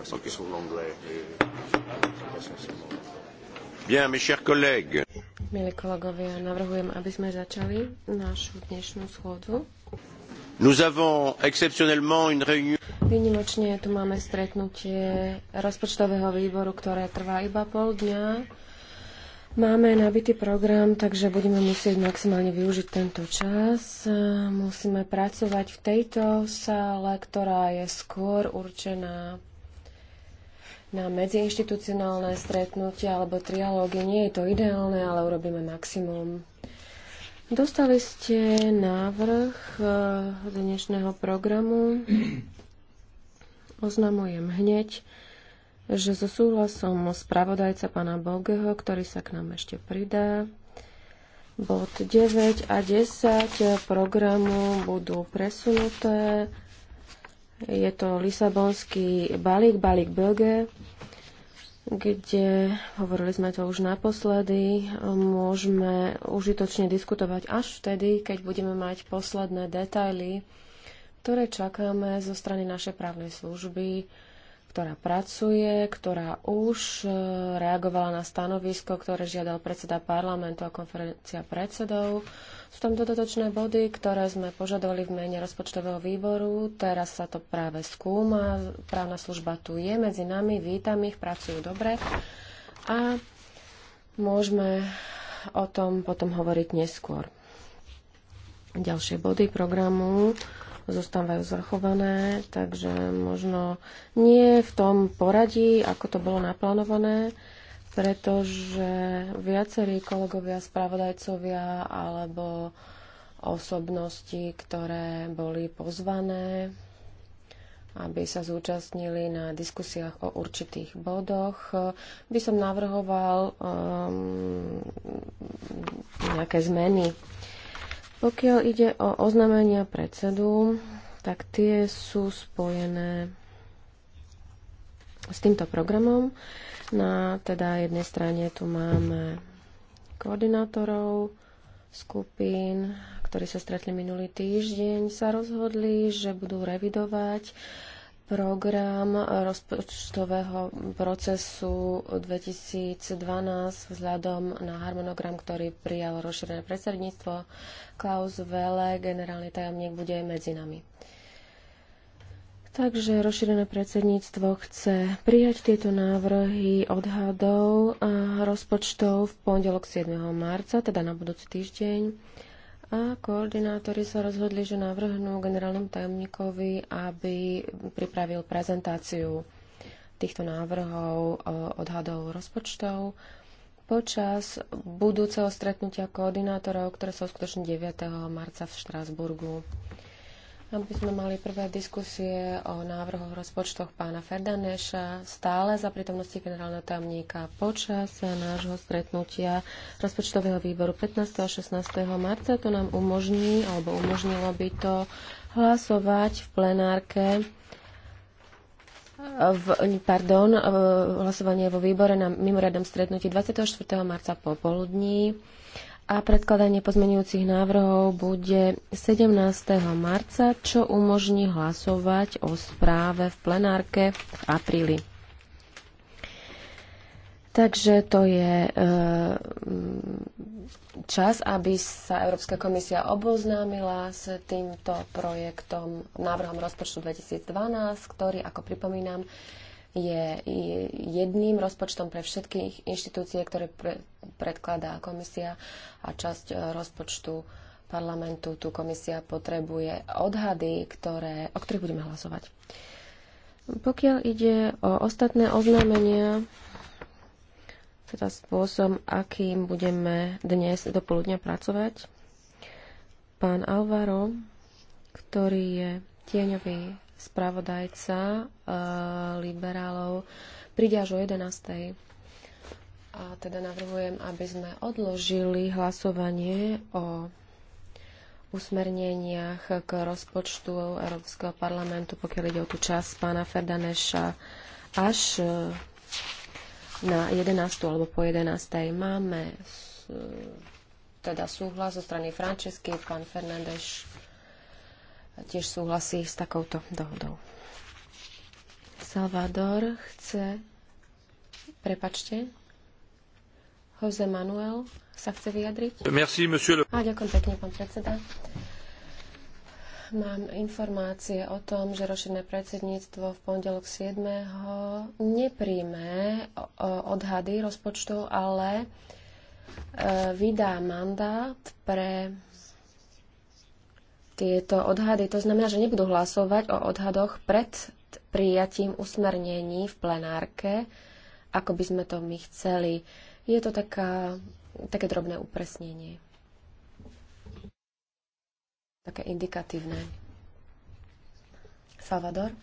parce okay. que sur l'anglais, Bien, mes chers collègues. Milí kolegovia, navrhujem, aby sme začali našu dnešnú schôdzu. Nous avons exceptionnellement une réunion... Výnimočne tu máme stretnutie rozpočtového výboru, ktoré trvá iba pol dňa. Máme nabitý program, takže budeme musieť maximálne využiť tento čas. Musíme pracovať v tejto sále, ktorá je skôr určená na medziinštitucionálne stretnutia alebo trialógy. Nie je to ideálne, ale urobíme maximum. Dostali ste návrh e, dnešného programu. Oznamujem hneď, že so súhlasom spravodajca pána Bogeho, ktorý sa k nám ešte pridá, bod 9 a 10 programu budú presunuté je to Lisabonský balík, balík BG, kde, hovorili sme to už naposledy, môžeme užitočne diskutovať až vtedy, keď budeme mať posledné detaily, ktoré čakáme zo strany našej právnej služby, ktorá pracuje, ktorá už e, reagovala na stanovisko, ktoré žiadal predseda parlamentu a konferencia predsedov. Sú tam dodatočné body, ktoré sme požadovali v mene rozpočtového výboru. Teraz sa to práve skúma. Právna služba tu je medzi nami. Vítam ich, pracujú dobre. A môžeme o tom potom hovoriť neskôr. Ďalšie body programu zostávajú zvrchované, takže možno nie v tom poradí, ako to bolo naplánované, pretože viacerí kolegovia, spravodajcovia alebo osobnosti, ktoré boli pozvané, aby sa zúčastnili na diskusiách o určitých bodoch. By som navrhoval um, nejaké zmeny pokiaľ ide o oznámenia predsedu, tak tie sú spojené s týmto programom. Na teda jednej strane tu máme koordinátorov skupín, ktorí sa stretli minulý týždeň, sa rozhodli, že budú revidovať uh, program rozpočtového procesu 2012 vzhľadom na harmonogram, ktorý prijal rozšírené predsedníctvo. Klaus Vele, generálny tajomník, bude medzi nami. Takže rozšírené predsedníctvo chce prijať tieto návrhy odhadov a rozpočtov v pondelok 7. marca, teda na budúci týždeň. A koordinátori sa rozhodli, že navrhnú generálnom tajomníkovi, aby pripravil prezentáciu týchto návrhov, e, odhadov rozpočtov počas budúceho stretnutia koordinátorov, ktoré sa uskutoční 9. marca v Štrásburgu aby sme mali prvé diskusie o návrhoch rozpočtoch pána Ferdaneša stále za prítomnosti generálneho tajomníka počas nášho stretnutia rozpočtového výboru 15. a 16. marca. To nám umožní, alebo umožnilo by to hlasovať v plenárke v, pardon, hlasovanie vo výbore na mimoriadnom stretnutí 24. marca popoludní a predkladanie pozmenujúcich návrhov bude 17. marca, čo umožní hlasovať o správe v plenárke v apríli. Takže to je e, mm, čas, aby sa Európska komisia oboznámila s týmto projektom, návrhom rozpočtu 2012, ktorý, ako pripomínam, je jedným rozpočtom pre všetky inštitúcie, ktoré pre, predkladá komisia a časť e, rozpočtu parlamentu. Tu komisia potrebuje odhady, ktoré, o ktorých budeme hlasovať. Pokiaľ ide o ostatné oznámenia, teda spôsob, akým budeme dnes do poludnia pracovať, pán Alvaro, ktorý je tieňový spravodajca e, liberálov príde až o 11. A teda navrhujem, aby sme odložili hlasovanie o usmerneniach k rozpočtu Európskeho parlamentu, pokiaľ ide o tú časť pána Ferdaneša, až eh, na 11. alebo po 11. máme eh, teda súhlas zo strany Frančesky, pán Fernández tiež súhlasí s takouto dohodou. Salvador chce... Prepačte. Jose Manuel sa chce vyjadriť. Merci, monsieur le... A, ďakujem pekne, pán predseda. Mám informácie o tom, že rošené predsedníctvo v pondelok 7. nepríjme odhady rozpočtu, ale e, vydá mandát pre tieto odhady. To znamená, že nebudú hlasovať o odhadoch pred prijatím usmernení v plenárke, ako by sme to my chceli. Je to taká, také drobné upresnenie. Také indikatívne. Salvador?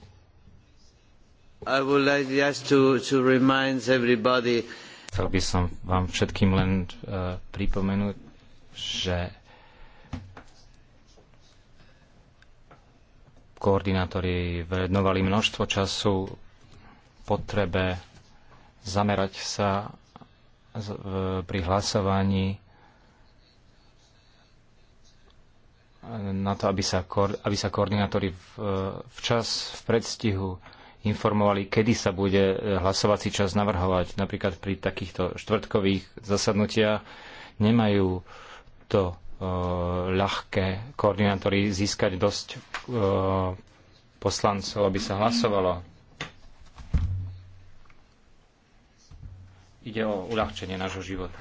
I would like just to, to remind everybody Chcel by som vám všetkým len uh, pripomenúť, že koordinátori venovali množstvo času potrebe zamerať sa pri hlasovaní na to, aby sa, aby sa koordinátori včas, v predstihu informovali, kedy sa bude e, hlasovací čas navrhovať. Napríklad pri takýchto štvrtkových zasadnutiach nemajú to Eh, ľahké koordinátori získať dosť eh, poslancov, aby sa hlasovalo. Ide o uľahčenie nášho života.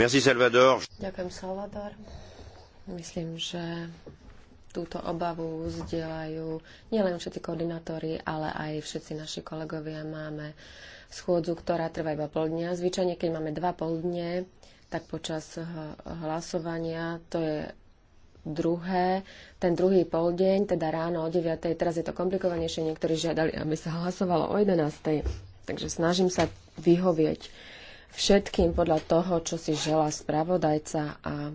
Merci, Salvador. Ďakujem, Salvador. Myslím, že túto obavu vzdielajú nielen všetci koordinátori, ale aj všetci naši kolegovia. Máme schôdzu, ktorá trvá iba pol dňa. Zvyčajne, keď máme dva pol dne, tak počas hlasovania to je druhé, ten druhý poldeň, teda ráno o 9. Teraz je to komplikovanejšie, niektorí žiadali, aby sa hlasovalo o 11. Takže snažím sa vyhovieť všetkým podľa toho, čo si želá spravodajca a,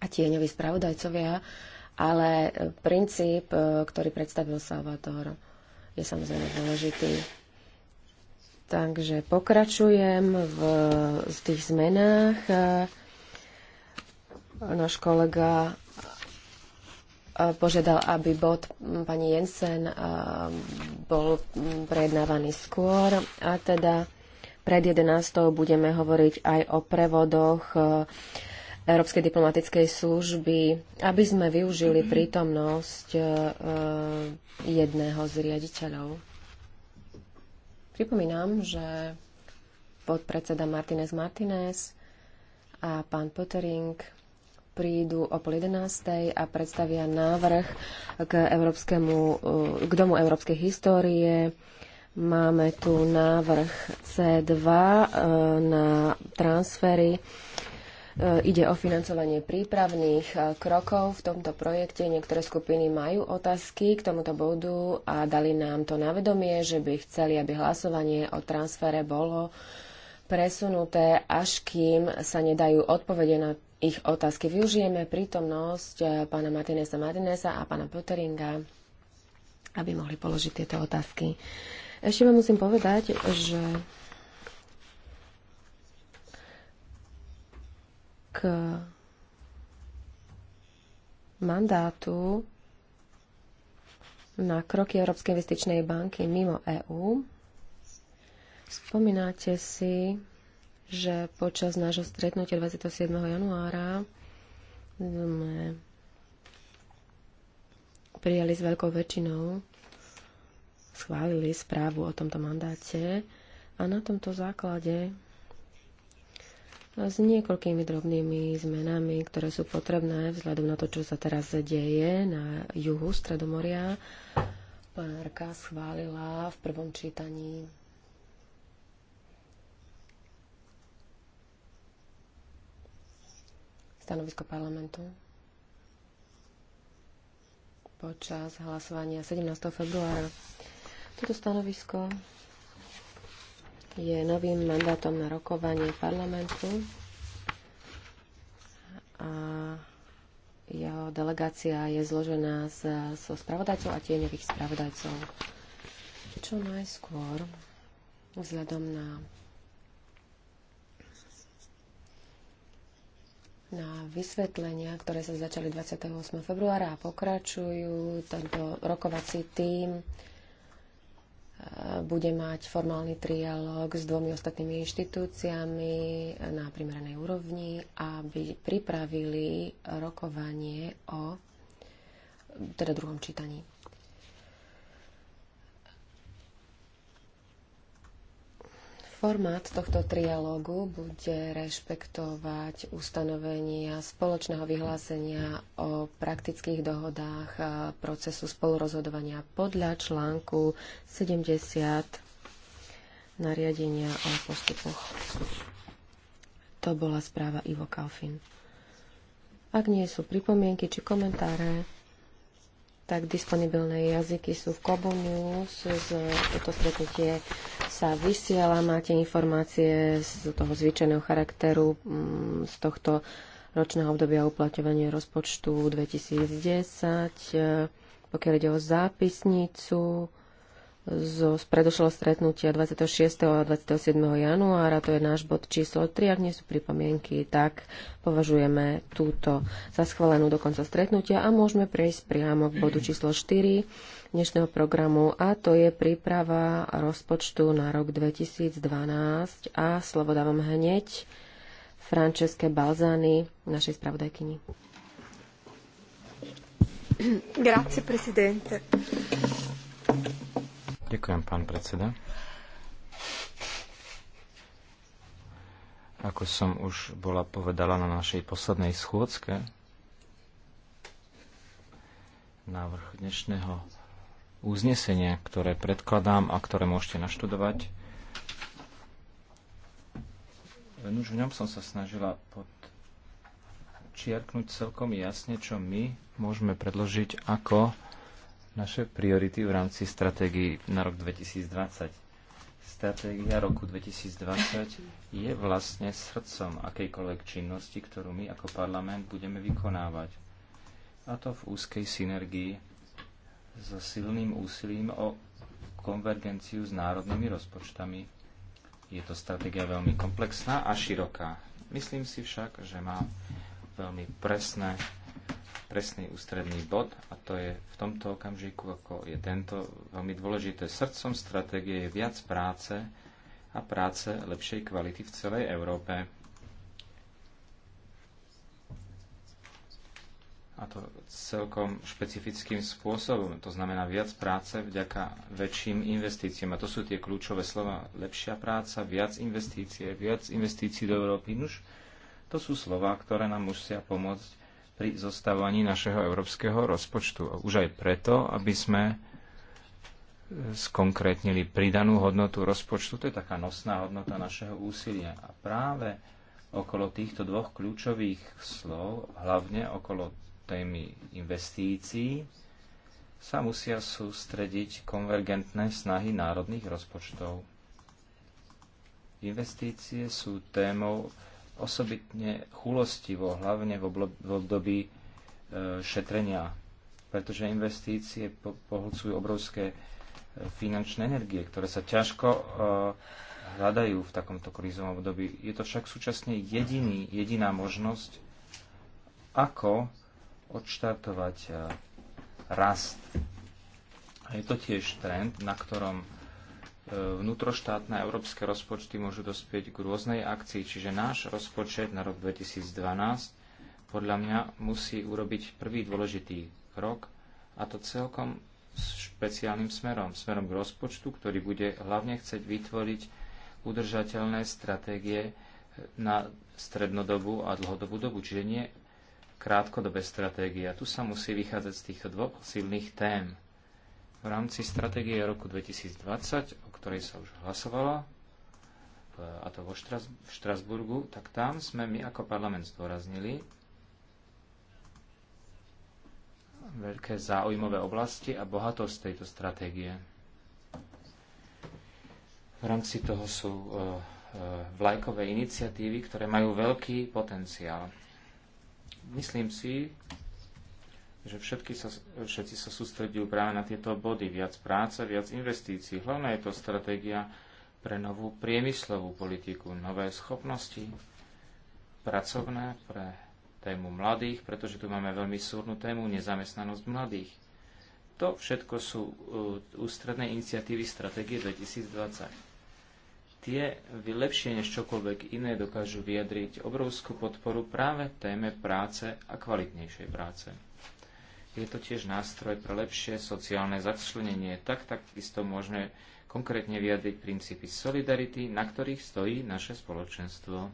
a tieňoví spravodajcovia, ale e, princíp, e, ktorý predstavil Salvatore, je samozrejme dôležitý. Takže pokračujem v, v tých zmenách. Náš kolega eh, požiadal, aby bod hm, pani Jensen eh, bol hm, prejednávaný skôr a teda pred 11. budeme hovoriť aj o prevodoch eh, Európskej diplomatickej služby, aby sme využili prítomnosť jedného z riaditeľov. Pripomínam, že podpredseda Martinez Martinez a pán Pottering prídu o pol 11. a predstavia návrh k, európskemu, eh, k Domu európskej histórie. Máme tu návrh C2 eh, na transfery E, ide o financovanie prípravných e, krokov v tomto projekte. Niektoré skupiny majú otázky k tomuto bodu a dali nám to na vedomie, že by chceli, aby hlasovanie o transfere bolo presunuté, až kým sa nedajú odpovede na ich otázky. Využijeme prítomnosť e, pána Martinesa Martinesa a pána Potteringa, aby mohli položiť tieto otázky. Ešte vám musím povedať, že k mandátu na kroky Európskej investičnej banky mimo EÚ. Spomínate si, že počas nášho stretnutia 27. januára sme prijali s veľkou väčšinou, schválili správu o tomto mandáte a na tomto základe s niekoľkými drobnými zmenami, ktoré sú potrebné vzhľadom na to, čo sa teraz deje na juhu Stredomoria. Plenárka schválila v prvom čítaní stanovisko parlamentu počas hlasovania 17. februára. Toto stanovisko je novým mandátom na rokovanie parlamentu a jeho delegácia je zložená z, so spravodajcov a tieňových spravodajcov. Čo najskôr, vzhľadom na na vysvetlenia, ktoré sa začali 28. februára a pokračujú. Tento rokovací tým bude mať formálny trialog s dvomi ostatnými inštitúciami na primeranej úrovni, aby pripravili rokovanie o teda druhom čítaní. Formát tohto trialógu bude rešpektovať ustanovenia spoločného vyhlásenia o praktických dohodách procesu spolurozhodovania podľa článku 70 nariadenia o postupoch. To bola správa Ivo Kalfin. Ak nie sú pripomienky či komentáre, tak disponibilné jazyky sú v Kobu News. Toto stretnutie sa vysiela, máte informácie z toho zvyčajného charakteru mm, z tohto ročného obdobia uplatňovania rozpočtu 2010. Eh, pokiaľ ide o zápisnicu, zo predošlého stretnutia 26. a 27. januára, to je náš bod číslo 3, ak nie sú pripomienky, tak považujeme túto za schválenú do konca stretnutia a môžeme prejsť priamo k bodu číslo 4 dnešného programu a to je príprava rozpočtu na rok 2012 a slovo dávam hneď Franceske Balzani, našej spravodajkyni. Grazie, presidente. Ďakujem, pán predseda. Ako som už bola povedala na našej poslednej schôdzke, návrh dnešného uznesenia, ktoré predkladám a ktoré môžete naštudovať. už v ňom som sa snažila podčiarknúť celkom jasne, čo my môžeme predložiť ako naše priority v rámci stratégii na rok 2020. Stratégia roku 2020 je vlastne srdcom akejkoľvek činnosti, ktorú my ako parlament budeme vykonávať. A to v úzkej synergii so silným úsilím o konvergenciu s národnými rozpočtami. Je to stratégia veľmi komplexná a široká. Myslím si však, že má veľmi presné presný ústredný bod a to je v tomto okamžiku, ako je tento, veľmi dôležité. Srdcom stratégie je viac práce a práce lepšej kvality v celej Európe. A to celkom špecifickým spôsobom. To znamená viac práce vďaka väčším investíciám. A to sú tie kľúčové slova. Lepšia práca, viac investície, viac investícií do Európy. Nuž, to sú slova, ktoré nám musia pomôcť pri zostávaní našeho európskeho rozpočtu. Už aj preto, aby sme e, skonkrétnili pridanú hodnotu rozpočtu, to je taká nosná hodnota našeho úsilia. A práve okolo týchto dvoch kľúčových slov, hlavne okolo témy investícií, sa musia sústrediť konvergentné snahy národných rozpočtov. Investície sú témou osobitne chulostivo, hlavne v období e, šetrenia, pretože investície pohľcujú obrovské e, finančné energie, ktoré sa ťažko e, hľadajú v takomto krízovom období. Je to však súčasne jediný, jediná možnosť, ako odštartovať rast. A je to tiež trend, na ktorom vnútroštátne európske rozpočty môžu dospieť k rôznej akcii, čiže náš rozpočet na rok 2012 podľa mňa musí urobiť prvý dôležitý krok a to celkom špeciálnym smerom, smerom k rozpočtu, ktorý bude hlavne chceť vytvoriť udržateľné stratégie na strednodobú a dlhodobú dobu, čiže nie krátkodobé stratégie. A tu sa musí vychádzať z týchto dvoch silných tém. V rámci stratégie roku 2020 ktorej sa už hlasovalo, a to vo Štras- v Štrasburgu, tak tam sme my ako parlament zdôraznili veľké záujmové oblasti a bohatosť tejto stratégie. V rámci toho sú e, e, vlajkové iniciatívy, ktoré majú veľký potenciál. Myslím si, že všetky sa, všetci sa sústredujú práve na tieto body. Viac práce, viac investícií. Hlavná je to stratégia pre novú priemyslovú politiku, nové schopnosti pracovné pre tému mladých, pretože tu máme veľmi súrnu tému nezamestnanosť mladých. To všetko sú e, ústredné iniciatívy stratégie 2020 tie lepšie než čokoľvek iné dokážu vyjadriť obrovskú podporu práve téme práce a kvalitnejšej práce je to tiež nástroj pre lepšie sociálne začlenenie. Tak takisto môžeme konkrétne vyjadriť princípy solidarity, na ktorých stojí naše spoločenstvo.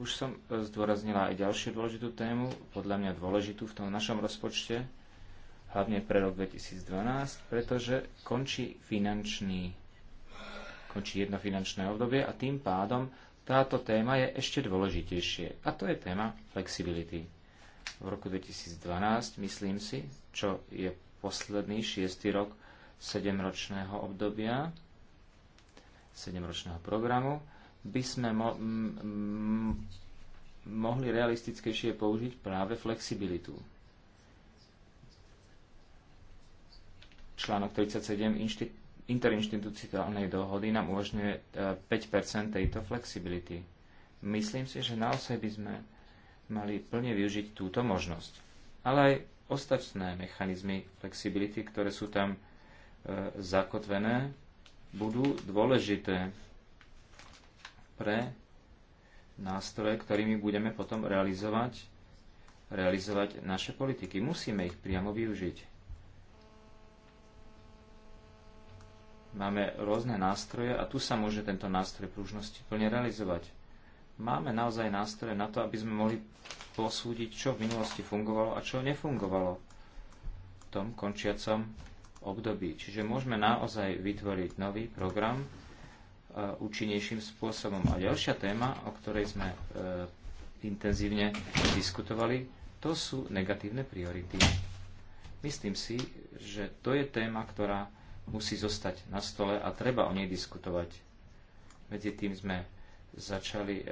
Už som e, zdôraznila aj ďalšiu dôležitú tému, podľa mňa dôležitú v tom našom rozpočte, hlavne pre rok 2012, pretože končí finančný končí jedno finančné obdobie a tým pádom táto téma je ešte dôležitejšie. A to je téma flexibility v roku 2012, myslím si, čo je posledný šiestý rok sedemročného obdobia, sedemročného programu, by sme mo- m- m- mohli realistickejšie použiť práve flexibilitu. Článok 37 inštit- interinstitucionálnej dohody nám umožňuje 5 e, tejto flexibility. Myslím si, že naozaj by sme mali plne využiť túto možnosť. Ale aj ostatné mechanizmy flexibility, ktoré sú tam e, zakotvené, budú dôležité pre nástroje, ktorými budeme potom realizovať, realizovať naše politiky. Musíme ich priamo využiť. Máme rôzne nástroje a tu sa môže tento nástroj pružnosti plne realizovať. Máme naozaj nástroje na to, aby sme mohli posúdiť, čo v minulosti fungovalo a čo nefungovalo v tom končiacom období. Čiže môžeme naozaj vytvoriť nový program e, účinnejším spôsobom. A ďalšia téma, o ktorej sme e, intenzívne diskutovali, to sú negatívne priority. Myslím si, že to je téma, ktorá musí zostať na stole a treba o nej diskutovať. Medzi tým sme začali e,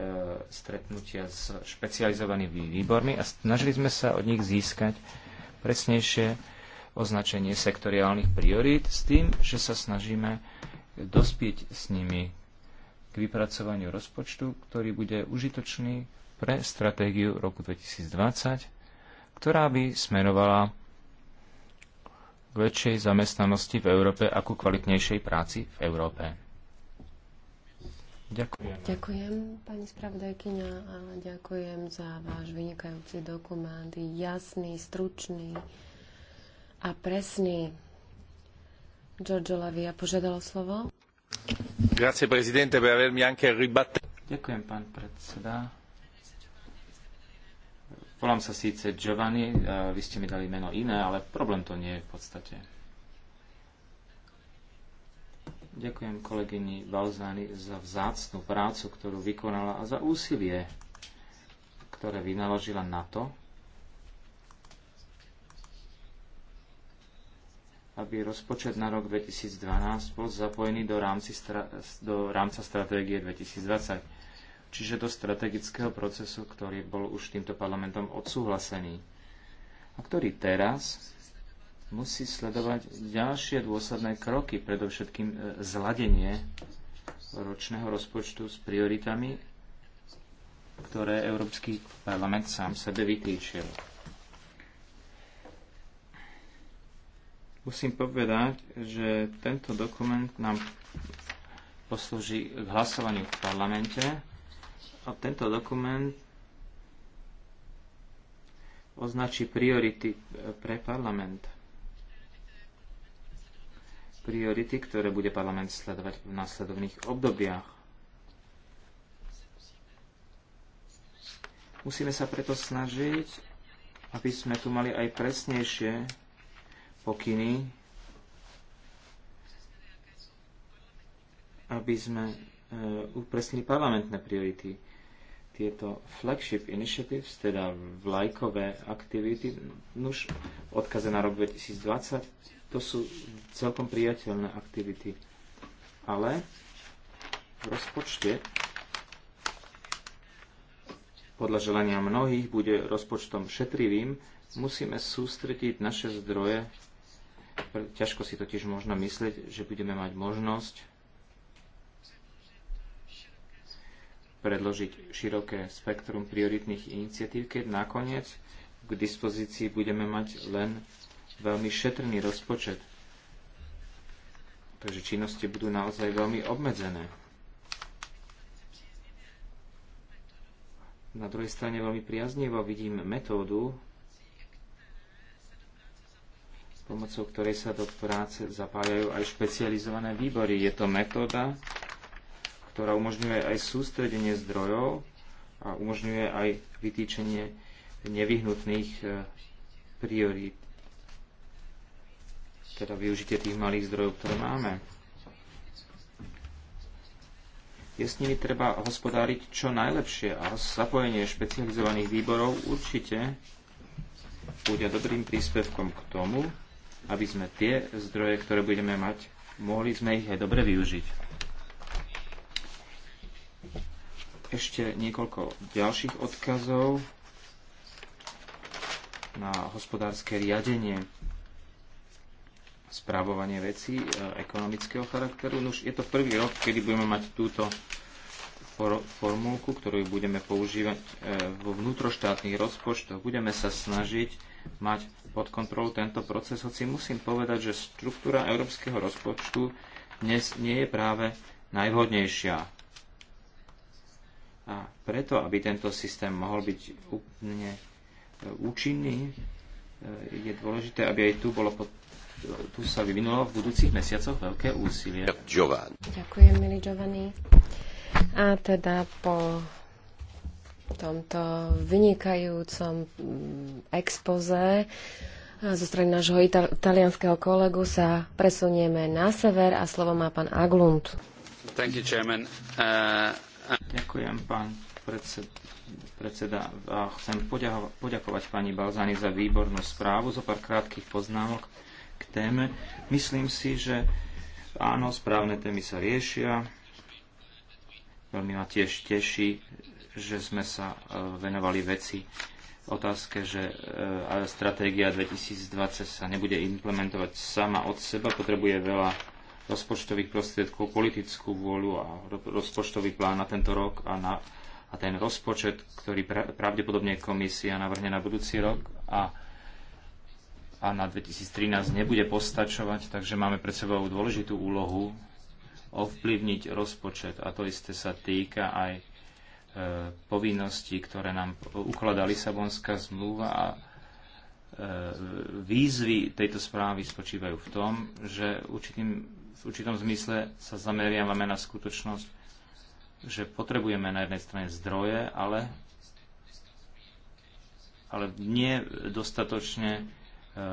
stretnutia s špecializovanými výbormi a snažili sme sa od nich získať presnejšie označenie sektoriálnych priorít s tým, že sa snažíme dospieť s nimi k vypracovaniu rozpočtu, ktorý bude užitočný pre stratégiu roku 2020, ktorá by smerovala k väčšej zamestnanosti v Európe a ku kvalitnejšej práci v Európe. Ďakujem. Ďakujem, pani spravodajkyňa, a ďakujem za váš vynikajúci dokument. Jasný, stručný a presný. Giorgio Lavia požiadalo slovo. Grazie, prezidente, per avermi anche Ďakujem, pán predseda. Volám sa síce Giovanni, vy ste mi dali meno iné, ale problém to nie je v podstate. Ďakujem kolegyni Balzani za vzácnú prácu, ktorú vykonala a za úsilie, ktoré vynaložila na to, aby rozpočet na rok 2012 bol zapojený do, rámci stra- do rámca stratégie 2020, čiže do strategického procesu, ktorý bol už týmto parlamentom odsúhlasený a ktorý teraz musí sledovať ďalšie dôsledné kroky, predovšetkým e, zladenie ročného rozpočtu s prioritami, ktoré Európsky parlament sám sebe vytýčil. Musím povedať, že tento dokument nám poslúži k hlasovaniu v parlamente a tento dokument označí priority pre parlament priority, ktoré bude parlament sledovať v následovných obdobiach. Musíme sa preto snažiť, aby sme tu mali aj presnejšie pokyny, aby sme eh, upresnili parlamentné priority. Tieto flagship initiatives, teda vlajkové aktivity, už odkaze na rok 2020, to sú celkom priateľné aktivity. Ale v rozpočte podľa želania mnohých bude rozpočtom šetrivým, musíme sústrediť naše zdroje. Ťažko si totiž možno myslieť, že budeme mať možnosť predložiť široké spektrum prioritných iniciatív, keď nakoniec k dispozícii budeme mať len veľmi šetrný rozpočet. Takže činnosti budú naozaj veľmi obmedzené. Na druhej strane veľmi priaznivo vidím metódu, pomocou ktorej sa do práce zapájajú aj špecializované výbory. Je to metóda, ktorá umožňuje aj sústredenie zdrojov a umožňuje aj vytýčenie nevyhnutných eh, priorít teda využitie tých malých zdrojov, ktoré máme. Je s nimi treba hospodáriť čo najlepšie a zapojenie špecializovaných výborov určite bude dobrým príspevkom k tomu, aby sme tie zdroje, ktoré budeme mať, mohli sme ich aj dobre využiť. Ešte niekoľko ďalších odkazov na hospodárske riadenie správovanie vecí e, ekonomického charakteru. No už je to prvý rok, kedy budeme mať túto formulku, ktorú budeme používať e, vo vnútroštátnych rozpočtoch. Budeme sa snažiť mať pod kontrolou tento proces, hoci musím povedať, že štruktúra európskeho rozpočtu dnes nie je práve najvhodnejšia. A preto, aby tento systém mohol byť úplne e, účinný, je dôležité, aby aj tu bolo pod tu sa vyvinulo v budúcich mesiacoch veľké úsilie. Giovanni. Ďakujem, milý Giovanni. A teda po tomto vynikajúcom mm, expoze eh, zo strany nášho italianského kolegu sa presunieme na sever a slovo má pán Aglund. You, uh, Ďakujem, pán predsed, predseda. A chcem poďakovať pani Balzani za výbornú správu. Zo pár krátkých poznámok téme. Myslím si, že áno, správne témy sa riešia. Veľmi ma tiež teší, že sme sa e, venovali veci otázke, že e, stratégia 2020 sa nebude implementovať sama od seba, potrebuje veľa rozpočtových prostriedkov, politickú vôľu a rozpočtový plán na tento rok a, na, a ten rozpočet, ktorý pra, pravdepodobne komisia navrhne na budúci rok a a na 2013 nebude postačovať, takže máme pred sebou dôležitú úlohu ovplyvniť rozpočet a to isté sa týka aj e, povinností, ktoré nám ukladá Lisabonská zmluva a e, výzvy tejto správy spočívajú v tom, že určitým, v určitom zmysle sa zameriavame na skutočnosť, že potrebujeme na jednej strane zdroje, ale, ale nie dostatočne E,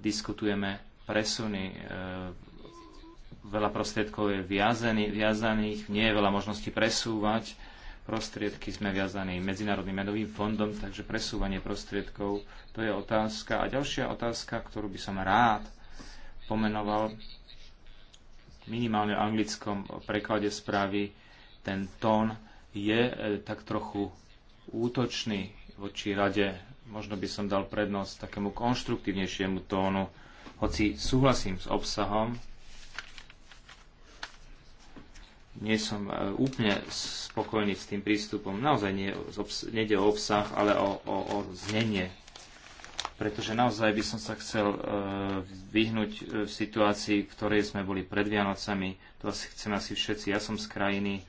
diskutujeme presuny. E, veľa prostriedkov je viazaných, nie je veľa možností presúvať. Prostriedky sme viazaní Medzinárodným menovým fondom, takže presúvanie prostriedkov to je otázka. A ďalšia otázka, ktorú by som rád pomenoval, minimálne v anglickom preklade správy ten tón je e, tak trochu útočný voči rade. Možno by som dal prednosť takému konštruktívnejšiemu tónu, hoci súhlasím s obsahom. Nie som e, úplne spokojný s tým prístupom. Naozaj nie, nejde o obsah, ale o, o, o znenie pretože naozaj by som sa chcel e, vyhnúť e, v situácii, v ktorej sme boli pred Vianocami. To asi chceme asi všetci. Ja som z krajiny,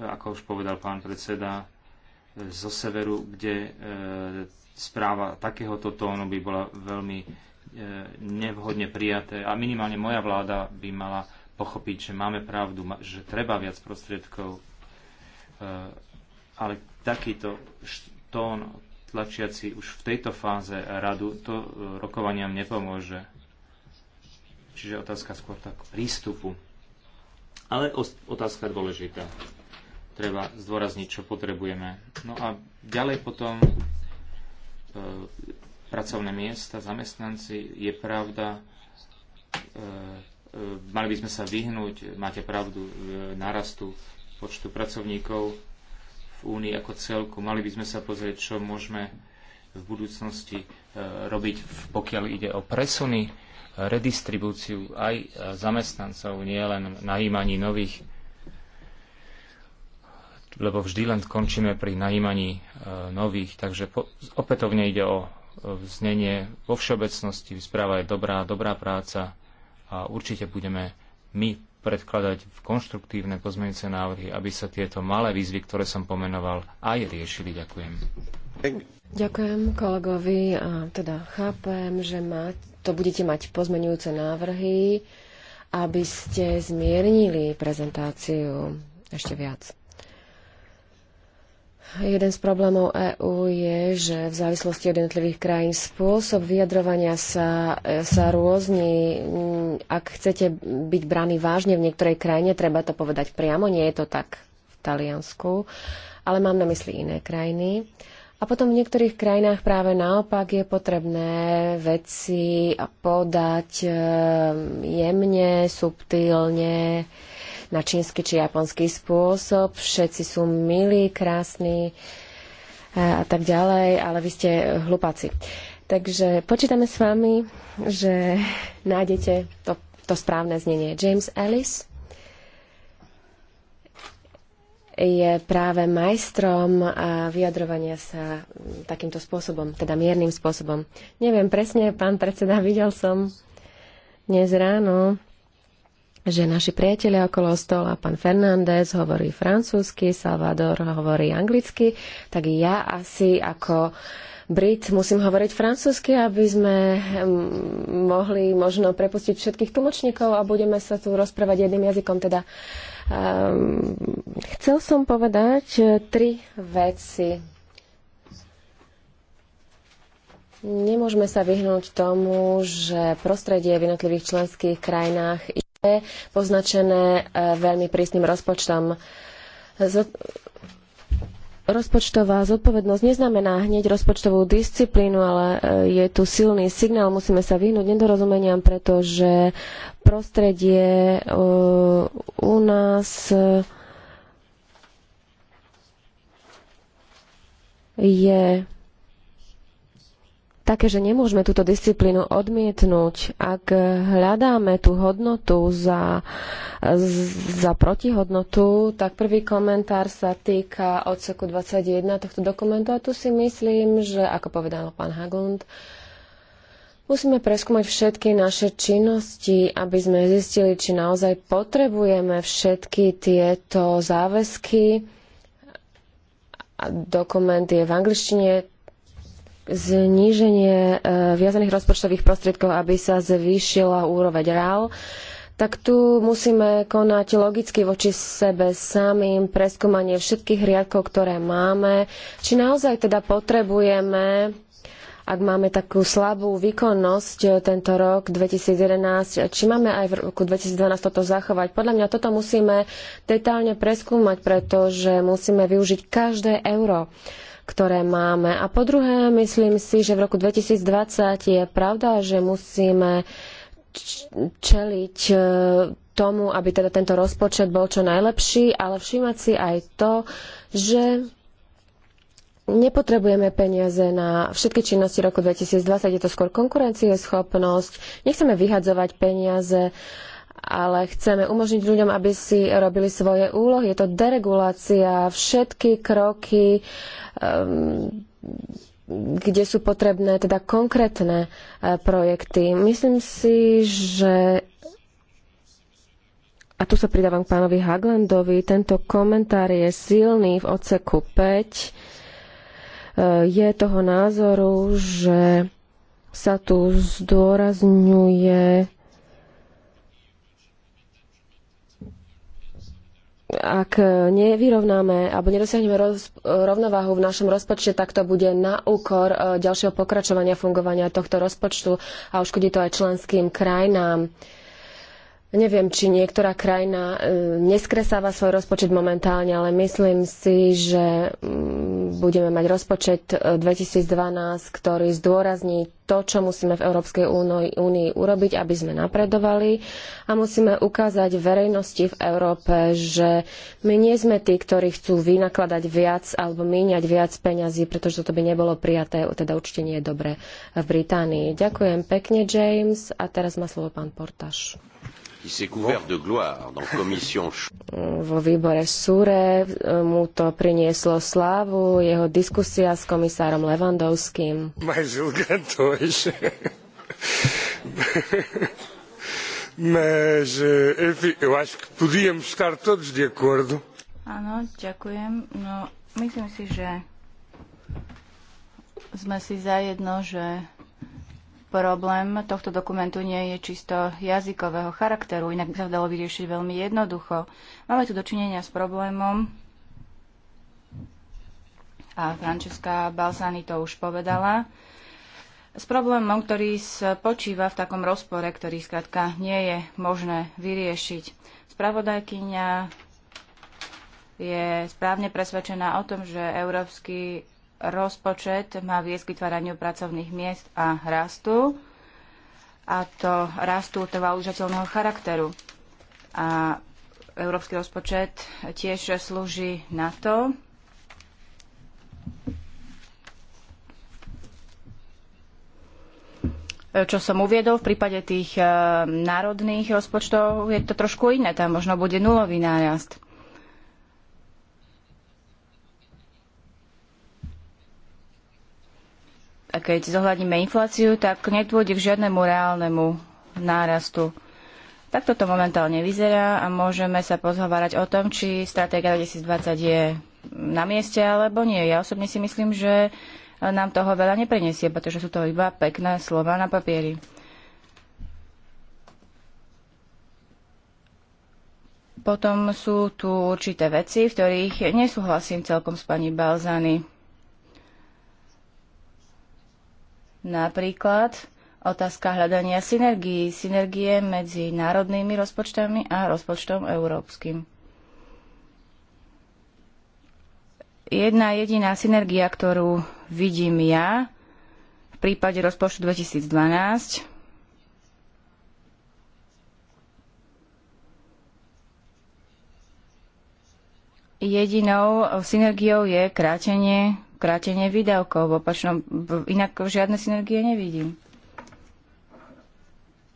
ako už povedal pán predseda, zo severu, kde e, správa takéhoto tónu by bola veľmi e, nevhodne prijaté a minimálne moja vláda by mala pochopiť, že máme pravdu, že treba viac prostriedkov, e, ale takýto tón tlačiaci už v tejto fáze radu to rokovaniam nepomôže. Čiže otázka skôr tak prístupu. Ale otázka dôležitá treba zdôrazniť, čo potrebujeme. No a ďalej potom e, pracovné miesta, zamestnanci, je pravda, e, e mali by sme sa vyhnúť, máte pravdu, e, narastu počtu pracovníkov v Únii ako celku. Mali by sme sa pozrieť, čo môžeme v budúcnosti e, robiť, pokiaľ ide o presuny, redistribúciu aj zamestnancov, nielen najímaní nových lebo vždy len končíme pri najímaní e, nových. Takže po, opätovne ide o e, znenie vo všeobecnosti. Správa je dobrá, dobrá práca a určite budeme my predkladať v konštruktívne pozmeňujúce návrhy, aby sa tieto malé výzvy, ktoré som pomenoval, aj riešili. Ďakujem. Ďakujem kolegovi. A teda chápem, že ma, to budete mať pozmeňujúce návrhy, aby ste zmiernili prezentáciu ešte viac. Jeden z problémov EÚ je, že v závislosti od jednotlivých krajín spôsob vyjadrovania sa, e, sa rôzni. Mm, ak chcete byť braný vážne v niektorej krajine, treba to povedať priamo. Nie je to tak v Taliansku, ale mám na mysli iné krajiny. A potom v niektorých krajinách práve naopak je potrebné veci podať e, jemne, subtilne, na čínsky či japonský spôsob. Všetci sú milí, krásni a tak ďalej, ale vy ste hlupáci. Takže počítame s vami, že nájdete to, to správne znenie. James Ellis je práve majstrom vyjadrovania sa takýmto spôsobom, teda miernym spôsobom. Neviem presne, pán predseda, videl som dnes ráno že naši priatelia okolo stola, pán Fernández hovorí francúzsky, Salvador hovorí anglicky, tak ja asi ako Brit musím hovoriť francúzsky, aby sme hm, mohli možno prepustiť všetkých tlmočníkov a budeme sa tu rozprávať jedným jazykom. Teda um, chcel som povedať tri veci. Nemôžeme sa vyhnúť tomu, že prostredie v jednotlivých členských krajinách poznačené e, veľmi prísnym rozpočtom. Rozpočtová zodpovednosť neznamená hneď rozpočtovú disciplínu, ale e, je tu silný signál, musíme sa vyhnúť nedorozumeniam, pretože prostredie e, u nás je také, že nemôžeme túto disciplínu odmietnúť. Ak hľadáme tú hodnotu za, za protihodnotu, tak prvý komentár sa týka odseku 21 tohto dokumentu a tu si myslím, že ako povedal pán Hagund, Musíme preskúmať všetky naše činnosti, aby sme zistili, či naozaj potrebujeme všetky tieto záväzky. Dokument je v angličtine, zníženie e, viazaných rozpočtových prostriedkov, aby sa zvýšila úroveň RAL, tak tu musíme konať logicky voči sebe samým preskúmanie všetkých riadkov, ktoré máme. Či naozaj teda potrebujeme, ak máme takú slabú výkonnosť e, tento rok 2011, či máme aj v roku 2012 toto zachovať. Podľa mňa toto musíme detálne preskúmať, pretože musíme využiť každé euro ktoré máme. A po druhé, myslím si, že v roku 2020 je pravda, že musíme čeliť e, tomu, aby teda tento rozpočet bol čo najlepší, ale všímať si aj to, že nepotrebujeme peniaze na všetky činnosti roku 2020, je to skôr konkurencieschopnosť, nechceme vyhadzovať peniaze ale chceme umožniť ľuďom, aby si robili svoje úlohy. Je to deregulácia, všetky kroky, ehm, kde sú potrebné teda konkrétne e, projekty. Myslím si, že a tu sa pridávam k pánovi Haglandovi, tento komentár je silný v odseku 5. E, je toho názoru, že sa tu zdôrazňuje ak nevyrovnáme alebo nedosiahneme roz, rovnováhu v našom rozpočte, tak to bude na úkor e, ďalšieho pokračovania fungovania tohto rozpočtu a uškodí to aj členským krajinám. Neviem, či niektorá krajina e, neskresáva svoj rozpočet momentálne, ale myslím si, že mm, budeme mať rozpočet 2012, e, ktorý zdôrazní to, čo musíme v Európskej únii urobiť, aby sme napredovali a musíme ukázať verejnosti v Európe, že my nie sme tí, ktorí chcú vynakladať viac alebo míňať viac peňazí, pretože toto by nebolo prijaté, teda určite nie je dobré v Británii. Ďakujem pekne, James. A teraz má slovo pán Portaš. Vo výbore Sure e, mu to prinieslo slávu, jeho diskusia s komisárom Levandovským. Mas enfim, eu acho que podíamos estar todos de acordo. Áno, ďakujem. No, myslím si, že sme si zajedno, že problém tohto dokumentu nie je čisto jazykového charakteru, inak by sa dalo vyriešiť veľmi jednoducho. Máme tu dočinenia s problémom a Francesca Balsani to už povedala, s problémom, ktorý spočíva v takom rozpore, ktorý skrátka nie je možné vyriešiť. Spravodajkyňa je správne presvedčená o tom, že európsky rozpočet má viesť k vytváraniu pracovných miest a rastu, a to rastu trvá užateľného charakteru. A európsky rozpočet tiež slúži na to, čo som uviedol, v prípade tých eh, národných rozpočtov je to trošku iné, tam možno bude nulový nárast. A keď zohľadíme infláciu, tak nedôjde k žiadnemu reálnemu nárastu. Takto to momentálne vyzerá a môžeme sa pozhovárať o tom, či stratégia 2020 je na mieste alebo nie. Ja osobne si myslím, že nám toho veľa neprenesie, pretože sú to iba pekné slova na papieri. Potom sú tu určité veci, v ktorých nesúhlasím celkom s pani Balzany Napríklad otázka hľadania synergií, synergie medzi národnými rozpočtami a rozpočtom európskym. Jedna jediná synergia, ktorú vidím ja v prípade rozpočtu 2012, jedinou synergiou je krátenie krátenie výdavkov. V opačnom, inak žiadne synergie nevidím.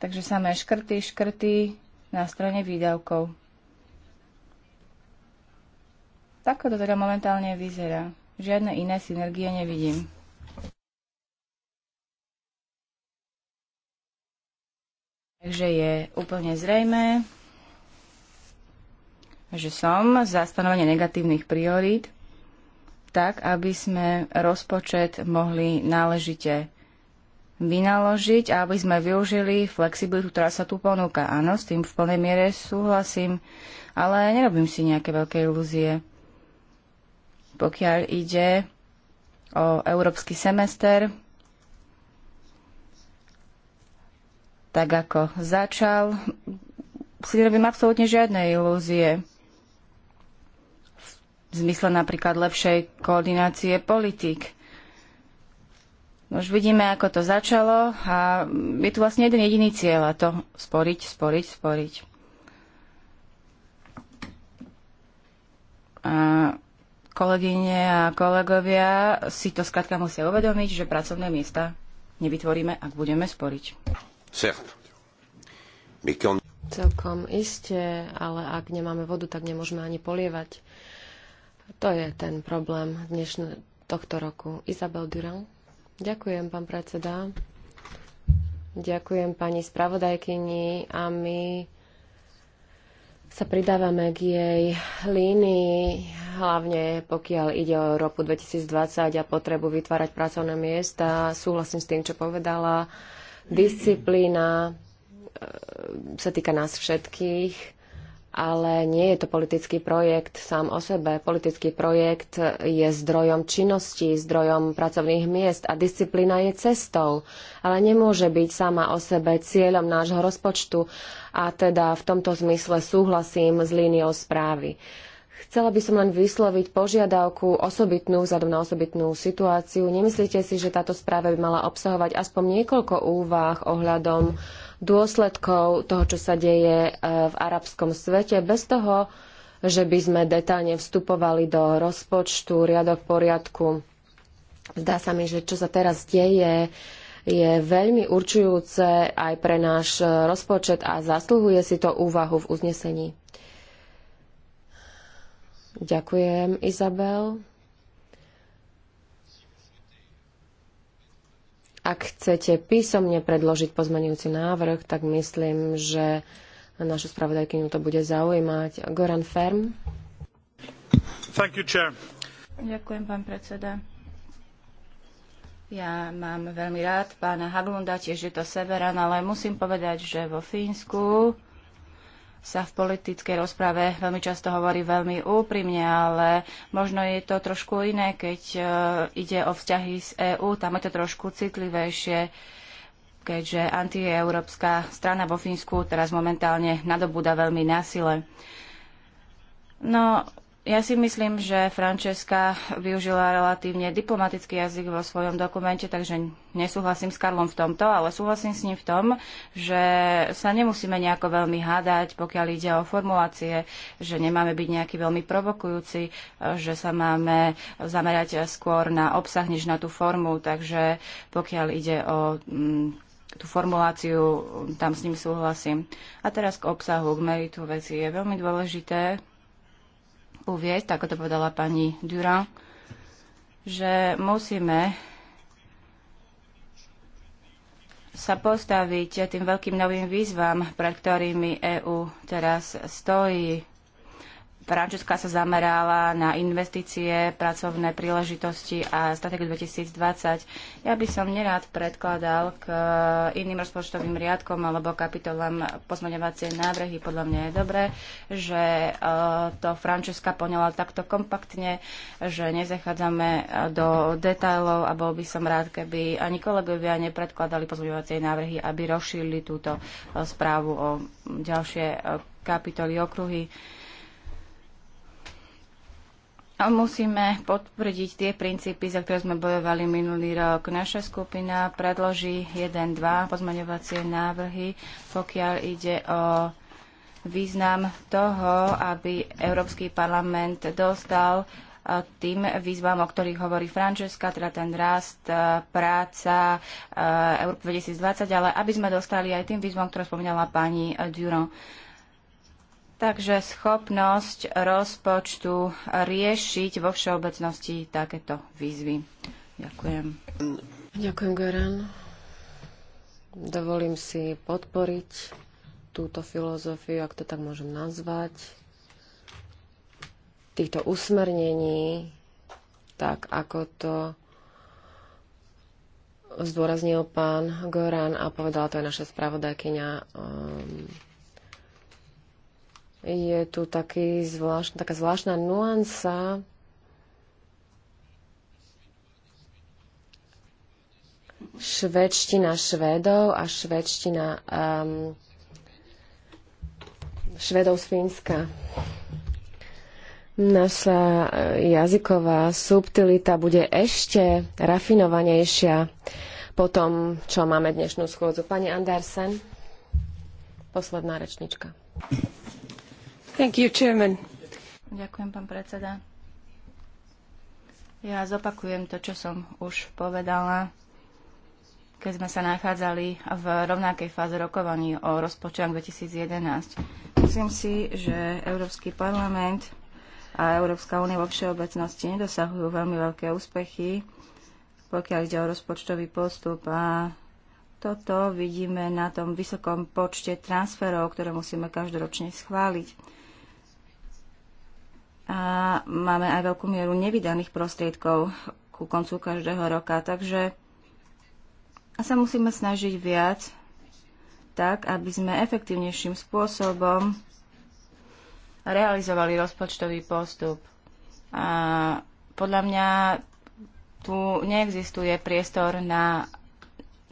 Takže samé škrty, škrty na strane výdavkov. Tak to teda momentálne vyzerá. Žiadne iné synergie nevidím. Takže je úplne zrejme, že som za stanovenie negatívnych priorít tak, aby sme rozpočet mohli náležite vynaložiť a aby sme využili flexibilitu, ktorá sa tu ponúka. Áno, s tým v plnej miere súhlasím, ale nerobím si nejaké veľké ilúzie. Pokiaľ ide o európsky semester, tak ako začal, si nerobím absolútne žiadne ilúzie v zmysle napríklad lepšej koordinácie politik. No už vidíme, ako to začalo a je tu vlastne jeden jediný cieľ a to sporiť, sporiť, sporiť. A kolegyne a kolegovia si to skrátka musia uvedomiť, že pracovné miesta nevytvoríme, ak budeme sporiť. Celkom iste, ale ak nemáme vodu, tak nemôžeme ani polievať. To je ten problém dnešné tohto roku. Isabel Durand. Ďakujem, pán predseda. Ďakujem pani spravodajkyni a my sa pridávame k jej línii, hlavne pokiaľ ide o roku 2020 a potrebu vytvárať pracovné miesta. Súhlasím s tým, čo povedala. Disciplína e, sa týka nás všetkých ale nie je to politický projekt sám o sebe. Politický projekt je zdrojom činnosti, zdrojom pracovných miest a disciplína je cestou, ale nemôže byť sama o sebe cieľom nášho rozpočtu a teda v tomto zmysle súhlasím s líniou správy. Chcela by som len vysloviť požiadavku osobitnú, vzhľadom na osobitnú situáciu. Nemyslíte si, že táto správa by mala obsahovať aspoň niekoľko úvah ohľadom dôsledkov toho, čo sa deje e, v arabskom svete, bez toho, že by sme detálne vstupovali do rozpočtu, riadok poriadku. Zdá sa mi, že čo sa teraz deje, je veľmi určujúce aj pre náš rozpočet a zasluhuje si to úvahu v uznesení. Ďakujem, Izabel. Ak chcete písomne predložiť pozmenujúci návrh, tak myslím, že našu spravodajkyňu to bude zaujímať. Goran Ferm. Thank you, chair. Ďakujem, pán predseda. Ja mám veľmi rád pána Haglunda, tiež je to Severan, ale musím povedať, že vo Fínsku sa v politickej rozprave veľmi často hovorí veľmi úprimne, ale možno je to trošku iné, keď e, ide o vzťahy z EÚ, tam je to trošku citlivejšie, keďže antieurópska strana vo Fínsku teraz momentálne nadobúda veľmi násile. No, ja si myslím, že Francesca využila relatívne diplomatický jazyk vo svojom dokumente, takže nesúhlasím s Karlom v tomto, ale súhlasím s ním v tom, že sa nemusíme nejako veľmi hádať, pokiaľ ide o formulácie, že nemáme byť nejaký veľmi provokujúci, že sa máme zamerať skôr na obsah, než na tú formu, takže pokiaľ ide o mm, tú formuláciu, tam s ním súhlasím. A teraz k obsahu, k meritu veci. Je veľmi dôležité, uviezť, ako to povedala pani Durand, že musíme sa postaviť tým veľkým novým výzvam, pred ktorými EÚ teraz stojí. Francúzska sa zamerala na investície, pracovné príležitosti a stratégiu 2020. Ja by som nerád predkladal k e, iným rozpočtovým riadkom alebo kapitolám pozmeňovacie návrhy. Podľa mňa je dobré, že e, to Francúzska poňala takto kompaktne, že nezachádzame e, do detajlov a bol by som rád, keby ani kolegovia nepredkladali pozmeňovacie návrhy, aby rozšírili túto správu o ďalšie kapitoly okruhy musíme potvrdiť tie princípy, za ktoré sme bojovali minulý rok. Naša skupina predloží 1-2 pozmaňovacie návrhy, pokiaľ ide o význam toho, aby Európsky parlament dostal tým výzvam, o ktorých hovorí Francesca, teda ten rast, práca, Európa 2020, ale aby sme dostali aj tým výzvam, ktoré spomínala pani Durand. Takže schopnosť rozpočtu riešiť vo všeobecnosti takéto výzvy. Ďakujem. Ďakujem, Goran. Dovolím si podporiť túto filozofiu, ak to tak môžem nazvať, týchto usmernení, tak ako to zdôraznil pán Goran a povedala to aj naša spravodajkynia. Um, ehm, je tu taký zvlášť, taká zvláštna nuansa švedština Švedov a švedština um, ehm, Švedov z Fínska. Naša e, jazyková subtilita bude ešte rafinovanejšia po tom, čo máme dnešnú schôdzu. Pani Andersen, posledná rečnička. Ďakujem, pán predseda. Ja zopakujem to, čo som už povedala, keď sme sa nachádzali v rovnakej fáze rokovaní o rozpočtu 2011. Myslím si, že Európsky parlament a Európska únia vo všeobecnosti nedosahujú veľmi veľké úspechy, pokiaľ ide o rozpočtový postup a toto vidíme na tom vysokom počte transferov, ktoré musíme každoročne schváliť a máme aj veľkú mieru nevydaných prostriedkov ku koncu každého roka. Takže sa musíme snažiť viac, tak aby sme efektívnejším spôsobom realizovali rozpočtový postup. A podľa mňa tu neexistuje priestor na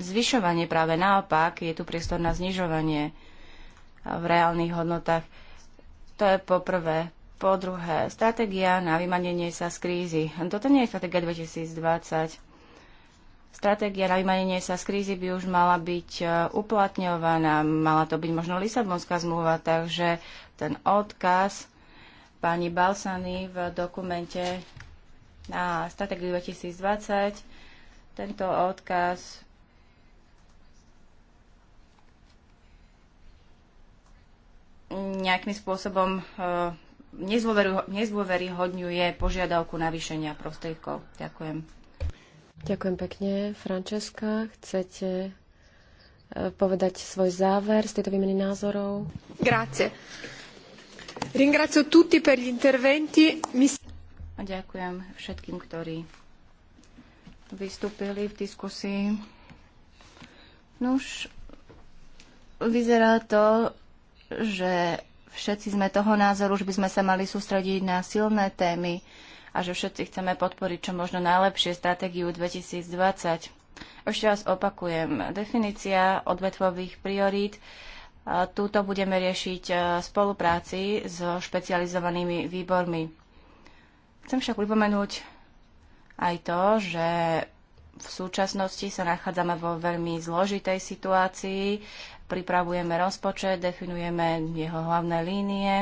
zvyšovanie, práve naopak, je tu priestor na znižovanie v reálnych hodnotách. To je poprvé. Po druhé, stratégia na vymanenie sa z krízy. Toto nie je stratégia 2020. Stratégia na vymanenie sa z krízy by už mala byť e, uplatňovaná, mala to byť možno Lisabonská zmluva, takže ten odkaz pani Balsany v dokumente na stratégiu 2020, tento odkaz nejakým spôsobom e, nezôveryhodňuje požiadavku navýšenia prostriedkov. Ďakujem. Ďakujem pekne. Frančeska, chcete e, povedať svoj záver z tejto výmeny názorov? Grazie. Ringrazio tutti per gli interventi. Ďakujem všetkým, ktorí vystúpili v diskusii. Nuž, vyzerá to, že všetci sme toho názoru, že by sme sa mali sústrediť na silné témy a že všetci chceme podporiť čo možno najlepšie stratégiu 2020. Ešte raz opakujem, definícia odvetvových priorít Túto budeme riešiť v spolupráci so špecializovanými výbormi. Chcem však pripomenúť aj to, že v súčasnosti sa nachádzame vo veľmi zložitej situácii pripravujeme rozpočet, definujeme jeho hlavné línie.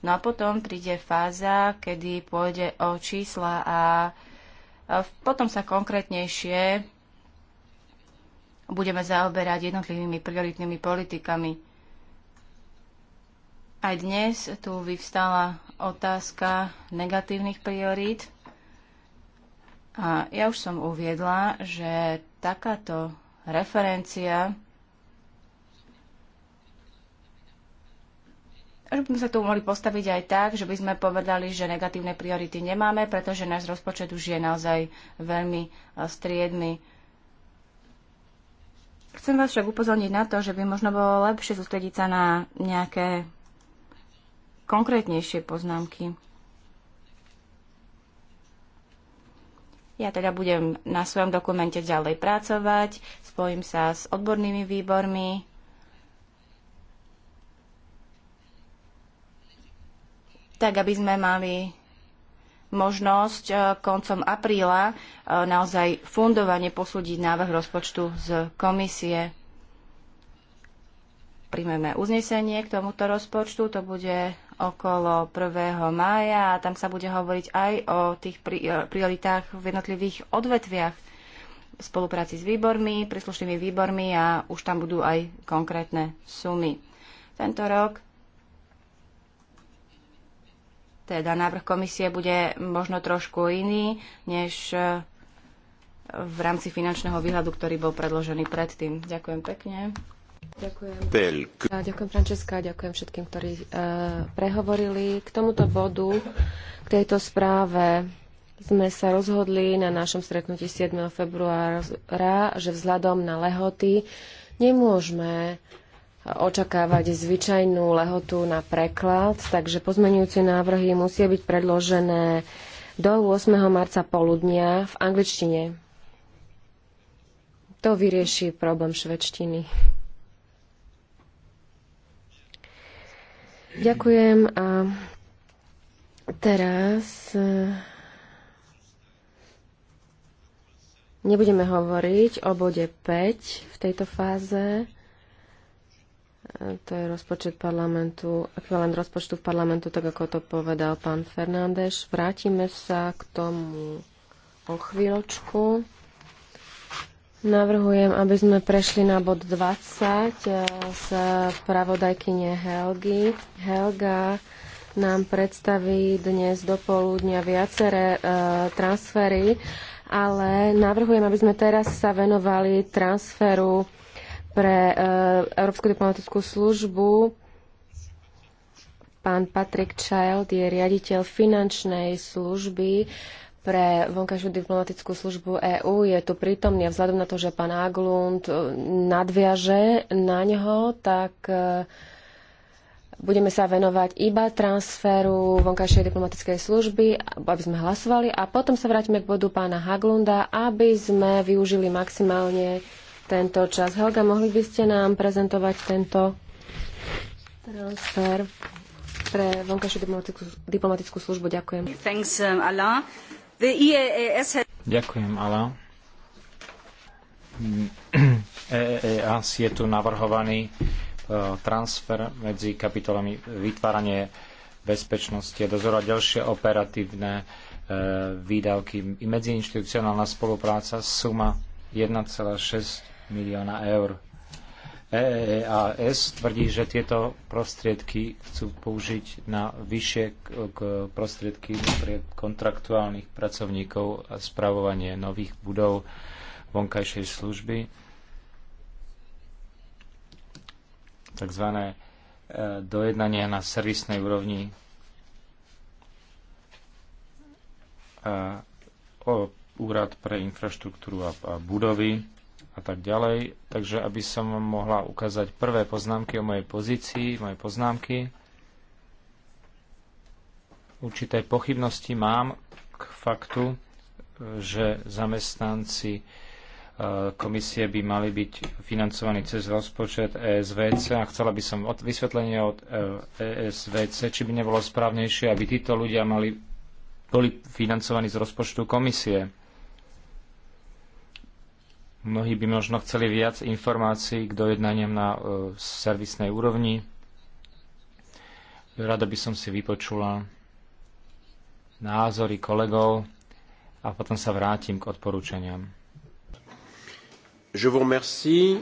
No a potom príde fáza, kedy pôjde o čísla a potom sa konkrétnejšie budeme zaoberať jednotlivými prioritnými politikami. Aj dnes tu vyvstala otázka negatívnych priorít. A ja už som uviedla, že takáto referencia že by sme sa tu mohli postaviť aj tak, že by sme povedali, že negatívne priority nemáme, pretože náš rozpočet už je naozaj veľmi e, striedmy. Chcem vás však upozorniť na to, že by možno bolo lepšie sústrediť sa na nejaké konkrétnejšie poznámky. Ja teda budem na svojom dokumente ďalej pracovať, spojím sa s odbornými výbormi, tak aby sme mali možnosť e, koncom apríla e, naozaj fundovane posúdiť návrh rozpočtu z komisie. Príjmeme uznesenie k tomuto rozpočtu, to bude okolo 1. mája a tam sa bude hovoriť aj o tých e, prioritách v jednotlivých odvetviach v spolupráci s výbormi, príslušnými výbormi a už tam budú aj konkrétne sumy. Tento rok teda návrh komisie bude možno trošku iný, než e, v rámci finančného výhľadu, ktorý bol predložený predtým. Ďakujem pekne. Ďakujem. Ja, Ďakujem, Frančeska, ďakujem všetkým, ktorí e, prehovorili. K tomuto bodu, k tejto správe sme sa rozhodli na našom stretnutí 7. februára, že vzhľadom na lehoty nemôžeme očakávať zvyčajnú lehotu na preklad, takže pozmenujúce návrhy musia byť predložené do 8. marca poludnia v angličtine. To vyrieši problém švedštiny. Ďakujem a teraz e, nebudeme hovoriť o bode 5 v tejto fáze. To je rozpočet parlamentu, ekvivalent rozpočtu v parlamentu, tak ako to povedal pán Fernández. Vrátime sa k tomu o chvíľočku. Navrhujem, aby sme prešli na bod 20 eh, z pravodajkyne Helgy. Helga nám predstaví dnes do poludnia viaceré e, transfery, ale navrhujem, aby sme teraz sa venovali transferu pre e, Európsku diplomatickú službu. Pán Patrick Child je riaditeľ finančnej služby pre vonkajšiu diplomatickú službu EÚ. Je tu prítomný a vzhľadom na to, že pán Aglund e, nadviaže na ňo, tak e, budeme sa venovať iba transferu vonkajšej diplomatickej služby, aby sme hlasovali a potom sa vrátime k bodu pána Haglunda, aby sme využili maximálne tento čas. Helga, mohli by ste nám prezentovať tento transfer pre vonkajšiu diplomatickú, diplomatickú službu? Ďakujem. Thanks, um, Alain. The EAS Ďakujem, Alain. EEAS mm, e je tu navrhovaný uh, transfer medzi kapitolami vytváranie bezpečnosti a dozorovať ďalšie operatívne uh, výdavky. medziinštitucionálna spolupráca suma 1,6 milióna eur. EEAS tvrdí, že tieto prostriedky chcú použiť na vyššie k prostriedky pre kontraktuálnych pracovníkov a spravovanie nových budov vonkajšej služby, tzv. E, dojednania na servisnej úrovni a, e, o, Úrad pre infraštruktúru a, a budovy a tak ďalej. Takže aby som vám mohla ukázať prvé poznámky o mojej pozícii, moje poznámky. Určité pochybnosti mám k faktu, že zamestnanci e, komisie by mali byť financovaní cez rozpočet ESVC a chcela by som od, vysvetlenie od ESVC, e či by nebolo správnejšie, aby títo ľudia mali, boli financovaní z rozpočtu komisie Mnohí by možno chceli viac informácií k dojednaniam na e, servisnej úrovni. Rada by som si vypočula názory kolegov a potom sa vrátim k odporúčaniam. Je vous remercie.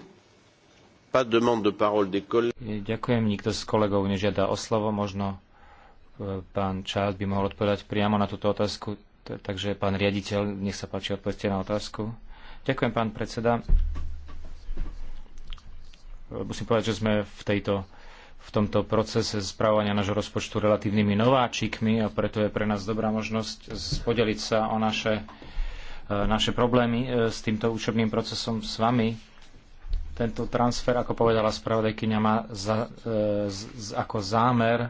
Pas de demande de parole des collègues. Ďakujem, nikto z kolegov nežiada o slovo, možno e, pán Čát by mohol odpovedať priamo na túto otázku. Takže pán riaditeľ, nech sa páči, odpovedzte na otázku. Ďakujem, pán predseda. Musím povedať, že sme v, tejto, v tomto procese správania nášho rozpočtu relatívnymi nováčikmi a preto je pre nás dobrá možnosť podeliť sa o naše, e, naše problémy e, s týmto učebným procesom s vami. Tento transfer, ako povedala spravodajkyňa, má za, e, z, ako zámer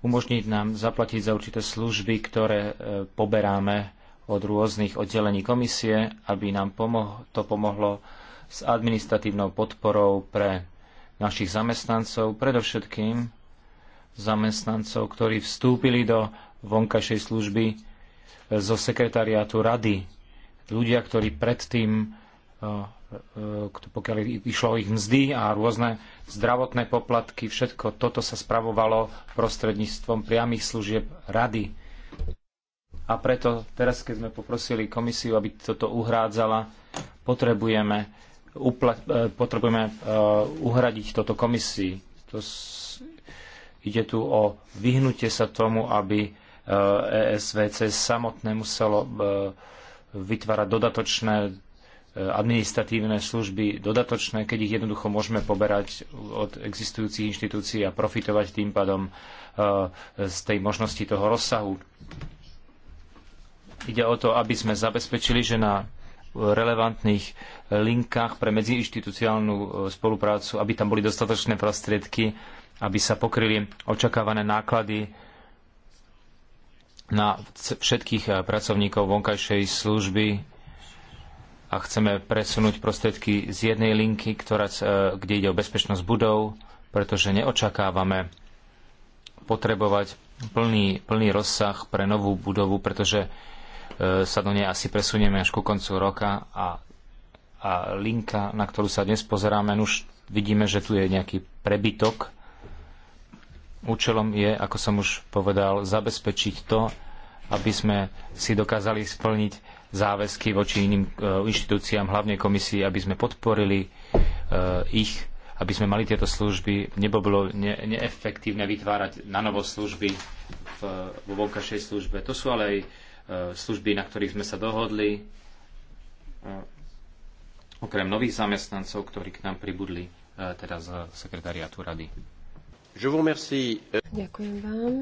umožniť nám zaplatiť za určité služby, ktoré poberáme od rôznych oddelení komisie, aby nám pomoh- to pomohlo s administratívnou podporou pre našich zamestnancov, predovšetkým zamestnancov, ktorí vstúpili do vonkajšej služby zo sekretariátu rady. Ľudia, ktorí predtým eh, eh, pokiaľ išlo o ich mzdy a rôzne zdravotné poplatky, všetko toto sa spravovalo prostredníctvom priamých služieb rady. A preto teraz, keď sme poprosili komisiu, aby toto uhrádzala, potrebujeme, upla- e, potrebujeme e, uhradiť toto komisii. To s- ide tu o vyhnutie sa tomu, aby ESVC e samotné muselo vytvárať dodatočné administratívne služby dodatočné, keď ich jednoducho môžeme poberať od existujúcich inštitúcií a profitovať tým pádom z tej možnosti toho rozsahu Ide o to, aby sme zabezpečili, že na relevantných linkách pre medziinstitucionálnu e, spoluprácu, aby tam boli dostatočné prostriedky, aby sa pokryli očakávané náklady na všetkých e, pracovníkov vonkajšej služby a chceme presunúť prostriedky z jednej linky, ktorá, e, kde ide o bezpečnosť budov, pretože neočakávame potrebovať plný, plný rozsah pre novú budovu, pretože E, sa do nej asi presunieme až ku koncu roka a, a linka, na ktorú sa dnes pozeráme, no už vidíme, že tu je nejaký prebytok. Účelom je, ako som už povedal, zabezpečiť to, aby sme si dokázali splniť záväzky voči iným e, inštitúciám, hlavne komisii, aby sme podporili e, ich, aby sme mali tieto služby. Nebolo ne- neefektívne vytvárať na novo služby v, vo vonkajšej službe. To sú ale aj E, služby, na ktorých sme sa dohodli, e, okrem nových zamestnancov, ktorí k nám pribudli e, teda z sekretariátu rady. Je vous remercie. Ďakujem vám.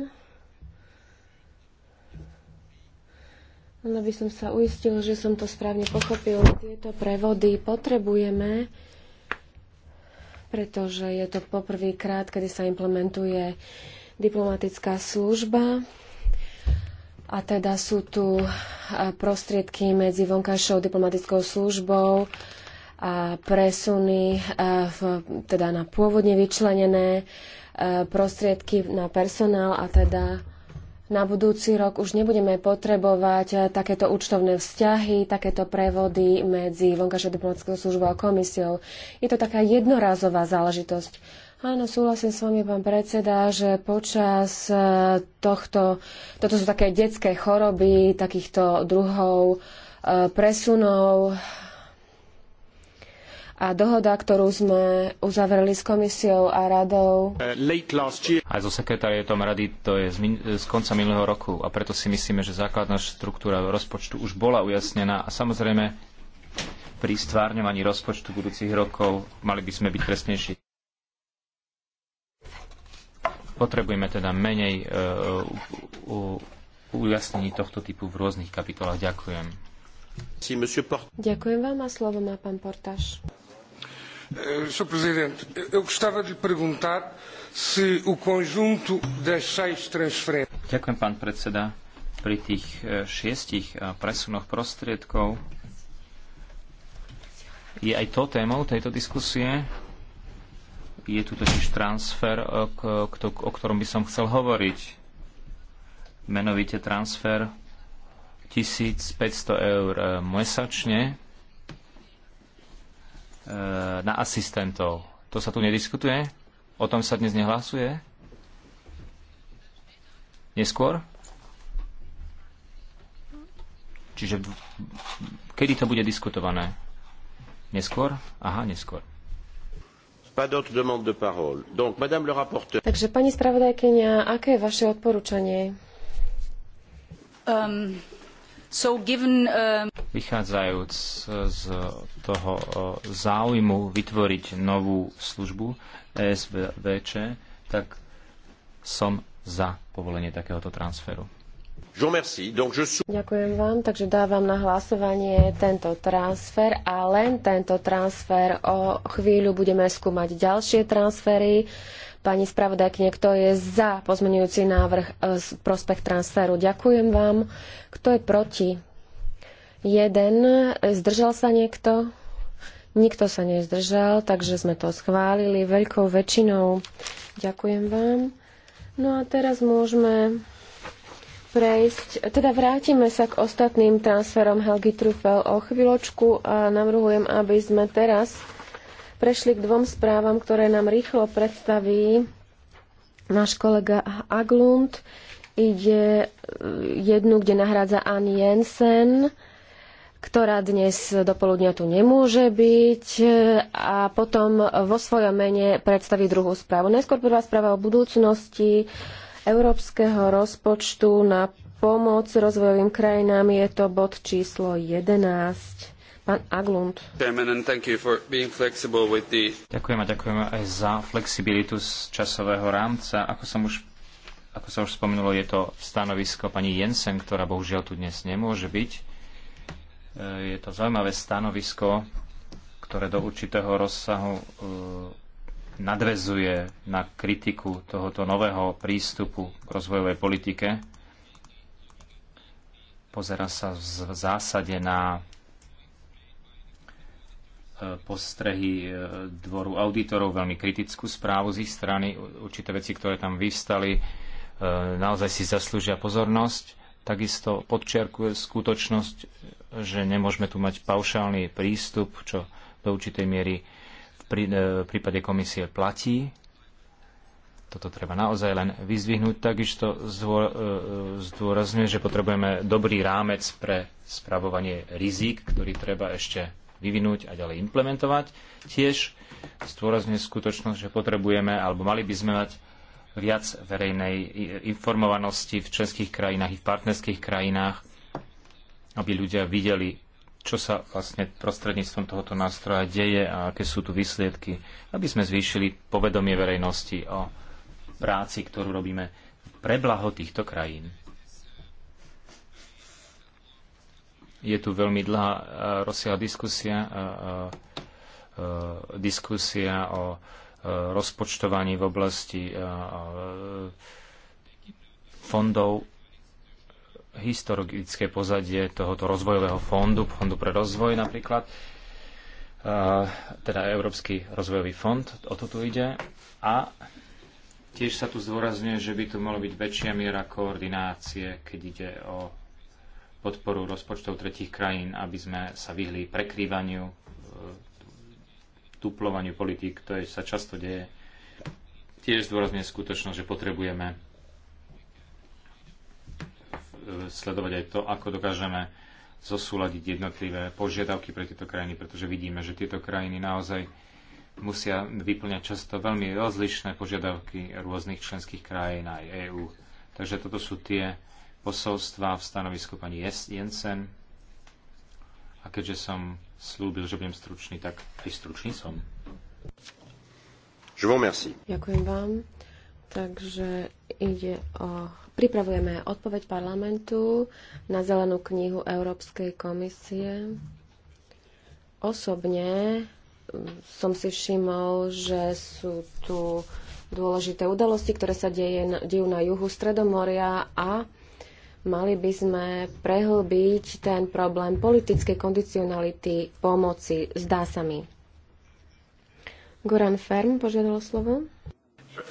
No by som sa uistil, že som to správne pochopil. Tieto prevody potrebujeme, pretože je to poprvýkrát, kedy sa implementuje diplomatická služba a teda sú tu eh, prostriedky medzi vonkajšou diplomatickou službou a presuny eh, v, teda na pôvodne vyčlenené eh, prostriedky na personál a teda na budúci rok už nebudeme potrebovať takéto účtovné vzťahy, takéto prevody medzi vonkajšou diplomatickou službou a komisiou. Je to taká jednorazová záležitosť. Áno, súhlasím s vami, pán predseda, že počas e, tohto, toto sú také detské choroby, takýchto druhov e, presunov a dohoda, ktorú sme uzavreli s komisiou a radou. E, Aj so sekretariatom rady to je z, min- z konca minulého roku a preto si myslíme, že základná štruktúra rozpočtu už bola ujasnená a samozrejme pri stvárňovaní rozpočtu budúcich rokov mali by sme byť presnejší. Potrebujeme teda menej e, ujasnení tohto typu v rôznych kapitolách. Ďakujem. Ďakujem vám a slovo má pán Portáš. Eh, Sr. prezident, eu gostava de perguntar se o conjunto das seis transferências. Ďakujem, pán predseda. Pri tých e, šiestich e, presunoch prostriedkov je aj to témou tejto diskusie. Je tu totiž transfer, o ktorom by som chcel hovoriť. Menovite transfer 1500 eur e, mesačne e, na asistentov. To sa tu nediskutuje? O tom sa dnes nehlasuje? Neskôr? Čiže kedy to bude diskutované? Neskôr? Aha, neskôr. Takže pani spravodajkyňa, aké je vaše odporúčanie? Um, um, Vychádzajúc z toho záujmu vytvoriť novú službu ESVČ, tak som za povolenie takéhoto transferu. Ďakujem vám, takže dávam na hlasovanie tento transfer a len tento transfer. O chvíľu budeme skúmať ďalšie transfery. Pani spravodajkne, kto je za pozmenujúci návrh z e, prospech transferu? Ďakujem vám. Kto je proti? Jeden. Zdržal sa niekto? Nikto sa nezdržal, takže sme to schválili veľkou väčšinou. Ďakujem vám. No a teraz môžeme prejsť, teda vrátime sa k ostatným transferom Helgi Trufel o chvíľočku a navrhujem, aby sme teraz prešli k dvom správam, ktoré nám rýchlo predstaví náš kolega Aglund. Ide eh, jednu, kde nahrádza Ann Jensen, ktorá dnes dopoludnia tu nemôže byť eh, a potom vo svojom mene predstaví druhú správu. Najskôr prvá správa o budúcnosti európskeho rozpočtu na pomoc rozvojovým krajinám je to bod číslo 11. Pán Aglund. Ďakujem a ďakujem aj za flexibilitu z časového rámca. Ako, som už, ako sa už spomenulo, je to stanovisko pani Jensen, ktorá bohužiaľ tu dnes nemôže byť. E, je to zaujímavé stanovisko, ktoré do určitého rozsahu e, nadvezuje na kritiku tohoto nového prístupu k rozvojovej politike. Pozera sa v zásade na e, postrehy e, dvoru auditorov, veľmi kritickú správu z ich strany, určité veci, ktoré tam vyvstali, e, naozaj si zaslúžia pozornosť. Takisto podčiarkuje skutočnosť, že nemôžeme tu mať paušálny prístup, čo do určitej miery pri, e, v prípade komisie platí. Toto treba naozaj len vyzvihnúť. Takisto e, e, zdôrazňuje, že potrebujeme dobrý rámec pre spravovanie rizik, ktorý treba ešte vyvinúť a ďalej implementovať. Tiež zdôrazňuje skutočnosť, že potrebujeme alebo mali by sme mať viac verejnej informovanosti v českých krajinách i v partnerských krajinách, aby ľudia videli, čo sa vlastne prostredníctvom tohoto nástroja deje a aké sú tu výsledky, aby sme zvýšili povedomie verejnosti o práci, ktorú robíme pre blaho týchto krajín. Je tu veľmi dlhá e, rozsiahla diskusia, e, e, diskusia o rozpočtovaní v oblasti fondov historické pozadie tohoto rozvojového fondu, fondu pre rozvoj napríklad, teda Európsky rozvojový fond, o to tu ide. A tiež sa tu zdôrazňuje, že by tu malo byť väčšia miera koordinácie, keď ide o podporu rozpočtov tretich krajín, aby sme sa vyhli prekrývaniu, tuplovaniu e, politík, je, sa často deje. Tiež zdôrazňuje skutočnosť, že potrebujeme sledovať aj to, ako dokážeme zosúľadiť jednotlivé požiadavky pre tieto krajiny, pretože vidíme, že tieto krajiny naozaj musia vyplňať často veľmi rozlišné požiadavky rôznych členských krajín aj EÚ. Takže toto sú tie posolstva v stanovisku pani Jensen. A keďže som slúbil, že budem stručný, tak aj stručný som. Je vous remercie. Ďakujem vám. Takže ide o Pripravujeme odpoveď parlamentu na zelenú knihu Európskej komisie. Osobne mm, som si všimol, že sú tu dôležité udalosti, ktoré sa deje, dejú na juhu Stredomoria a mali by sme prehlbiť ten problém politickej kondicionality pomoci, zdá sa mi. Goran Ferm požiadal slovo.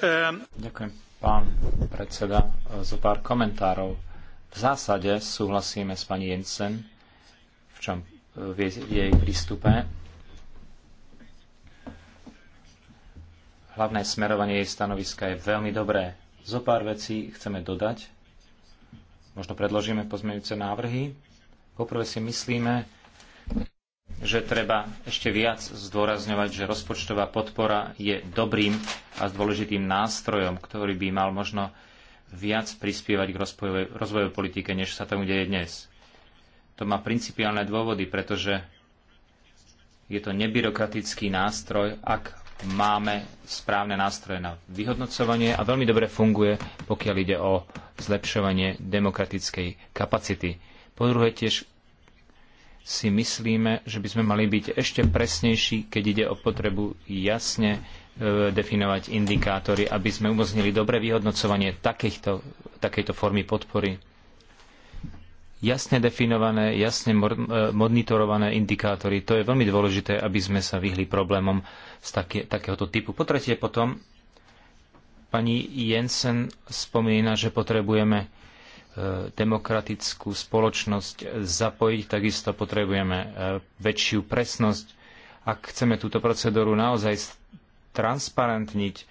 Um. Ďakujem Pán predseda, e, zo pár komentárov. V zásade súhlasíme s pani Jensen v, čom, e, v jej prístupe. Hlavné smerovanie jej stanoviska je veľmi dobré. Zo pár vecí chceme dodať. Možno predložíme pozmeňujúce návrhy. Poprvé si myslíme, že treba ešte viac zdôrazňovať, že rozpočtová podpora je dobrým a dôležitým nástrojom, ktorý by mal možno viac prispievať k rozvojovej, rozvojovej politike, než sa tomu deje dnes. To má principiálne dôvody, pretože je to nebyrokratický nástroj, ak máme správne nástroje na vyhodnocovanie a veľmi dobre funguje, pokiaľ ide o zlepšovanie demokratickej kapacity. Po druhé tiež si myslíme, že by sme mali byť ešte presnejší, keď ide o potrebu jasne e, definovať indikátory, aby sme umožnili dobré vyhodnocovanie takejto formy podpory. Jasne definované, jasne e, monitorované indikátory, to je veľmi dôležité, aby sme sa vyhli problémom z také, takéhoto typu. Po tretie potom, pani Jensen spomína, že potrebujeme E, demokratickú spoločnosť zapojiť, takisto potrebujeme e, väčšiu presnosť. Ak chceme túto procedúru naozaj transparentniť,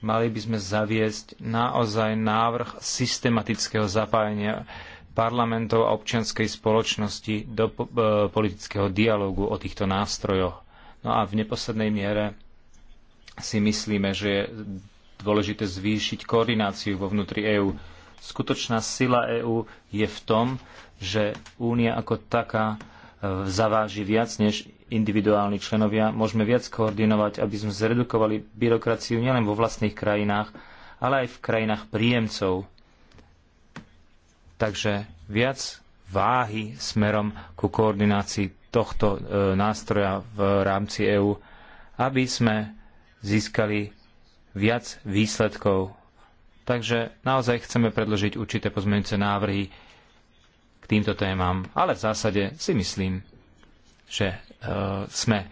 mali by sme zaviesť naozaj návrh systematického zapájania parlamentov a občianskej spoločnosti do e, politického dialógu o týchto nástrojoch. No a v neposlednej miere si myslíme, že je dôležité zvýšiť koordináciu vo vnútri EÚ Skutočná sila EÚ je v tom, že únia ako taká e, zaváži viac než individuálni členovia. Môžeme viac koordinovať, aby sme zredukovali byrokraciu nielen vo vlastných krajinách, ale aj v krajinách príjemcov. Takže viac váhy smerom ku koordinácii tohto e, nástroja v rámci EÚ, aby sme získali viac výsledkov Takže naozaj chceme predložiť určité pozmeňujúce návrhy k týmto témam, ale v zásade si myslím, že e, sme e,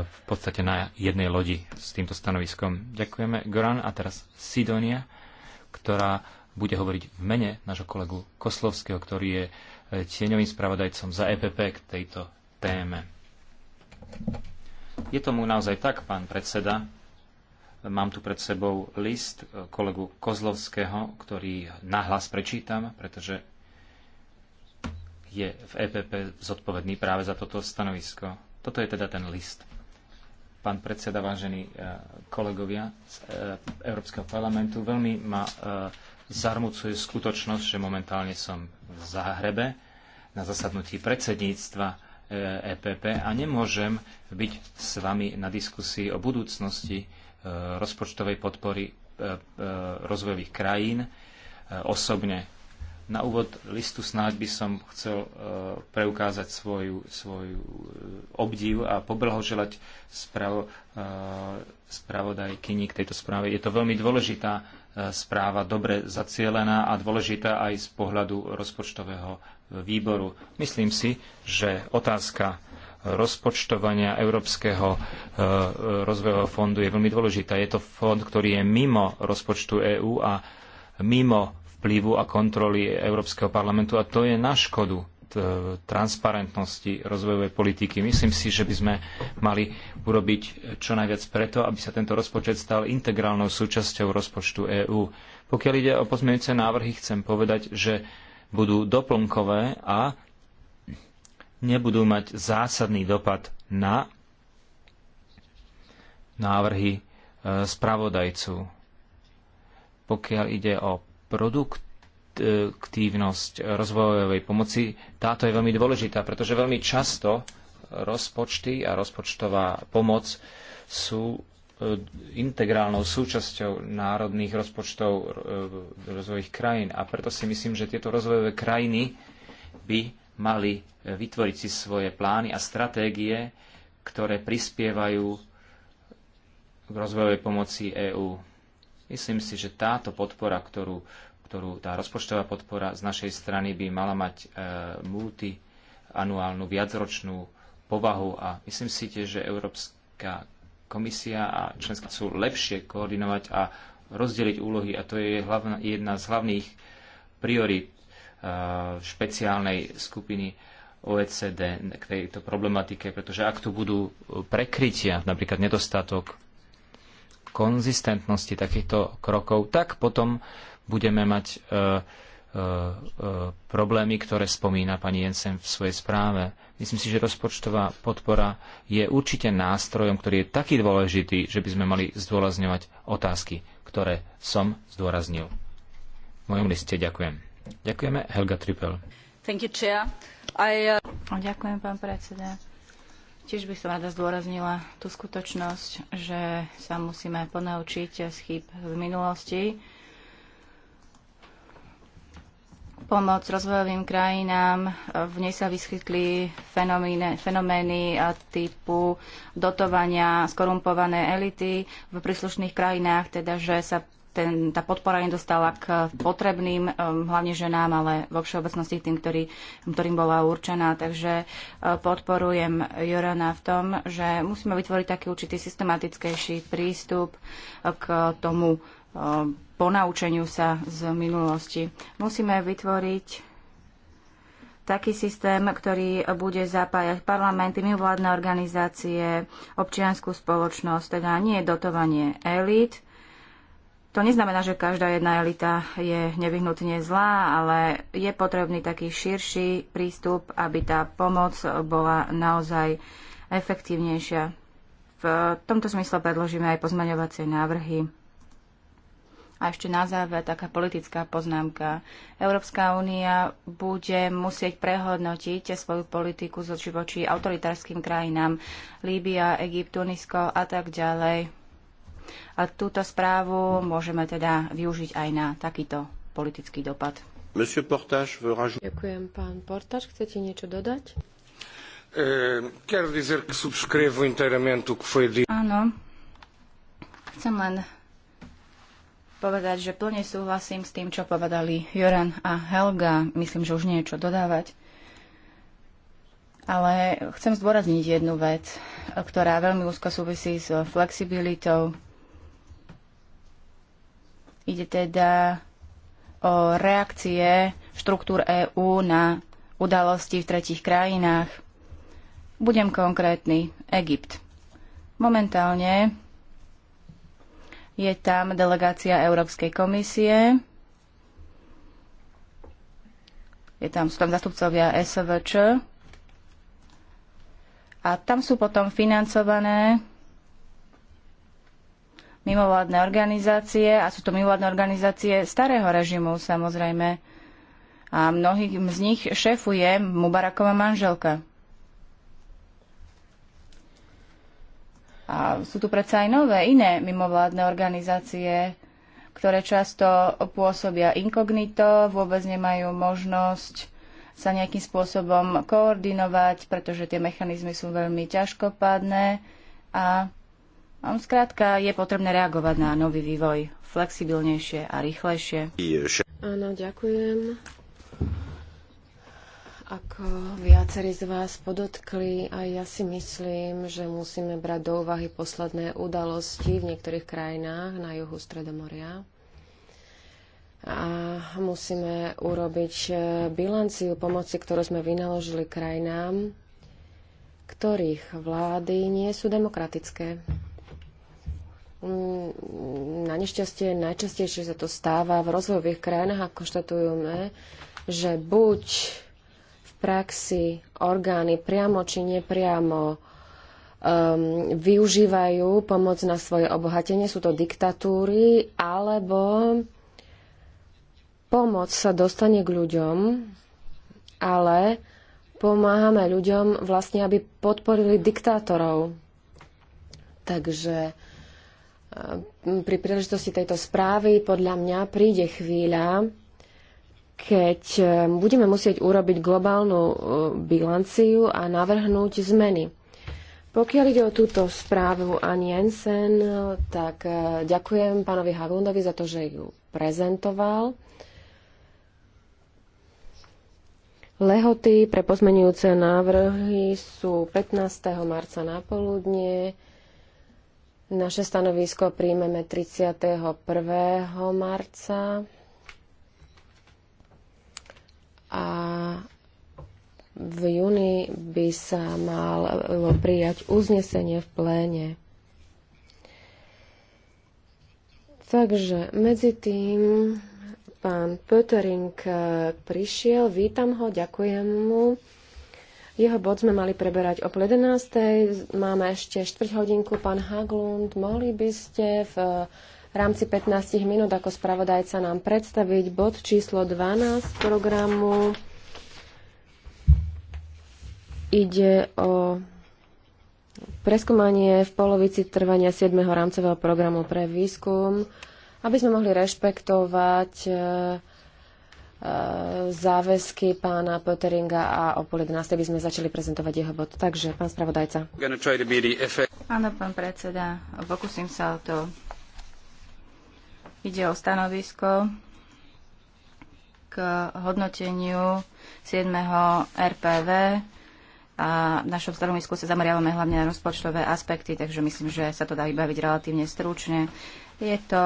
v podstate na jednej lodi s týmto stanoviskom. Ďakujeme Goran a teraz Sidonia, ktorá bude hovoriť v mene nášho kolegu Koslovského, ktorý je e, tieňovým spravodajcom za EPP k tejto téme. Je tomu naozaj tak, pán predseda. Mám tu pred sebou list e, kolegu Kozlovského, ktorý nahlas prečítam, pretože je v EPP zodpovedný práve za toto stanovisko. Toto je teda ten list. Pán predseda, vážení e, kolegovia z e, Európskeho parlamentu, veľmi ma zarmucuje skutočnosť, že momentálne som v Záhrebe na zasadnutí predsedníctva EPP a nemôžem byť s vami na diskusii o budúcnosti rozpočtovej podpory e, e, rozvojových krajín e, osobne. Na úvod listu snáď by som chcel preukázať svoju, svoju obdiv a poblahoželať spravo, spravodajkyni k tejto správe. Je to veľmi dôležitá správa, dobre zacielená a dôležitá aj z pohľadu rozpočtového výboru. Myslím si, že otázka rozpočtovania Európskeho e, rozvojového fondu je veľmi dôležitá. Je to fond, ktorý je mimo rozpočtu EÚ a mimo vplyvu a kontroly Európskeho parlamentu a to je na škodu transparentnosti rozvojovej politiky. Myslím si, že by sme mali urobiť čo najviac preto, aby sa tento rozpočet stal integrálnou súčasťou rozpočtu EÚ. Pokiaľ ide o pozmeňujúce návrhy, chcem povedať, že budú doplnkové a nebudú mať zásadný dopad na návrhy e, spravodajcu. Pokiaľ ide o produktívnosť rozvojovej pomoci, táto je veľmi dôležitá, pretože veľmi často rozpočty a rozpočtová pomoc sú e, integrálnou súčasťou národných rozpočtov e, rozvojových krajín. A preto si myslím, že tieto rozvojové krajiny by mali vytvoriť si svoje plány a stratégie, ktoré prispievajú k rozvojovej pomoci EÚ. Myslím si, že táto podpora, ktorú, ktorú tá rozpočtová podpora z našej strany by mala mať e, multianuálnu, viacročnú povahu a myslím si tiež, že Európska komisia a členská sú lepšie koordinovať a rozdeliť úlohy a to je hlavna, jedna z hlavných priorít e, špeciálnej skupiny OECD k tejto problematike, pretože ak tu budú e, prekrytia, napríklad nedostatok konzistentnosti takýchto krokov, tak potom budeme mať e, e, e, problémy, ktoré spomína pani Jensen v svojej správe. Myslím si, že rozpočtová podpora je určite nástrojom, ktorý je taký dôležitý, že by sme mali zdôrazňovať otázky, ktoré som zdôraznil. V mojom liste ďakujem. Ďakujeme Helga Trippel. Uh, ďakujem, pán predseda. Tiež by som rada zdôraznila tú skutočnosť, že sa musíme ponaučiť z chýb z minulosti. Pomoc rozvojovým krajinám, v nej sa vyskytli fenomény, fenomény typu dotovania skorumpované elity v príslušných krajinách, teda že sa ten, tá podpora nedostala k potrebným, um, hlavne ženám, ale vo všeobecnosti tým, ktorý, ktorým bola určená. Takže uh, podporujem Jorana v tom, že musíme vytvoriť taký určitý systematickejší prístup uh, k tomu uh, ponaučeniu sa z minulosti. Musíme vytvoriť taký systém, ktorý bude zapájať parlamenty, mimovládne organizácie, občianskú spoločnosť, teda nie dotovanie elít, to neznamená, že každá jedna elita je nevyhnutne zlá, ale je potrebný taký širší prístup, aby tá pomoc bola naozaj efektívnejšia. V tomto smysle predložíme aj pozmaňovacie návrhy. A ešte na záver taká politická poznámka. Európska únia bude musieť prehodnotiť svoju politiku voči autoritárskym krajinám Líbia, Egypt, Tunisko a tak ďalej a túto správu môžeme teda využiť aj na takýto politický dopad. Ďakujem, pán Portáš. Chcete niečo dodať? Eh, Áno. Chcem len povedať, že plne súhlasím s tým, čo povedali Joran a Helga. Myslím, že už nie je čo dodávať. Ale chcem zdôrazniť jednu vec, ktorá veľmi úzko súvisí s flexibilitou Ide teda o reakcie štruktúr EÚ na udalosti v tretich krajinách. Budem konkrétny. Egypt. Momentálne je tam delegácia Európskej komisie. Je tam, sú tam zastupcovia SVČ. A tam sú potom financované mimovládne organizácie a sú to mimovládne organizácie starého režimu samozrejme. A mnohých z nich šéfuje Mubarakova manželka. A sú tu predsa aj nové, iné mimovládne organizácie, ktoré často pôsobia inkognito, vôbec nemajú možnosť sa nejakým spôsobom koordinovať, pretože tie mechanizmy sú veľmi ťažkopádne a zkrátka je potrebné reagovať na nový vývoj flexibilnejšie a rýchlejšie. Áno, ďakujem. Ako viacerí z vás podotkli, aj ja si myslím, že musíme brať do úvahy posledné udalosti v niektorých krajinách na juhu Stredomoria. A musíme urobiť eh, bilanciu pomoci, ktorú sme vynaložili krajinám, ktorých vlády nie sú demokratické. Mm, na nešťastie najčastejšie sa to stáva v rozvojových krajinách a konštatujeme, že buď v praxi orgány priamo či nepriamo um, využívajú pomoc na svoje obohatenie, sú to diktatúry, alebo pomoc sa dostane k ľuďom, ale pomáhame ľuďom vlastne, aby podporili diktátorov. Takže pri príležitosti tejto správy podľa mňa príde chvíľa, keď e, budeme musieť urobiť globálnu e, bilanciu a navrhnúť zmeny. Pokiaľ ide o túto správu Ani Jensen, e, tak ďakujem pánovi Haglundovi za to, že ju prezentoval. Lehoty pre pozmenujúce návrhy sú 15. marca na poludnie. Naše stanovisko príjmeme 31. marca a v júni by sa malo prijať uznesenie v pléne. Takže medzi tým pán Pöterink prišiel, vítam ho, ďakujem mu jeho bod sme mali preberať o 11. Máme ešte 4 hodinku. Pán Haglund, mohli by ste v eh, rámci 15 minút ako spravodajca nám predstaviť bod číslo 12 programu. Ide o preskúmanie v polovici trvania 7. rámcového programu pre výskum, aby sme mohli rešpektovať eh, E, záväzky pána Potteringa a o pol 11. by sme začali prezentovať jeho bod. Takže, pán spravodajca. Áno, pán predseda, pokúsim sa o to. Ide o stanovisko k hodnoteniu 7. RPV a v našom stanovisku sa zameriavame hlavne na rozpočtové aspekty, takže myslím, že sa to dá vybaviť relatívne stručne. Je to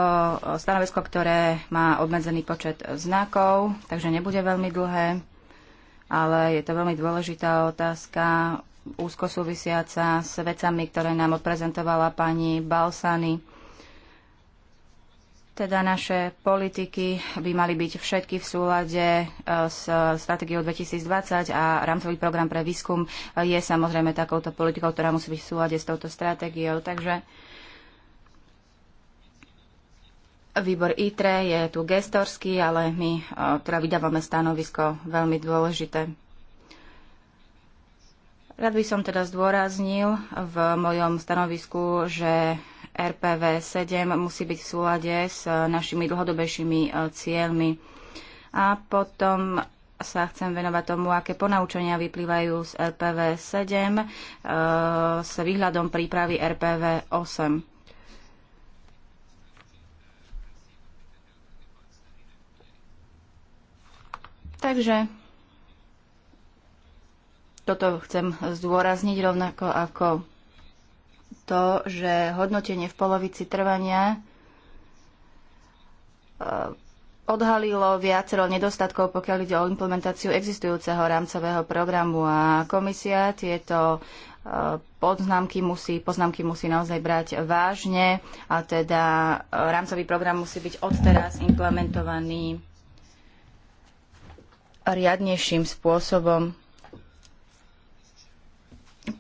stanovisko, ktoré má obmedzený počet znakov, takže nebude veľmi dlhé, ale je to veľmi dôležitá otázka, úzko súvisiaca s vecami, ktoré nám odprezentovala pani Balsany. Teda naše politiky by mali byť všetky v súlade e, s stratégiou 2020 a rámcový program pre výskum je samozrejme takouto politikou, ktorá musí byť v súlade s touto stratégiou. Takže Výbor ITRE je tu gestorský, ale my e, teda vydávame stanovisko veľmi dôležité. Rád by som teda zdôraznil v mojom stanovisku, že RPV 7 musí byť v súlade s našimi dlhodobejšími e, cieľmi. A potom sa chcem venovať tomu, aké ponaučenia vyplývajú z RPV 7 e, s výhľadom prípravy RPV 8. Takže toto chcem zdôrazniť rovnako ako to, že hodnotenie v polovici trvania eh, odhalilo viacero nedostatkov, pokiaľ ide o implementáciu existujúceho rámcového programu a komisia tieto eh, poznámky musí, poznámky musí naozaj brať vážne a teda eh, rámcový program musí byť odteraz implementovaný riadnejším spôsobom.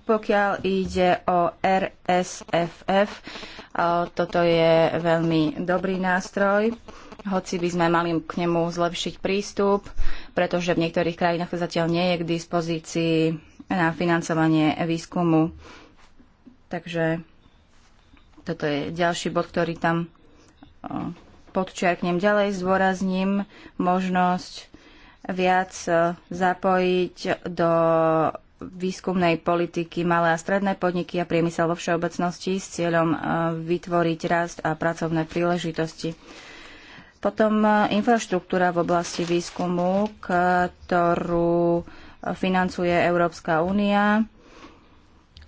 Pokiaľ ide o RSFF, toto je veľmi dobrý nástroj, hoci by sme mali k nemu zlepšiť prístup, pretože v niektorých krajinách to zatiaľ nie je k dispozícii na financovanie výskumu. Takže toto je ďalší bod, ktorý tam podčiarknem ďalej, zdôrazním možnosť viac e, zapojiť do výskumnej politiky malé a stredné podniky a priemysel vo všeobecnosti s cieľom e, vytvoriť rast a pracovné príležitosti. Potom e, infraštruktúra v oblasti výskumu, ktorú financuje Európska únia,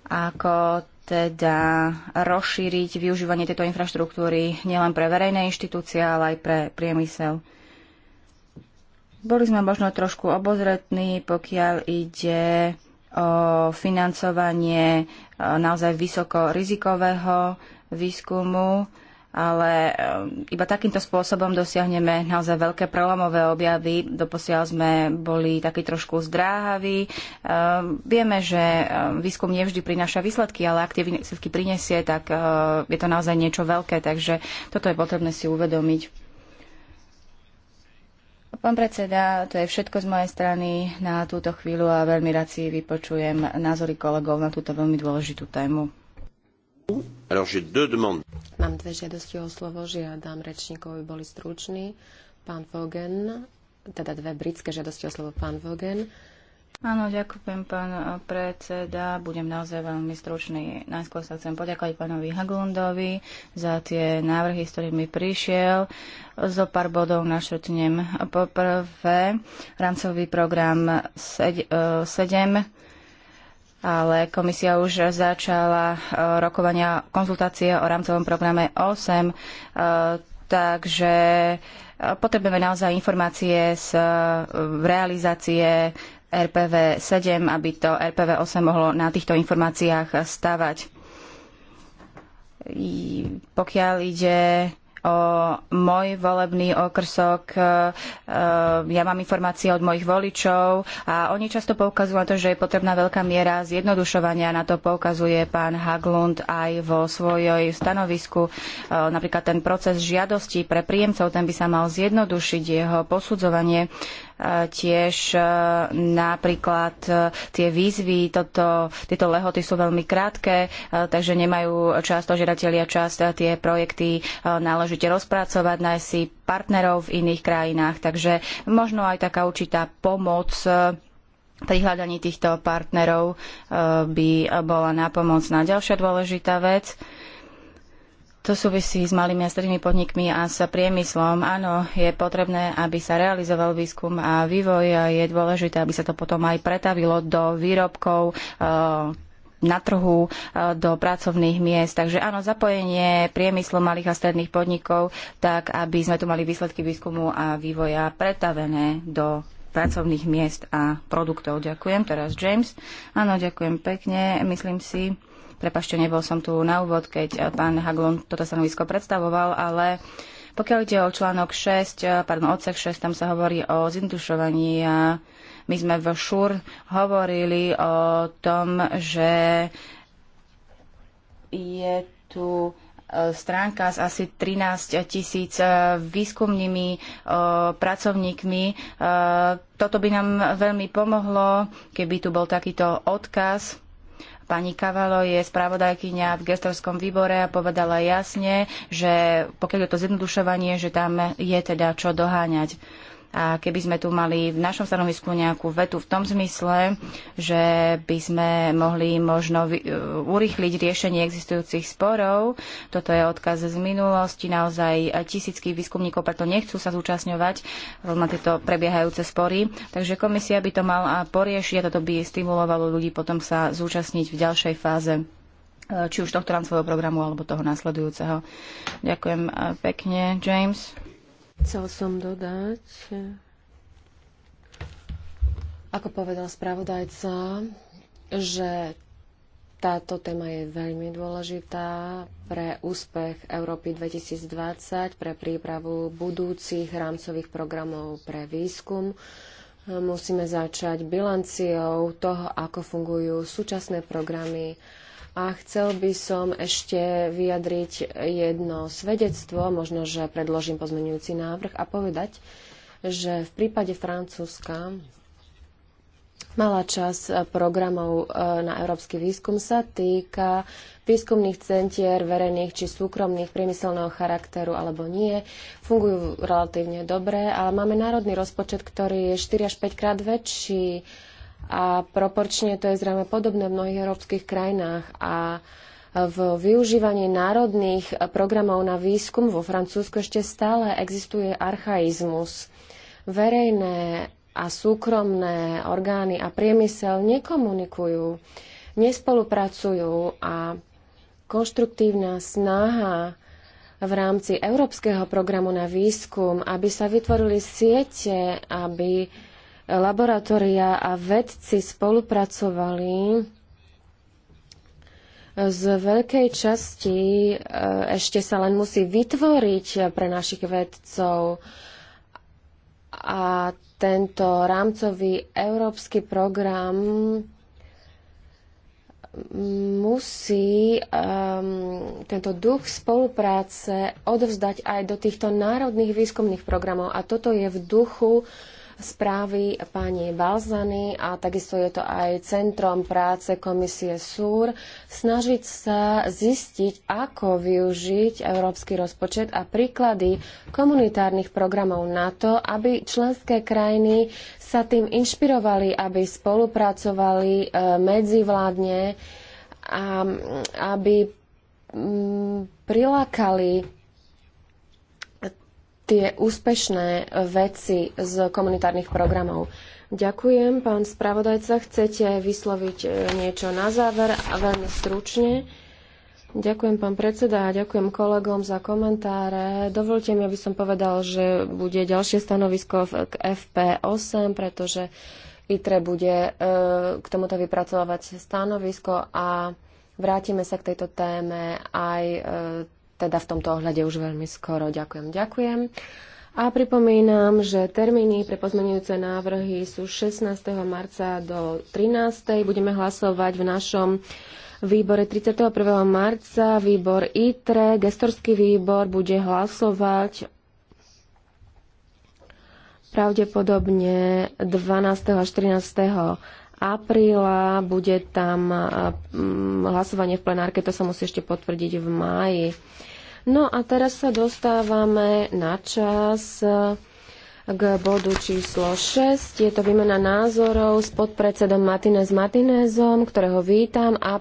ako teda rozšíriť využívanie tejto infraštruktúry nielen pre verejné inštitúcie, ale aj pre priemysel. Boli sme možno trošku obozretní, pokiaľ ide o financovanie e, naozaj vysoko rizikového výskumu, ale e, iba takýmto spôsobom dosiahneme naozaj veľké prelomové objavy. Doposiaľ sme boli takí trošku zdráhaví. E, vieme, že výskum nevždy prináša výsledky, ale ak tie výsledky prinesie, tak je to naozaj niečo veľké, takže toto je potrebné si uvedomiť. Pán predseda, to je všetko z mojej strany na túto chvíľu a veľmi rád si vypočujem názory kolegov na túto veľmi dôležitú tému. Mám dve žiadosti o slovo, žiadam rečníkov, aby boli struční. Pán Vogen, teda dve britské žiadosti o slovo pán Vogen Áno, ďakujem, pán predseda. Budem naozaj veľmi stručný. Najskôr sa chcem poďakovať pánovi Haglundovi za tie návrhy, s ktorými prišiel. Zo pár bodov našrtnem. Poprvé, rámcový program 7 e, ale komisia už začala e, rokovania, konzultácie o rámcovom programe 8, e, takže potrebujeme naozaj informácie z realizácie RPV 7, aby to RPV 8 mohlo na týchto informáciách stavať. Pokiaľ ide o môj volebný okrsok, e, e, ja mám informácie od mojich voličov a oni často poukazujú na to, že je potrebná veľká miera zjednodušovania. Na to poukazuje pán Haglund aj vo svojej stanovisku. E, napríklad ten proces žiadosti pre príjemcov, ten by sa mal zjednodušiť jeho posudzovanie tiež e, napríklad e, tie výzvy, toto, tieto lehoty sú veľmi krátke, e, takže nemajú často žiadatelia čas tie projekty náležite rozpracovať, nájsť si partnerov v iných krajinách. Takže možno aj taká určitá pomoc pri hľadaní týchto partnerov by bola nápomocná. Ďalšia dôležitá vec, to súvisí s malými a strednými podnikmi a s priemyslom. Áno, je potrebné, aby sa realizoval výskum a vývoj. Je dôležité, aby sa to potom aj pretavilo do výrobkov, eh, na trhu, eh, do pracovných miest. Takže áno, zapojenie priemyslu malých a stredných podnikov, tak aby sme tu mali výsledky výskumu a vývoja pretavené do pracovných miest a produktov. Ďakujem. Teraz James. Áno, ďakujem pekne. Myslím si, Prepašte, nebol som tu na úvod, keď eh, pán Haglund toto stanovisko predstavoval, ale pokiaľ ide o článok 6, eh, pardon, odsek 6, tam sa hovorí o zintušovaní a my sme v ŠUR hovorili o tom, že je tu eh, stránka s asi 13 tisíc výskumnými pracovníkmi. Toto by nám veľmi pomohlo, keby tu bol takýto odkaz Pani Kavalo je spravodajkyňa v gestorskom výbore a povedala jasne, že pokiaľ je to zjednodušovanie, že tam je teda čo doháňať a keby sme tu mali v našom stanovisku nejakú vetu v tom zmysle, že by sme mohli možno e, urýchliť riešenie existujúcich sporov, toto je odkaz z minulosti, naozaj e, tisícky výskumníkov preto nechcú sa zúčastňovať na tieto prebiehajúce spory, takže komisia by to mala poriešiť a toto by stimulovalo ľudí potom sa zúčastniť v ďalšej fáze e, či už tohto rámcového programu alebo toho následujúceho. Ďakujem pekne, James. Chcel som dodať, ako povedal spravodajca, že táto téma je veľmi dôležitá pre úspech Európy 2020, pre prípravu budúcich rámcových programov pre výskum. Musíme začať bilanciou toho, ako fungujú súčasné programy a chcel by som ešte vyjadriť jedno svedectvo, možno, že predložím pozmenujúci návrh a povedať, že v prípade Francúzska malá časť programov e, na európsky výskum sa týka výskumných centier verejných či súkromných priemyselného charakteru alebo nie. Fungujú relatívne dobre, ale máme národný rozpočet, ktorý je 4 až 5 krát väčší a proporčne to je zrejme podobné v mnohých európskych krajinách a v využívaní národných programov na výskum vo Francúzsku ešte stále existuje archaizmus. Verejné a súkromné orgány a priemysel nekomunikujú, nespolupracujú a konštruktívna snaha v rámci Európskeho programu na výskum, aby sa vytvorili siete, aby laboratória a vedci spolupracovali z veľkej časti e, ešte sa len musí vytvoriť pre našich vedcov a tento rámcový európsky program musí um, tento duch spolupráce odovzdať aj do týchto národných výskumných programov. A toto je v duchu uh, správy pani Balzany a takisto je to aj centrom práce komisie SÚR, snažiť sa zistiť, ako využiť európsky rozpočet a príklady komunitárnych programov na to, aby členské krajiny sa tým inšpirovali, aby spolupracovali e, medzivládne a aby prilákali tie úspešné e, veci z komunitárnych programov. Ďakujem, pán spravodajca. Chcete vysloviť e, niečo na záver a veľmi stručne? Ďakujem, pán predseda, a ďakujem kolegom za komentáre. Dovolte mi, aby som povedal, že bude ďalšie stanovisko k FP8, pretože ITRE bude e, k tomuto vypracovať stanovisko a vrátime sa k tejto téme aj teda v tomto ohľade už veľmi skoro. Ďakujem, ďakujem. A pripomínam, že termíny pre pozmenujúce návrhy sú 16. marca do 13. Budeme hlasovať v našom výbore 31. marca. Výbor ITRE, gestorský výbor, bude hlasovať pravdepodobne 12. až 13 apríla, bude tam mm, hlasovanie v plenárke, to sa musí ešte potvrdiť v máji. No a teraz sa dostávame na čas e, k bodu číslo 6. Je to výmena názorov s podpredsedom Martinez Martinezom, ktorého vítam, a,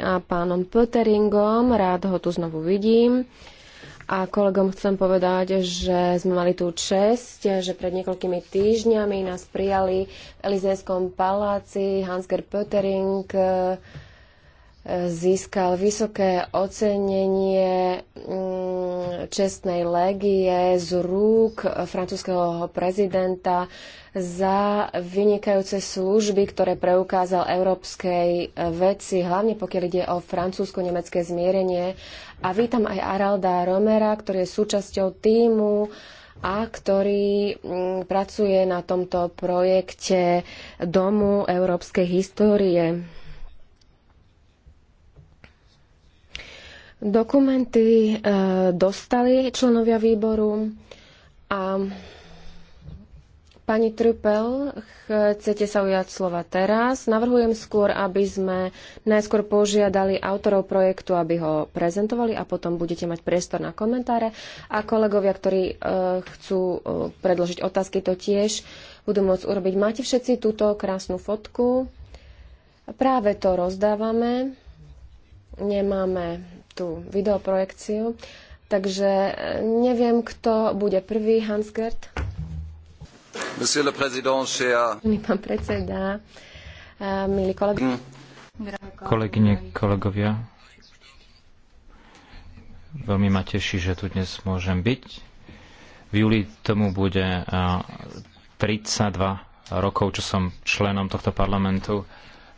a pánom Pöteringom. Rád ho tu znovu vidím a kolegom chcem povedať, že sme mali tú čest, že pred niekoľkými týždňami nás prijali v Elizejskom paláci Hansger gerd Pöttering, získal vysoké ocenenie mm, čestnej legie z rúk francúzského prezidenta za vynikajúce služby, ktoré preukázal európskej veci, hlavne pokiaľ ide o francúzsko-nemecké zmierenie. A vítam aj Aralda Romera, ktorý je súčasťou týmu a ktorý mm, pracuje na tomto projekte Domu európskej histórie. Dokumenty e, dostali členovia výboru a pani Trupel, chcete sa ujať slova teraz. Navrhujem skôr, aby sme najskôr požiadali autorov projektu, aby ho prezentovali a potom budete mať priestor na komentáre. A kolegovia, ktorí e, chcú e, predložiť otázky, to tiež budú môcť urobiť. Máte všetci túto krásnu fotku. Práve to rozdávame. Nemáme tú videoprojekciu. Takže e, neviem, kto bude prvý, Hans Gert. Monsieur le président, cher... Pán predseda, e, milí kolegovia. Kolegyne, kolegovia, veľmi ma teší, že tu dnes môžem byť. V júli tomu bude 32 e, rokov, čo som členom tohto parlamentu,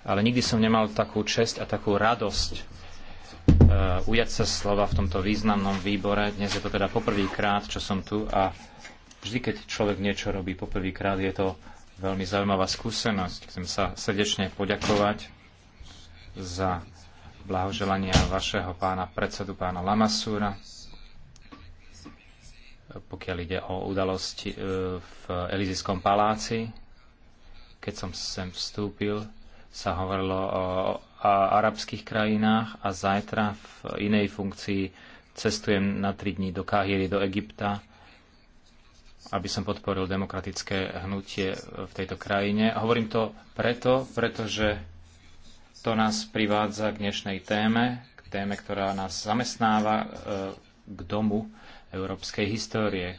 ale nikdy som nemal takú čest a takú radosť Eh, ujať sa slova v tomto významnom výbore. Dnes je to teda poprvýkrát, čo som tu a vždy, keď človek niečo robí poprvýkrát, je to veľmi zaujímavá skúsenosť. Chcem sa srdečne poďakovať za blahoželania vašeho pána predsedu, pána Lamasúra, pokiaľ ide o udalosti eh, v Elizijskom paláci. Keď som sem vstúpil, sa hovorilo o a arabských krajinách a zajtra v inej funkcii cestujem na tri dní do Káhiry, do Egypta, aby som podporil demokratické hnutie v tejto krajine. A hovorím to preto, pretože to nás privádza k dnešnej téme, k téme, ktorá nás zamestnáva e, k domu európskej histórie.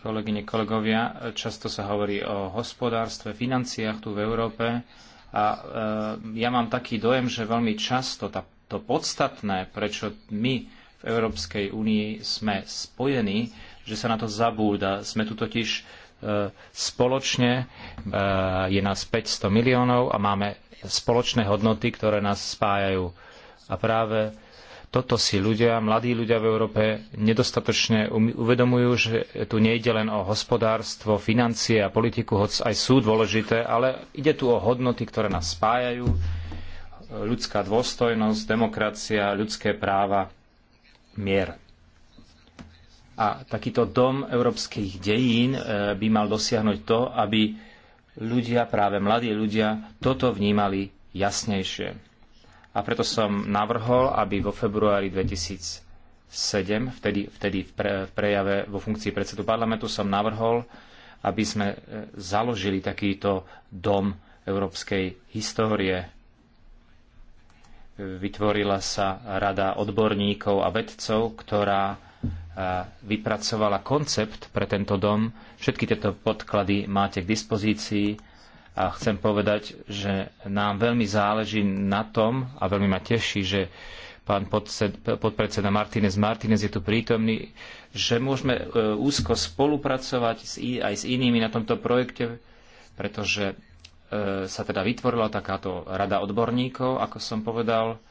Kolegyne, kolegovia, často sa hovorí o hospodárstve, financiách tu v Európe, a e, ja mám taký dojem, že veľmi často tá, to podstatné, prečo my v Európskej únii sme spojení, že sa na to zabúda. Sme tu totiž e, spoločne, e, je nás 500 miliónov a máme spoločné hodnoty, ktoré nás spájajú. A práve toto si ľudia, mladí ľudia v Európe nedostatočne um- uvedomujú, že tu nejde len o hospodárstvo, financie a politiku, hoc aj sú dôležité, ale ide tu o hodnoty, ktoré nás spájajú, ľudská dôstojnosť, demokracia, ľudské práva, mier. A takýto dom európskych dejín eh, by mal dosiahnuť to, aby ľudia, práve mladí ľudia, toto vnímali jasnejšie. A preto som navrhol, aby vo februári 2007, vtedy, vtedy v, pre, v prejave vo funkcii predsedu parlamentu, som navrhol, aby sme e, založili takýto dom európskej histórie. Vytvorila sa rada odborníkov a vedcov, ktorá e, vypracovala koncept pre tento dom. Všetky tieto podklady máte k dispozícii a chcem povedať, že nám veľmi záleží na tom a veľmi ma teší, že pán podpredseda Martínez Martínez je tu prítomný, že môžeme e, úzko spolupracovať aj s inými na tomto projekte, pretože e, sa teda vytvorila takáto rada odborníkov, ako som povedal,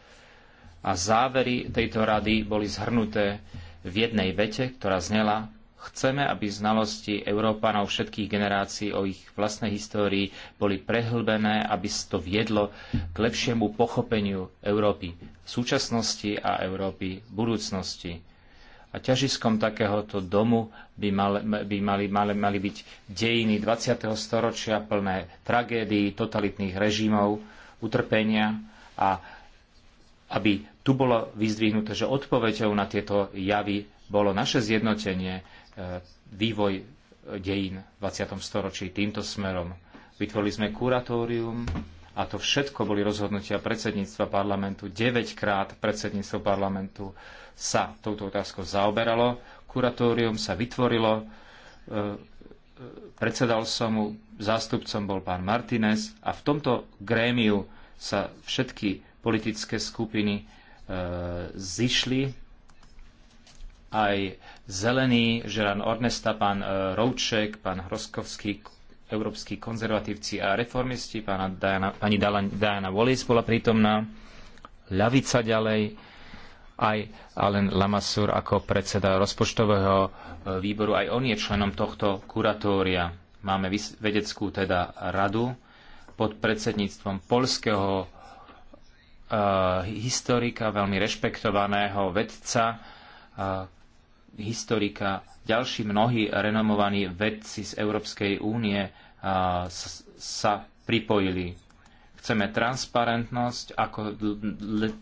a závery tejto rady boli zhrnuté v jednej vete, ktorá znela Chceme, aby znalosti Európanov všetkých generácií o ich vlastnej histórii boli prehlbené, aby to viedlo k lepšiemu pochopeniu Európy v súčasnosti a Európy v budúcnosti. A ťažiskom takéhoto domu by, mal, by mali, mali, mali byť dejiny 20. storočia plné tragédií, totalitných režimov, utrpenia a aby tu bolo vyzdvihnuté, že odpoveďou na tieto javy bolo naše zjednotenie, E, vývoj e, dejín v 20. storočí týmto smerom. Vytvorili sme kuratórium a to všetko boli rozhodnutia predsedníctva parlamentu. 9 krát predsedníctvo parlamentu sa touto otázkou zaoberalo. Kuratórium sa vytvorilo, e, predsedal som mu, zástupcom bol pán Martinez a v tomto grémiu sa všetky politické skupiny zišli aj Zelení, Žeran Ornesta, pán e, Rouček, pán Hroskovský, európsky konzervatívci a reformisti, pána Diana, pani Diana Wallis bola prítomná, ľavica ďalej, aj Alen Lamassur ako predseda rozpočtového e, výboru, aj on je členom tohto kuratória. Máme vedeckú teda radu pod predsedníctvom polského e, historika, veľmi rešpektovaného vedca, historika, ďalší mnohí renomovaní vedci z Európskej únie sa pripojili. Chceme transparentnosť, ako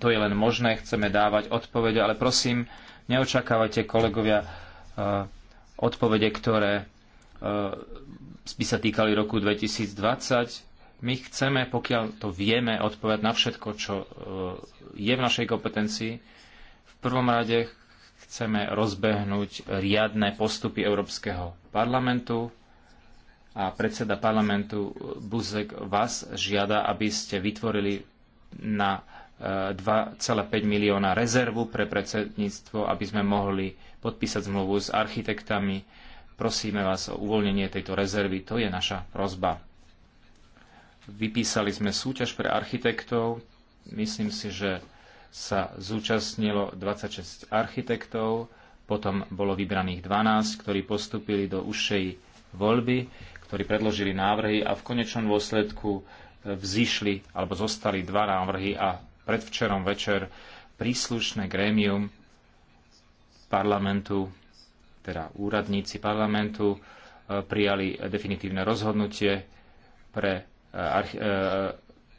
to je len možné, chceme dávať odpovede, ale prosím, neočakávajte, kolegovia, odpovede, ktoré by sa týkali roku 2020. My chceme, pokiaľ to vieme, odpovedať na všetko, čo je v našej kompetencii. V prvom rade chceme rozbehnúť riadne postupy Európskeho parlamentu a predseda parlamentu Buzek vás žiada, aby ste vytvorili na 2,5 e, milióna rezervu pre predsedníctvo, aby sme mohli podpísať zmluvu s architektami. Prosíme vás o uvoľnenie tejto rezervy, to je naša prozba. Vypísali sme súťaž pre architektov. Myslím si, že sa zúčastnilo 26 architektov, potom bolo vybraných 12, ktorí postupili do užšej voľby, ktorí predložili návrhy a v konečnom dôsledku e, vzýšli alebo zostali dva návrhy a predvčerom večer príslušné grémium parlamentu, teda úradníci parlamentu, e, prijali definitívne rozhodnutie pre e,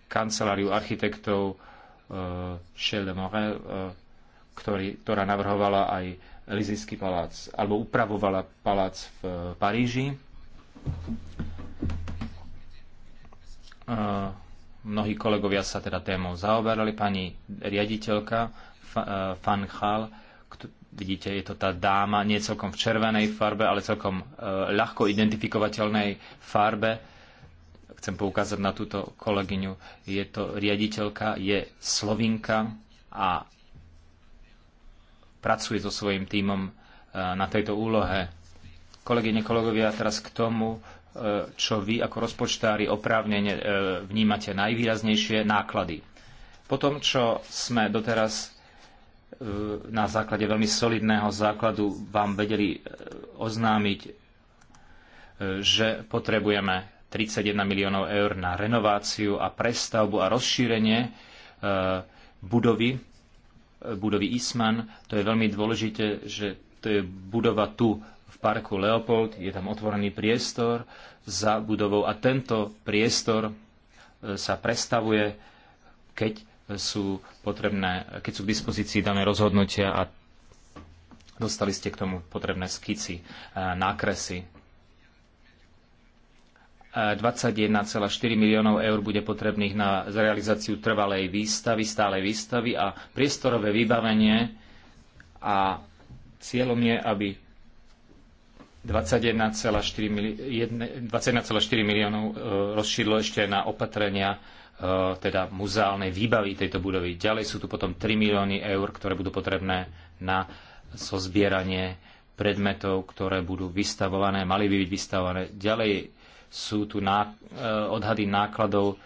kanceláriu architektov Michelle Morin, eh, ktorý, ktorá navrhovala aj Elizijský palác, alebo upravovala palác v eh, Paríži. Eh, mnohí kolegovia sa teda témou zaoberali. Pani riaditeľka Fan Chal, vidíte, je to tá dáma, nie celkom v červenej farbe, ale celkom ľahko identifikovateľnej farbe Chcem poukázať na túto kolegyňu. Je to riaditeľka, je slovinka a pracuje so svojím tímom e, na tejto úlohe. Kolegyne, kolegovia, teraz k tomu, e, čo vy ako rozpočtári oprávnene e, vnímate najvýraznejšie náklady. Po tom, čo sme doteraz na základe veľmi solidného základu vám vedeli oznámiť, že potrebujeme 31 miliónov eur na renováciu a prestavbu a rozšírenie e, budovy, e, budovy Isman. To je veľmi dôležité, že to je budova tu v parku Leopold, je tam otvorený priestor za budovou a tento priestor e, sa prestavuje, keď sú potrebné, keď sú k dispozícii dané rozhodnutia a dostali ste k tomu potrebné skici, nákresy 21,4 miliónov eur bude potrebných na realizáciu trvalej výstavy, stálej výstavy a priestorové vybavenie a cieľom je, aby 21,4 miliónov e, rozšírilo ešte na opatrenia e, teda muzeálnej výbavy tejto budovy. Ďalej sú tu potom 3 milióny eur, ktoré budú potrebné na zozbieranie predmetov, ktoré budú vystavované, mali by byť vystavované. Ďalej sú tu ná, eh, odhady nákladov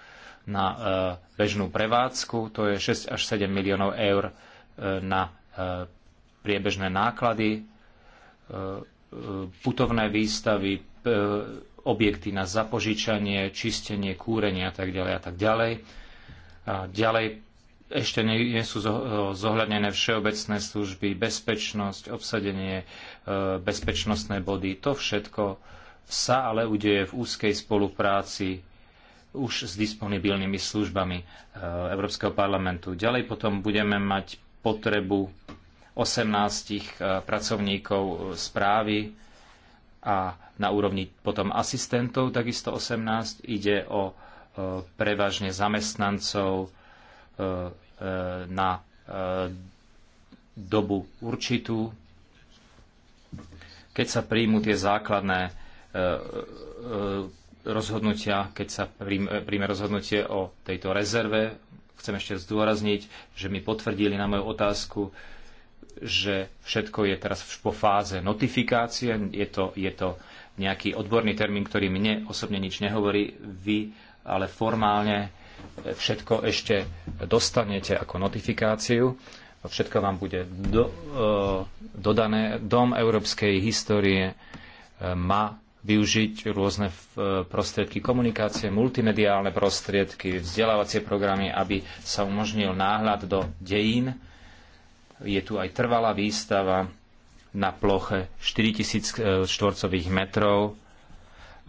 na eh, bežnú prevádzku, to je 6 až 7 miliónov eur eh, na priebežné náklady, putovné výstavy, objekty na zapožičanie, čistenie, kúrenie a tak ďalej a tak ďalej. A ďalej ešte nie, sú zohľadnené všeobecné služby, bezpečnosť, obsadenie, bezpečnostné body. To všetko sa ale udeje v úzkej spolupráci už s disponibilnými službami eh, Európskeho parlamentu. Ďalej potom budeme mať potrebu 18 eh, pracovníkov eh, správy a na úrovni potom asistentov takisto 18. Ide o prevažne zamestnancov na dobu určitú. Keď sa príjmu tie základné E, e, rozhodnutia, keď sa e, príjme rozhodnutie o tejto rezerve. Chcem ešte zdôrazniť, že mi potvrdili na moju otázku, že všetko je teraz po fáze notifikácie. Je to, je to nejaký odborný termín, ktorý mne osobne nič nehovorí. Vy ale formálne všetko ešte dostanete ako notifikáciu. Všetko vám bude do, dodané. Dom európskej histórie má využiť rôzne eh, prostriedky komunikácie, multimediálne prostriedky, vzdelávacie programy, aby sa umožnil náhľad do dejín. Je tu aj trvalá výstava na ploche 4000 eh, štvorcových metrov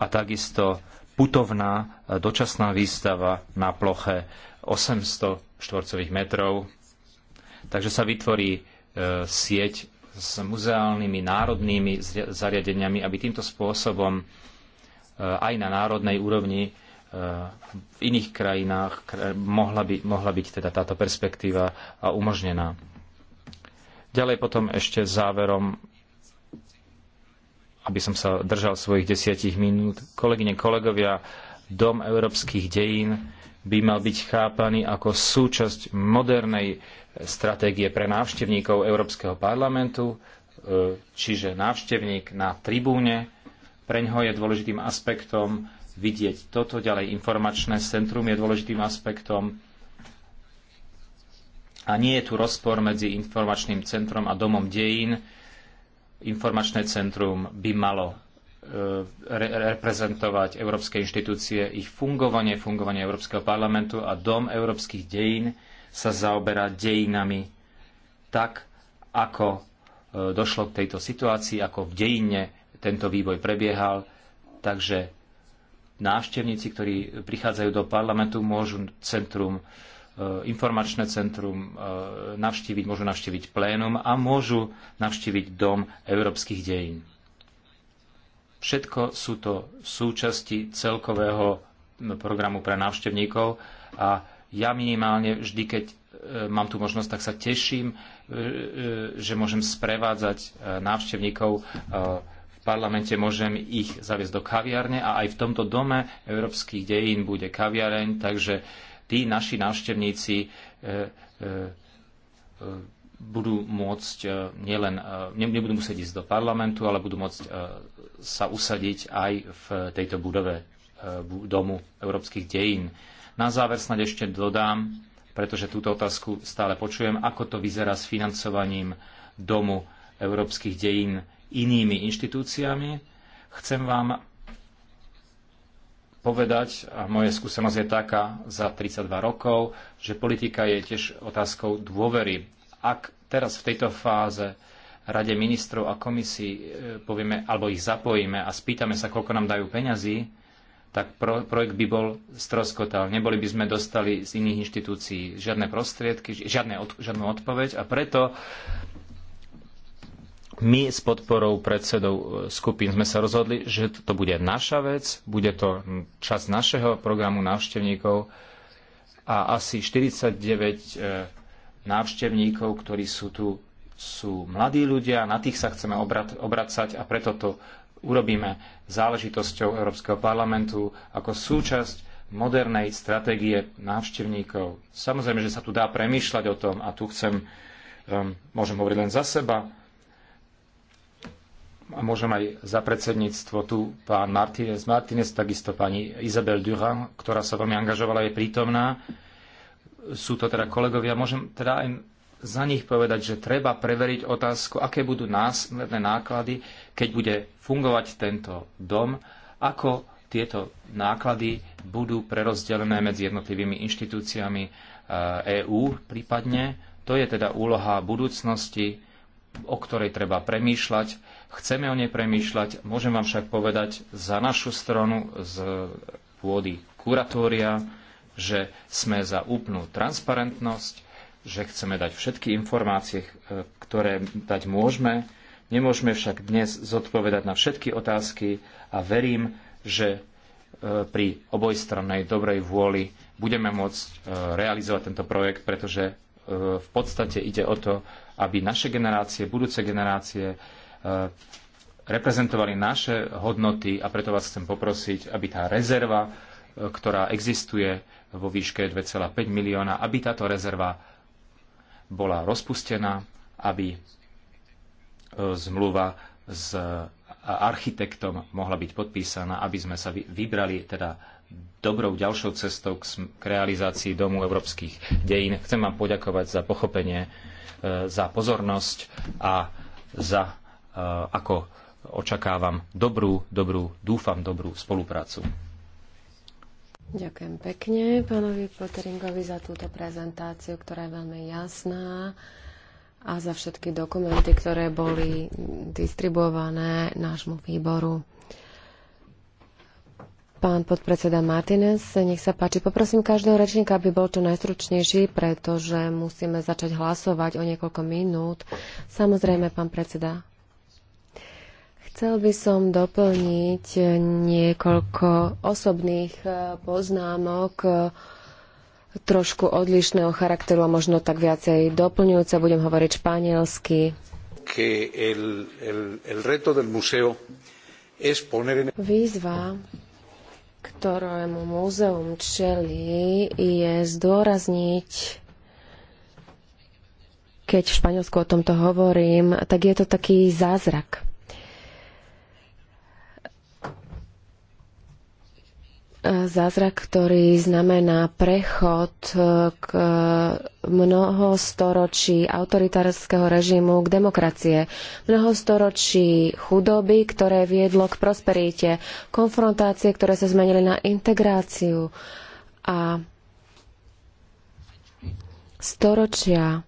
a takisto putovná eh, dočasná výstava na ploche 800 štvorcových metrov. Takže sa vytvorí sieť s muzeálnymi národnými zariadeniami, aby týmto spôsobom e, aj na národnej úrovni e, v iných krajinách mohla, by, mohla byť teda táto perspektíva e, umožnená. Ďalej potom ešte záverom, aby som sa držal svojich desiatich minút, kolegyne, kolegovia, Dom európskych dejín by mal byť chápaný ako súčasť modernej stratégie pre návštevníkov Európskeho parlamentu, e, čiže návštevník na tribúne. Pre ňoho je dôležitým aspektom vidieť toto ďalej. Informačné centrum je dôležitým aspektom. A nie je tu rozpor medzi informačným centrom a domom dejín. Informačné centrum by malo e, re reprezentovať európske inštitúcie, ich fungovanie, fungovanie Európskeho parlamentu a dom európskych dejín sa zaoberá dejinami tak, ako e, došlo k tejto situácii, ako v dejine tento vývoj prebiehal. Takže návštevníci, ktorí prichádzajú do parlamentu, môžu centrum, e, informačné centrum e, navštíviť, môžu navštíviť plénum a môžu navštíviť Dom európskych dejín. Všetko sú to súčasti celkového programu pre návštevníkov a ja minimálne vždy, keď e, mám tu možnosť, tak sa teším, e, e, že môžem sprevádzať návštevníkov v parlamente, môžem ich zaviesť do kaviarne a aj v tomto dome európskych dejín bude kaviareň, takže tí naši návštevníci budú môcť nielen, nebudú musieť ísť do parlamentu, ale budú môcť sa usadiť aj v tejto budove domu európskych dejín. Na záver snad ešte dodám, pretože túto otázku stále počujem, ako to vyzerá s financovaním Domu európskych dejín inými inštitúciami. Chcem vám povedať, a moje skúsenosť je taká za 32 rokov, že politika je tiež otázkou dôvery. Ak teraz v tejto fáze Rade ministrov a komisii e, povieme, alebo ich zapojíme a spýtame sa, koľko nám dajú peňazí, tak pro, projekt by bol stroskotal. Neboli by sme dostali z iných inštitúcií žiadne prostriedky, žiadne od, žiadnu odpoveď a preto my s podporou predsedov e, skupín sme sa rozhodli, že to bude naša vec, bude to čas našeho programu návštevníkov a asi 49 e, návštevníkov, ktorí sú tu, sú mladí ľudia, na tých sa chceme obracať a preto to urobíme záležitosťou Európskeho parlamentu ako súčasť modernej stratégie návštevníkov. Samozrejme, že sa tu dá premýšľať o tom a tu chcem, um, môžem hovoriť len za seba a môžem aj za predsedníctvo tu pán Martínez, Martínez takisto pani Isabel Durand, ktorá sa veľmi angažovala, je prítomná. Sú to teda kolegovia, môžem teda aj za nich povedať, že treba preveriť otázku, aké budú následné náklady, keď bude fungovať tento dom, ako tieto náklady budú prerozdelené medzi jednotlivými inštitúciami EÚ eh, e prípadne. To je teda úloha budúcnosti, o ktorej treba premýšľať. Chceme o nej premýšľať. Môžem vám však povedať za našu stranu z pôdy kuratória, že sme za úplnú transparentnosť, že chceme dať všetky informácie, eh, ktoré dať môžeme. Nemôžeme však dnes zodpovedať na všetky otázky a verím, že eh, pri obojstrannej dobrej vôli budeme môcť eh, realizovať tento projekt, pretože v podstate ide o to, aby naše generácie, budúce generácie reprezentovali naše hodnoty a preto vás chcem poprosiť, aby tá rezerva, ktorá existuje vo výške 2,5 milióna, aby táto rezerva bola rozpustená, aby e, zmluva s architektom mohla byť podpísaná, aby sme sa vybrali teda dobrou ďalšou cestou k, realizácii Domu európskych dejín. Chcem vám poďakovať za pochopenie, e, za pozornosť a za, e, ako očakávam, dobrú, dobrú, dúfam, dobrú spoluprácu. Ďakujem pekne pánovi Poteringovi za túto prezentáciu, ktorá je veľmi jasná a za všetky dokumenty, ktoré boli distribuované nášmu výboru. Pán podpredseda Martinez, nech sa páči. Poprosím každého rečníka, aby bol čo najstručnejší, pretože musíme začať hlasovať o niekoľko minút. Samozrejme, pán predseda, Chcel by som doplniť niekoľko osobných e, poznámok e, trošku odlišného charakteru a možno tak viacej doplňujúce. Budem hovoriť španielsky. Výzva, ktorému múzeum čelí, je zdôrazniť keď v Španielsku o tomto hovorím, tak je to taký zázrak. zázrak, ktorý znamená prechod k storočí autoritárskeho režimu k demokracie. storočí chudoby, ktoré viedlo k prosperite, konfrontácie, ktoré sa zmenili na integráciu a storočia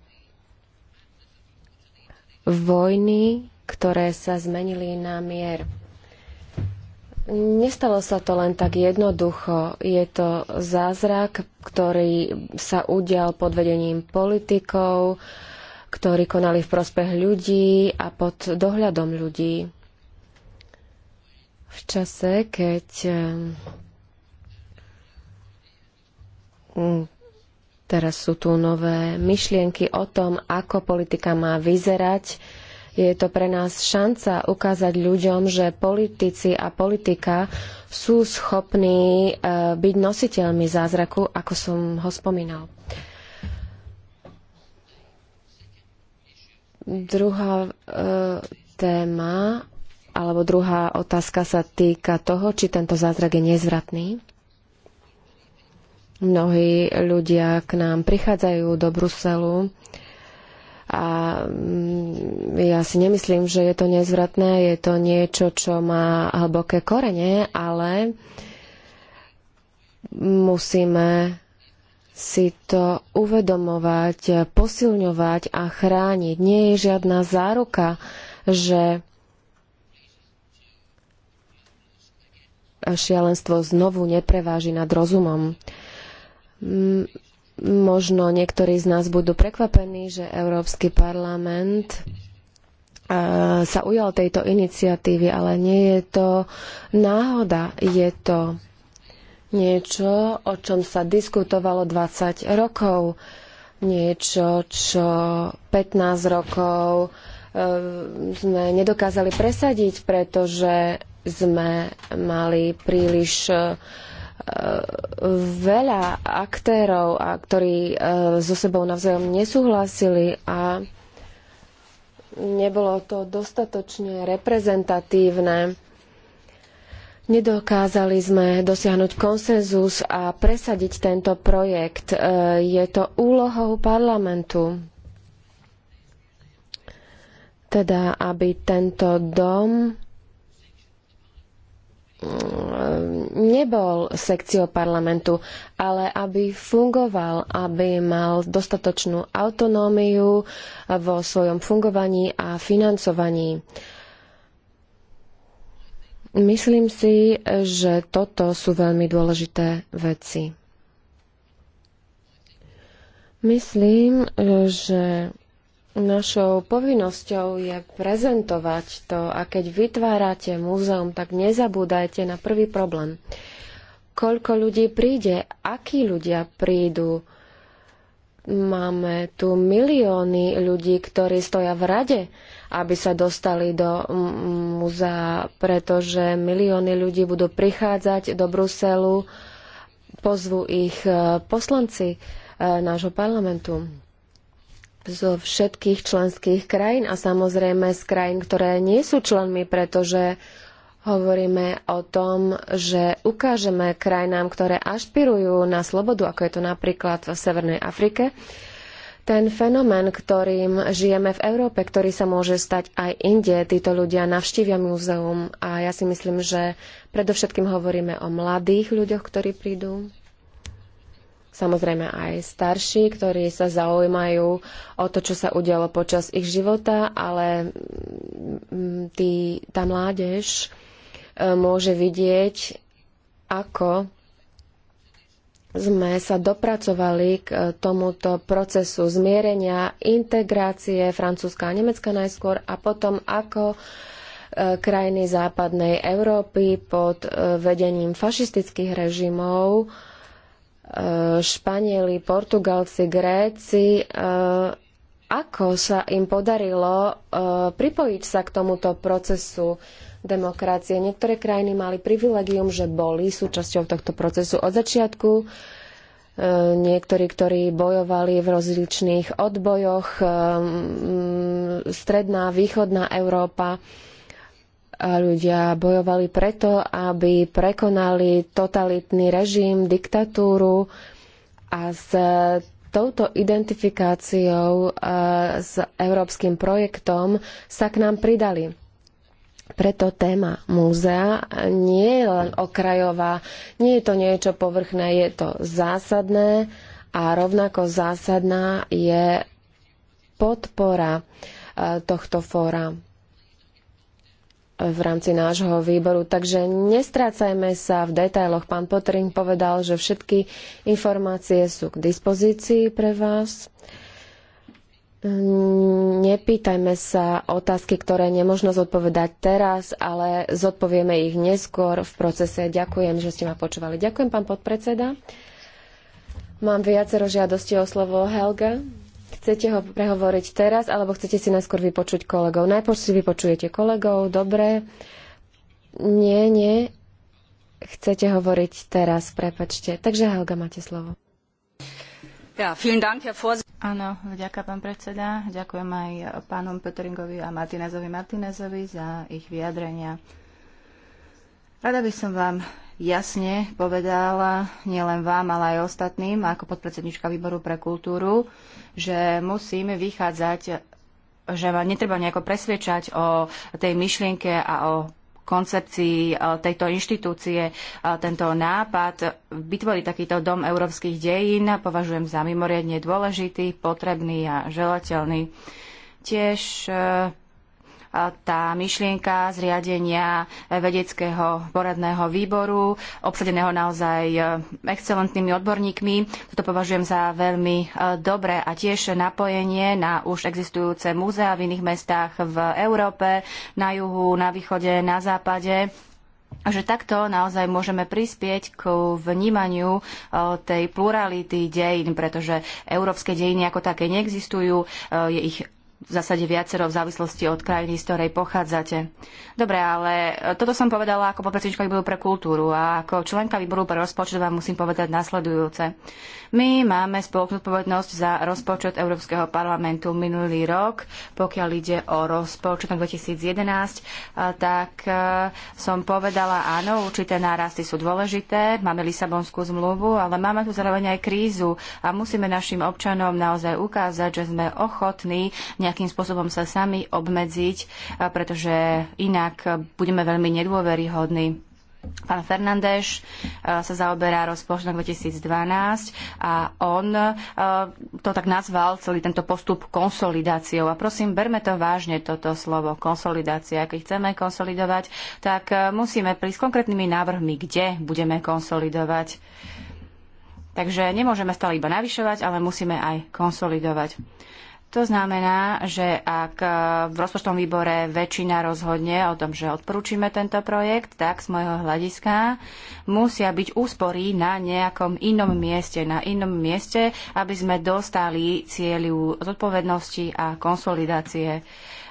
vojny, ktoré sa zmenili na mier. Nestalo sa to len tak jednoducho. Je to zázrak, ktorý sa udial pod vedením politikov, ktorí konali v prospech ľudí a pod dohľadom ľudí. V čase, keď ehm, teraz sú tu nové myšlienky o tom, ako politika má vyzerať, je to pre nás šanca ukázať ľuďom, že politici a politika sú schopní e, byť nositeľmi zázraku, ako som ho spomínal. Druhá e, téma alebo druhá otázka sa týka toho, či tento zázrak je nezvratný. Mnohí ľudia k nám prichádzajú do Bruselu a mm, ja si nemyslím, že je to nezvratné, je to niečo, čo má hlboké korene, ale musíme si to uvedomovať, posilňovať a chrániť. Nie je žiadna záruka, že šialenstvo znovu nepreváži nad rozumom mm, Možno niektorí z nás budú prekvapení, že Európsky parlament e, sa ujal tejto iniciatívy, ale nie je to náhoda, je to niečo, o čom sa diskutovalo 20 rokov, niečo, čo 15 rokov e, sme nedokázali presadiť, pretože sme mali príliš uh, E, veľa aktérov, a ktorí e, so sebou navzájom nesúhlasili a nebolo to dostatočne reprezentatívne. Nedokázali sme dosiahnuť konsenzus a presadiť tento projekt. E, je to úlohou parlamentu, teda aby tento dom nebol sekciou parlamentu, ale aby fungoval, aby mal dostatočnú autonómiu vo svojom fungovaní a financovaní. Myslím si, že toto sú veľmi dôležité veci. Myslím, že Našou povinnosťou je prezentovať to a keď vytvárate múzeum, tak nezabúdajte na prvý problém. Koľko ľudí príde, akí ľudia prídu. Máme tu milióny ľudí, ktorí stoja v rade, aby sa dostali do múzea, pretože milióny ľudí budú prichádzať do Bruselu, pozvú ich eh, poslanci eh, nášho parlamentu zo všetkých členských krajín a samozrejme z krajín, ktoré nie sú členmi, pretože hovoríme o tom, že ukážeme krajinám, ktoré ašpirujú na slobodu, ako je to napríklad v Severnej Afrike, ten fenomén, ktorým žijeme v Európe, ktorý sa môže stať aj inde. Títo ľudia navštívia múzeum a ja si myslím, že predovšetkým hovoríme o mladých ľuďoch, ktorí prídu samozrejme aj starší, ktorí sa zaujímajú o to, čo sa udialo počas ich života, ale mm, tí, tá mládež e, môže vidieť, ako sme sa dopracovali k e, tomuto procesu zmierenia, integrácie Francúzska a Nemecka najskôr a potom ako e, krajiny západnej Európy pod vedením fašistických režimov E, Španieli, Portugalci, Gréci, e, ako sa im podarilo e, pripojiť sa k tomuto procesu demokracie. Niektoré krajiny mali privilegium, že boli súčasťou tohto procesu od začiatku. Niektorí, ktorí bojovali v rozličných odbojoch, stredná, východná Európa, ľudia bojovali preto, aby prekonali totalitný režim, diktatúru a s e, touto identifikáciou e, s európskym projektom sa k nám pridali. Preto téma múzea nie je len okrajová, nie je to niečo povrchné, je to zásadné a rovnako zásadná je podpora e, tohto fóra v rámci nášho výboru. Takže nestrácajme sa v detailoch. Pán Potrin povedal, že všetky informácie sú k dispozícii pre vás. Nepýtajme sa otázky, ktoré nemôžno zodpovedať teraz, ale zodpovieme ich neskôr v procese. Ďakujem, že ste ma počúvali. Ďakujem, pán podpredseda. Mám viacero žiadosti o slovo Helga. Chcete ho prehovoriť teraz, alebo chcete si najskôr vypočuť kolegov? Najprv si vypočujete kolegov, dobre. Nie, nie. Chcete hovoriť teraz, prepačte. Takže Helga, máte slovo. Ja, Dank, Áno, vďaka pán predseda. Ďakujem aj pánom Petringovi a Martinezovi Martinezovi za ich vyjadrenia. Rada by som vám jasne povedala nielen vám, ale aj ostatným, ako podpredsednička výboru pre kultúru, že musíme vychádzať, že ma netreba nejako presviečať o tej myšlienke a o koncepcii e, tejto inštitúcie e, tento nápad e, vytvoriť takýto dom európskych dejín považujem za mimoriadne dôležitý, potrebný a želateľný. Tiež tá myšlienka zriadenia vedeckého poradného výboru, obsadeného naozaj e, excelentnými odborníkmi. Toto považujem za veľmi e, dobré a tiež napojenie na už existujúce múzea v iných mestách v Európe, na juhu, na východe, na západe že takto naozaj môžeme prispieť k vnímaniu e, tej plurality dejín, pretože európske dejiny ako také neexistujú, je ich v zásade viacero v závislosti od krajiny, z ktorej pochádzate. Dobre, ale toto som povedala ako podpredsednička výboru pre kultúru a ako členka výboru pre rozpočet vám musím povedať nasledujúce. My máme spoluknodpovednosť za rozpočet Európskeho parlamentu minulý rok, pokiaľ ide o rozpočet 2011, tak e, som povedala, áno, určité nárasty sú dôležité, máme Lisabonskú zmluvu, ale máme tu zároveň aj krízu a musíme našim občanom naozaj ukázať, že sme ochotní nejaký akým spôsobom sa sami obmedziť, pretože inak budeme veľmi nedôveryhodní. Pán Fernández e, sa zaoberá rozpočtom 2012 a on e, to tak nazval celý tento postup konsolidáciou. A prosím, berme to vážne, toto slovo konsolidácia. Keď chceme konsolidovať, tak e, musíme prísť s konkrétnymi návrhmi, kde budeme konsolidovať. Takže nemôžeme stále iba navyšovať, ale musíme aj konsolidovať. To znamená, že ak e, v rozpočtovom výbore väčšina rozhodne o tom, že odporúčime tento projekt, tak z môjho hľadiska musia byť úspory na nejakom inom mieste, na inom mieste, aby sme dostali cieľu zodpovednosti a konsolidácie.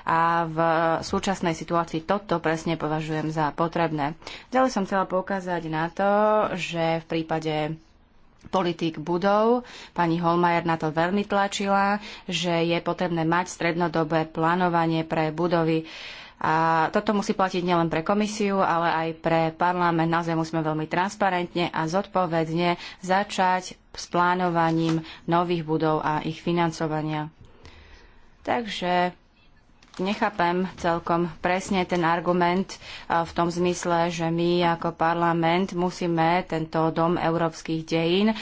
A v súčasnej situácii toto presne považujem za potrebné. Ďalej som chcela poukázať na to, že v prípade politik budov. Pani Holmajer na to veľmi tlačila, že je potrebné mať strednodobé plánovanie pre budovy. A toto musí platiť nielen pre komisiu, ale aj pre parlament. Naozaj musíme veľmi transparentne a zodpovedne začať s plánovaním nových budov a ich financovania. Takže nechápem celkom presne ten argument v tom zmysle, že my ako parlament musíme tento dom európskych dejín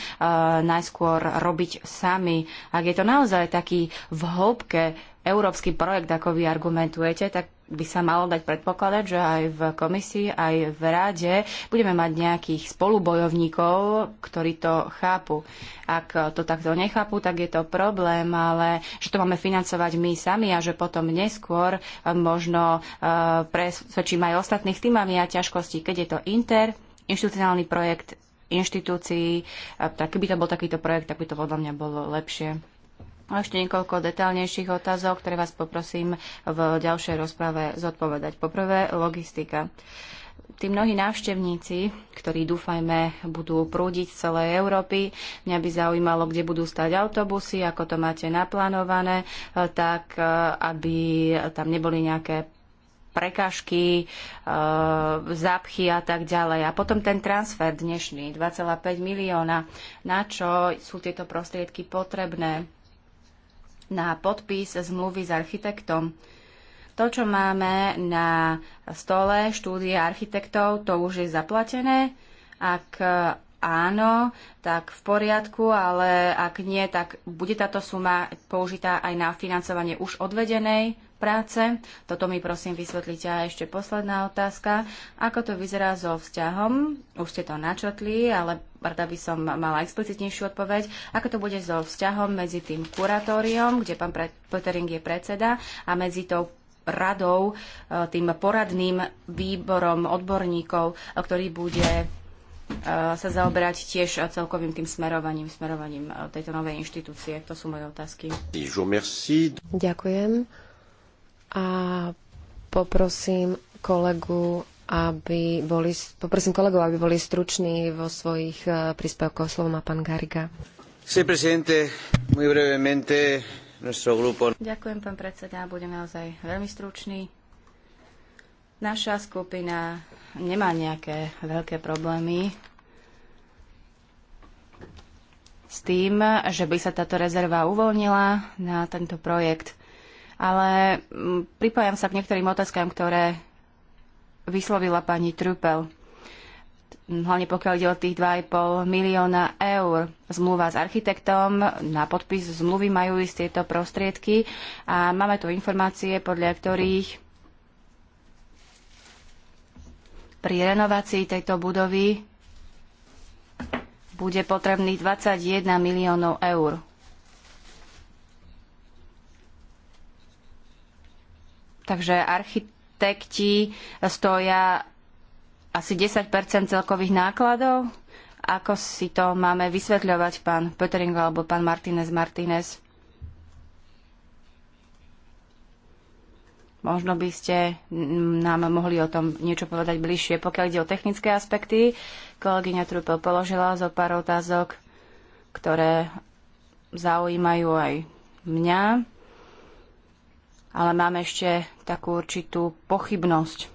najskôr robiť sami. Ak je to naozaj taký v hĺbke európsky projekt, ako vy argumentujete, tak by sa malo dať predpokladať, že aj v komisii, aj v rade budeme mať nejakých spolubojovníkov, ktorí to chápu. Ak to takto nechápu, tak je to problém, ale že to máme financovať my sami a že potom neskôr e, možno e, presvedčím aj ostatných, tým mám ja ťažkosti, keď je to inter, inštitucionálny projekt inštitúcií, e, tak keby to bol takýto projekt, tak by to podľa mňa bolo lepšie. A ešte niekoľko detálnejších otázok, ktoré vás poprosím v ďalšej rozprave zodpovedať. Poprvé, logistika. Tí mnohí návštevníci, ktorí dúfajme budú prúdiť z celej Európy, mňa by zaujímalo, kde budú stať autobusy, ako to máte naplánované, tak eh, aby tam neboli nejaké prekažky, eh, zápchy a tak ďalej. A potom ten transfer dnešný, 2,5 milióna, na čo sú tieto prostriedky potrebné? na podpis zmluvy s architektom. To, čo máme na stole štúdie architektov, to už je zaplatené. Ak áno, tak v poriadku, ale ak nie, tak bude táto suma použitá aj na financovanie už odvedenej práce. Toto mi prosím vysvetlite A ešte posledná otázka. Ako to vyzerá so vzťahom? Už ste to načotli, ale rada by som mala explicitnejšiu odpoveď. Ako to bude so vzťahom medzi tým kuratóriom, kde pán Petering je predseda, a medzi tou radou, e, tým poradným výborom odborníkov, ktorý bude e, sa zaoberať tiež celkovým tým smerovaním, smerovaním e, tejto novej inštitúcie. To sú moje otázky. Ďakujem. A poprosím kolegu, aby boli, poprosím kolegov, aby boli struční vo svojich eh, príspevkoch. Slovo má pán Gariga. Sí, presidente, muy brevemente, nuestro grupo... Ďakujem, pán predseda, budem naozaj veľmi stručný. Naša skupina nemá nejaké veľké problémy s tým, že by sa táto rezerva uvoľnila na tento projekt ale mm, pripájam sa k niektorým otázkam, ktoré vyslovila pani Trupel. Hlavne pokiaľ ide o tých 2,5 milióna eur. Zmluva s architektom, na podpis zmluvy majú ísť tieto prostriedky a máme tu informácie, podľa ktorých pri renovácii tejto budovy bude potrebných 21 miliónov eur. Takže architekti stoja asi 10 celkových nákladov. Ako si to máme vysvetľovať, pán Pöttering alebo pán Martinez Martinez? Možno by ste nám mohli o tom niečo povedať bližšie. Pokiaľ ide o technické aspekty, kolegyňa Trupel položila zo pár otázok, ktoré zaujímajú aj mňa ale mám ešte takú určitú pochybnosť.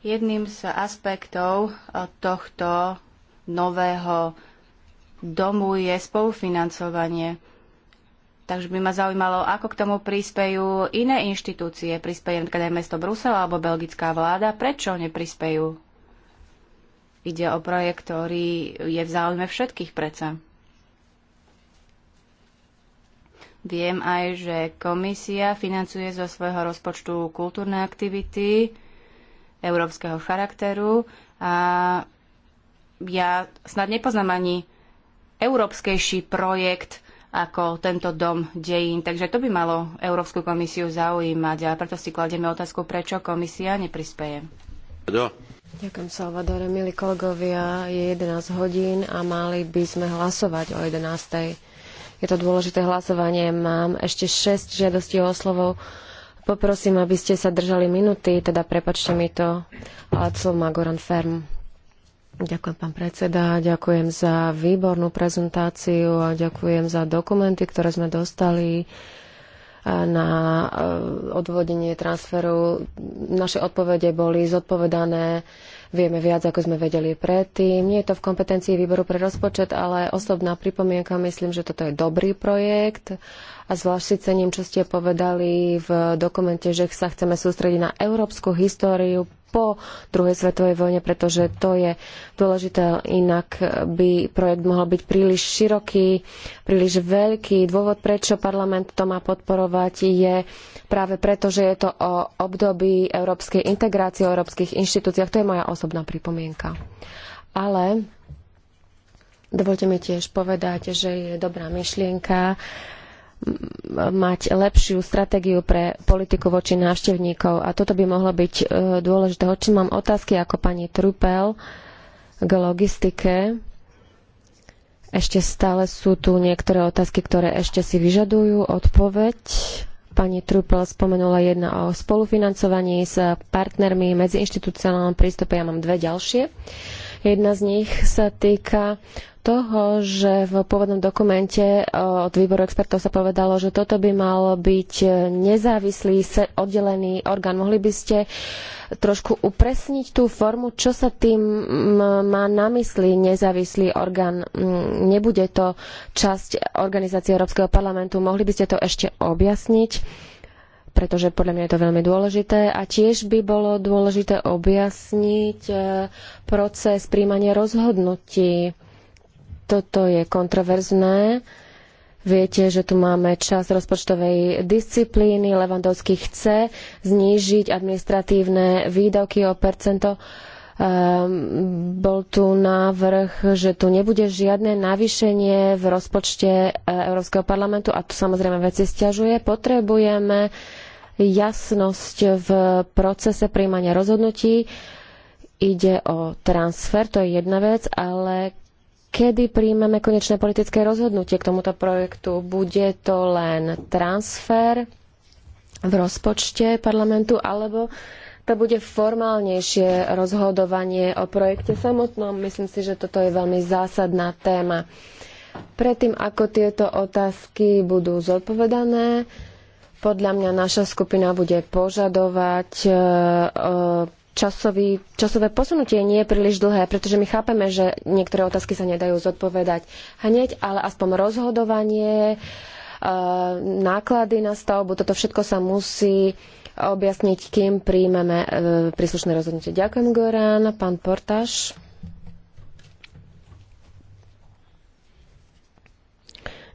Jedným z aspektov e, tohto nového domu je spolufinancovanie. Takže by ma zaujímalo, ako k tomu prispejú iné inštitúcie. Prispeje napríklad aj mesto Brusel alebo belgická vláda. Prečo neprispejú? Ide o projekt, ktorý je v záujme všetkých predsa. Viem aj, že komisia financuje zo svojho rozpočtu kultúrne aktivity európskeho charakteru a ja snad nepoznám ani európskejší projekt ako tento dom dejín. Takže to by malo Európsku komisiu zaujímať a preto si kladieme otázku, prečo komisia neprispieje. Do. Ďakujem, Salvadore. Milí kolegovia, je 11 hodín a mali by sme hlasovať o 11. Je to dôležité hlasovanie. Mám ešte 6 žiadostí o slovo. Poprosím, aby ste sa držali minuty, teda prepačte mi to, ale slovo má Goran Ferm. Ďakujem, pán predseda, ďakujem za výbornú prezentáciu a ďakujem za dokumenty, ktoré sme dostali e, na e, odvodenie transferu. Naše odpovede boli zodpovedané vieme viac, ako sme vedeli predtým. Nie je to v kompetencii výboru pre rozpočet, ale osobná pripomienka, myslím, že toto je dobrý projekt a zvlášť si cením, čo ste povedali v dokumente, že sa chceme sústrediť na európsku históriu po druhej svetovej vojne, pretože to je dôležité, inak by projekt mohol byť príliš široký, príliš veľký. Dôvod, prečo parlament to má podporovať, je práve preto, že je to o období európskej integrácie, o európskych inštitúciách. To je moja osobná pripomienka. Ale dovolte mi tiež povedať, že je dobrá myšlienka, mať lepšiu stratégiu pre politiku voči návštevníkov. A toto by mohlo byť e, dôležité. Hoči mám otázky ako pani Trupel k logistike. Ešte stále sú tu niektoré otázky, ktoré ešte si vyžadujú odpoveď. Pani Trupel spomenula jedna o spolufinancovaní s partnermi medzi inštitúciálnom prístupe. Ja mám dve ďalšie. Uh, Jedna z nich sa týka toho, že v pôvodnom dokumente e, od výboru expertov sa povedalo, že toto by mal byť e, nezávislý, oddelený orgán. Mohli by ste trošku upresniť tú formu, čo sa tým má na mysli nezávislý orgán? Nebude to časť organizácie Európskeho parlamentu. Mohli by ste to ešte objasniť? pretože podľa mňa je to veľmi dôležité. A tiež by bolo dôležité objasniť e, proces príjmania rozhodnutí. Toto je kontroverzné. Viete, že tu máme čas rozpočtovej disciplíny. Levandovský chce znížiť administratívne výdavky o percento. Um, bol tu návrh, že tu nebude žiadne navýšenie v rozpočte e, Európskeho parlamentu a tu samozrejme veci sťažuje. Potrebujeme uh, jasnosť v procese príjmania rozhodnutí. Ide o transfer, to je jedna vec, ale kedy príjmeme konečné politické rozhodnutie k tomuto projektu? Bude to len transfer v rozpočte parlamentu, alebo to bude formálnejšie rozhodovanie o projekte samotnom? Myslím si, že toto je veľmi zásadná téma. Predtým, ako tieto otázky budú zodpovedané, podľa mňa naša skupina bude požadovať e, e, časový, časové posunutie nie je príliš dlhé, pretože my chápeme, že niektoré otázky sa nedajú zodpovedať hneď, ale aspoň rozhodovanie, e, náklady na stavbu, toto všetko sa musí objasniť, kým príjmeme príslušné rozhodnutie. Ďakujem, Goran. Pán Portáš.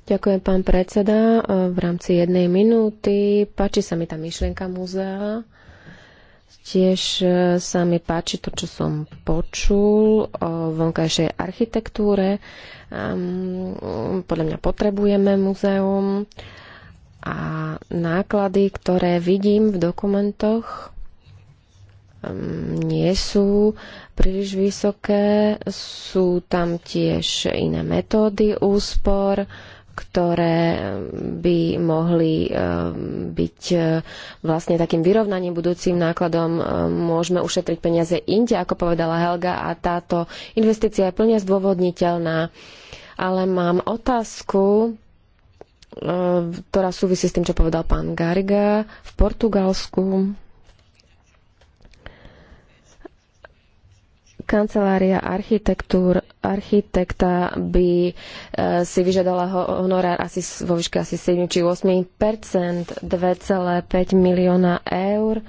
Ďakujem, pán predseda. E, v rámci jednej minúty páči sa mi tá myšlienka múzea. Tiež e, sa mi páči to, čo som počul o vonkajšej architektúre. Podľa mňa potrebujeme múzeum a náklady, ktoré vidím v dokumentoch, nie sú príliš vysoké. Sú tam tiež iné metódy úspor, ktoré by mohli eh, byť eh, vlastne takým vyrovnaním budúcim nákladom. Eh, môžeme ušetriť peniaze inde, ako povedala Helga, a táto investícia je plne zdôvodniteľná. Ale mám otázku, ktorá súvisí s tým, čo povedal pán Garga v Portugalsku. kancelária architektúr, architekta by e, si vyžadala honorár asi vo výške asi 7 či 8 2,5 milióna eur.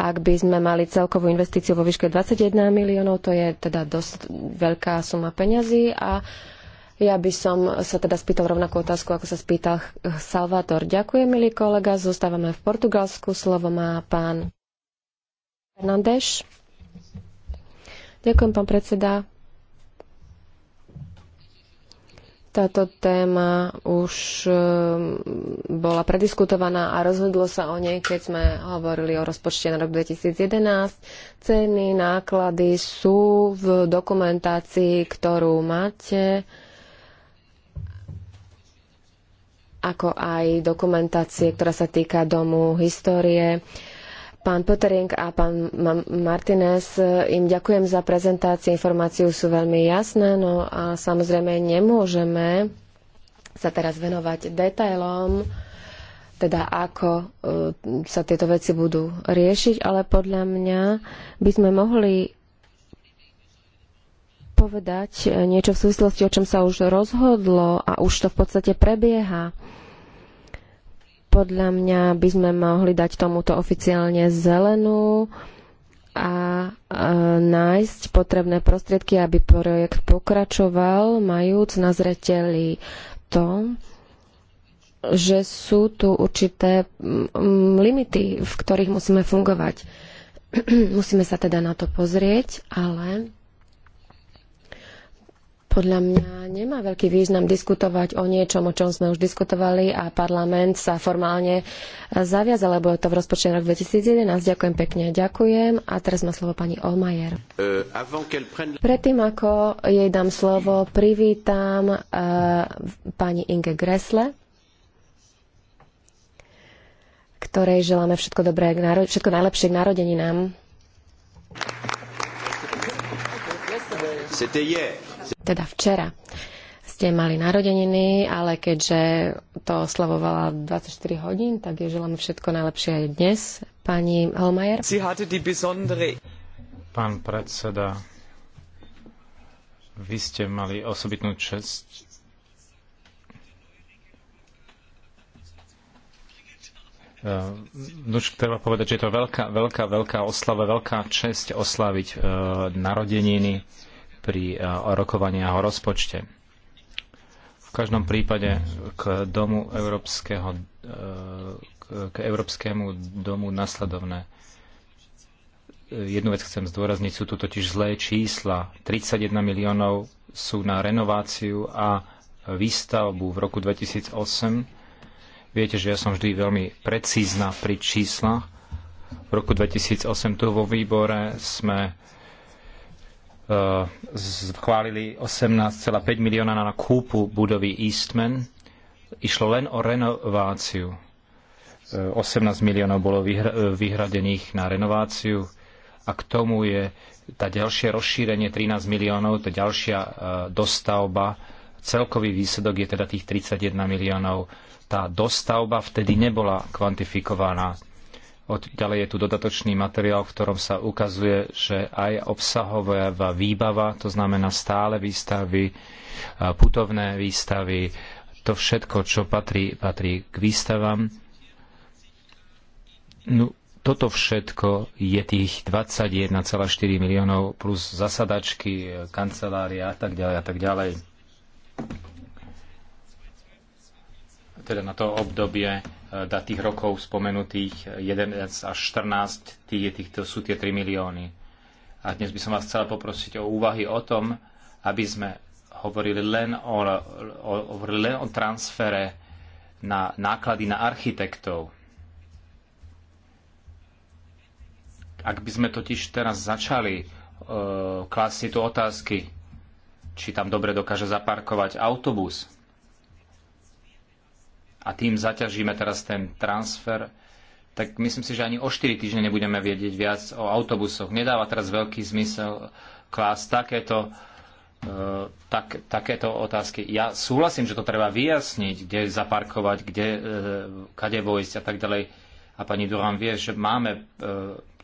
Ak by sme mali celkovú investíciu vo výške 21 miliónov, to je teda dosť veľká suma peňazí a ja by som sa teda spýtal rovnakú otázku, ako sa spýtal Salvator. Ďakujem, milý kolega. Zostávame v Portugalsku. Slovo má pán Fernández. Ďakujem, pán predseda. Táto téma už ehm, bola prediskutovaná a rozhodlo sa o nej, keď sme hovorili o rozpočte na rok 2011. Ceny, náklady sú v dokumentácii, ktorú máte, ako aj dokumentácie, ktorá sa týka domu histórie. Pán Petering a pán Martinez, e, im ďakujem za prezentácie, informáciu sú veľmi jasné, no a samozrejme nemôžeme sa teraz venovať detailom, teda ako e, sa tieto veci budú riešiť, ale podľa mňa by sme mohli povedať e, niečo v súvislosti, o čom sa už rozhodlo a už to v podstate prebieha. Podľa mňa by sme mohli dať tomuto oficiálne zelenú a e, nájsť potrebné prostriedky, aby projekt pokračoval, majúc na zreteli to, že sú tu určité mm, limity, v ktorých musíme fungovať. musíme sa teda na to pozrieť, ale podľa mňa nemá veľký význam diskutovať o niečom, o čom sme už diskutovali a parlament sa formálne zaviazal, lebo je to v rozpočte rok 2011. Ďakujem pekne, ďakujem. A teraz má slovo pani Olmajer. Eh, Predtým, ako jej dám slovo, privítam uh, pani Inge Gressle ktorej želáme všetko dobré, všetko najlepšie k narodeninám. C'était hier. Teda včera ste mali narodeniny, ale keďže to oslavovala 24 hodín, tak je želám všetko najlepšie aj dnes. Pani Holmajer. Pán predseda, vy ste mali osobitnú čest Uh, nuž, treba povedať, že je to veľká, veľká, veľká oslava, veľká česť oslaviť uh, narodeniny uh, pri e, rokovaniach o rozpočte. V každom prípade k domu európskeho, e, k európskemu domu nasledovné. Jednu vec chcem zdôrazniť, sú tu totiž zlé čísla. 31 miliónov sú na renováciu a výstavbu v roku 2008. Viete, že ja som vždy veľmi precízna pri číslach. V roku 2008 tu vo výbore sme Eh, schválili 18,5 milióna na kúpu budovy Eastman. Išlo len o renováciu. 18 eh, miliónov bolo eh, vyhradených na renováciu a k tomu je tá ďalšie rozšírenie 13 miliónov, to ďalšia dostavba. Celkový výsledok je teda tých 31 miliónov. Tá dostavba vtedy nebola kvantifikovaná. Ďalej je tu dodatočný materiál, v ktorom sa ukazuje, že aj obsahová výbava, to znamená stále výstavy, putovné výstavy, to všetko, čo patrí, patrí k výstavám. No, toto všetko je tých 21,4 miliónov plus zasadačky, kancelária a tak ďalej a tak ďalej. Teda na to obdobie tých rokov spomenutých, 11 až 14, tí, týchto sú tie 3 milióny. A dnes by som vás chcela poprosiť o úvahy o tom, aby sme hovorili len o, o, hovorili len o transfere na náklady na architektov. Ak by sme totiž teraz začali e, klásť tu otázky, či tam dobre dokáže zaparkovať autobus, a tým zaťažíme teraz ten transfer, tak myslím si, že ani o 4 týždne nebudeme vedieť viac o autobusoch. Nedáva teraz veľký zmysel klásť takéto, e, tak, takéto otázky. Ja súhlasím, že to treba vyjasniť, kde zaparkovať, kde, e, kade vojsť a tak ďalej. A pani Durán vie, že máme e,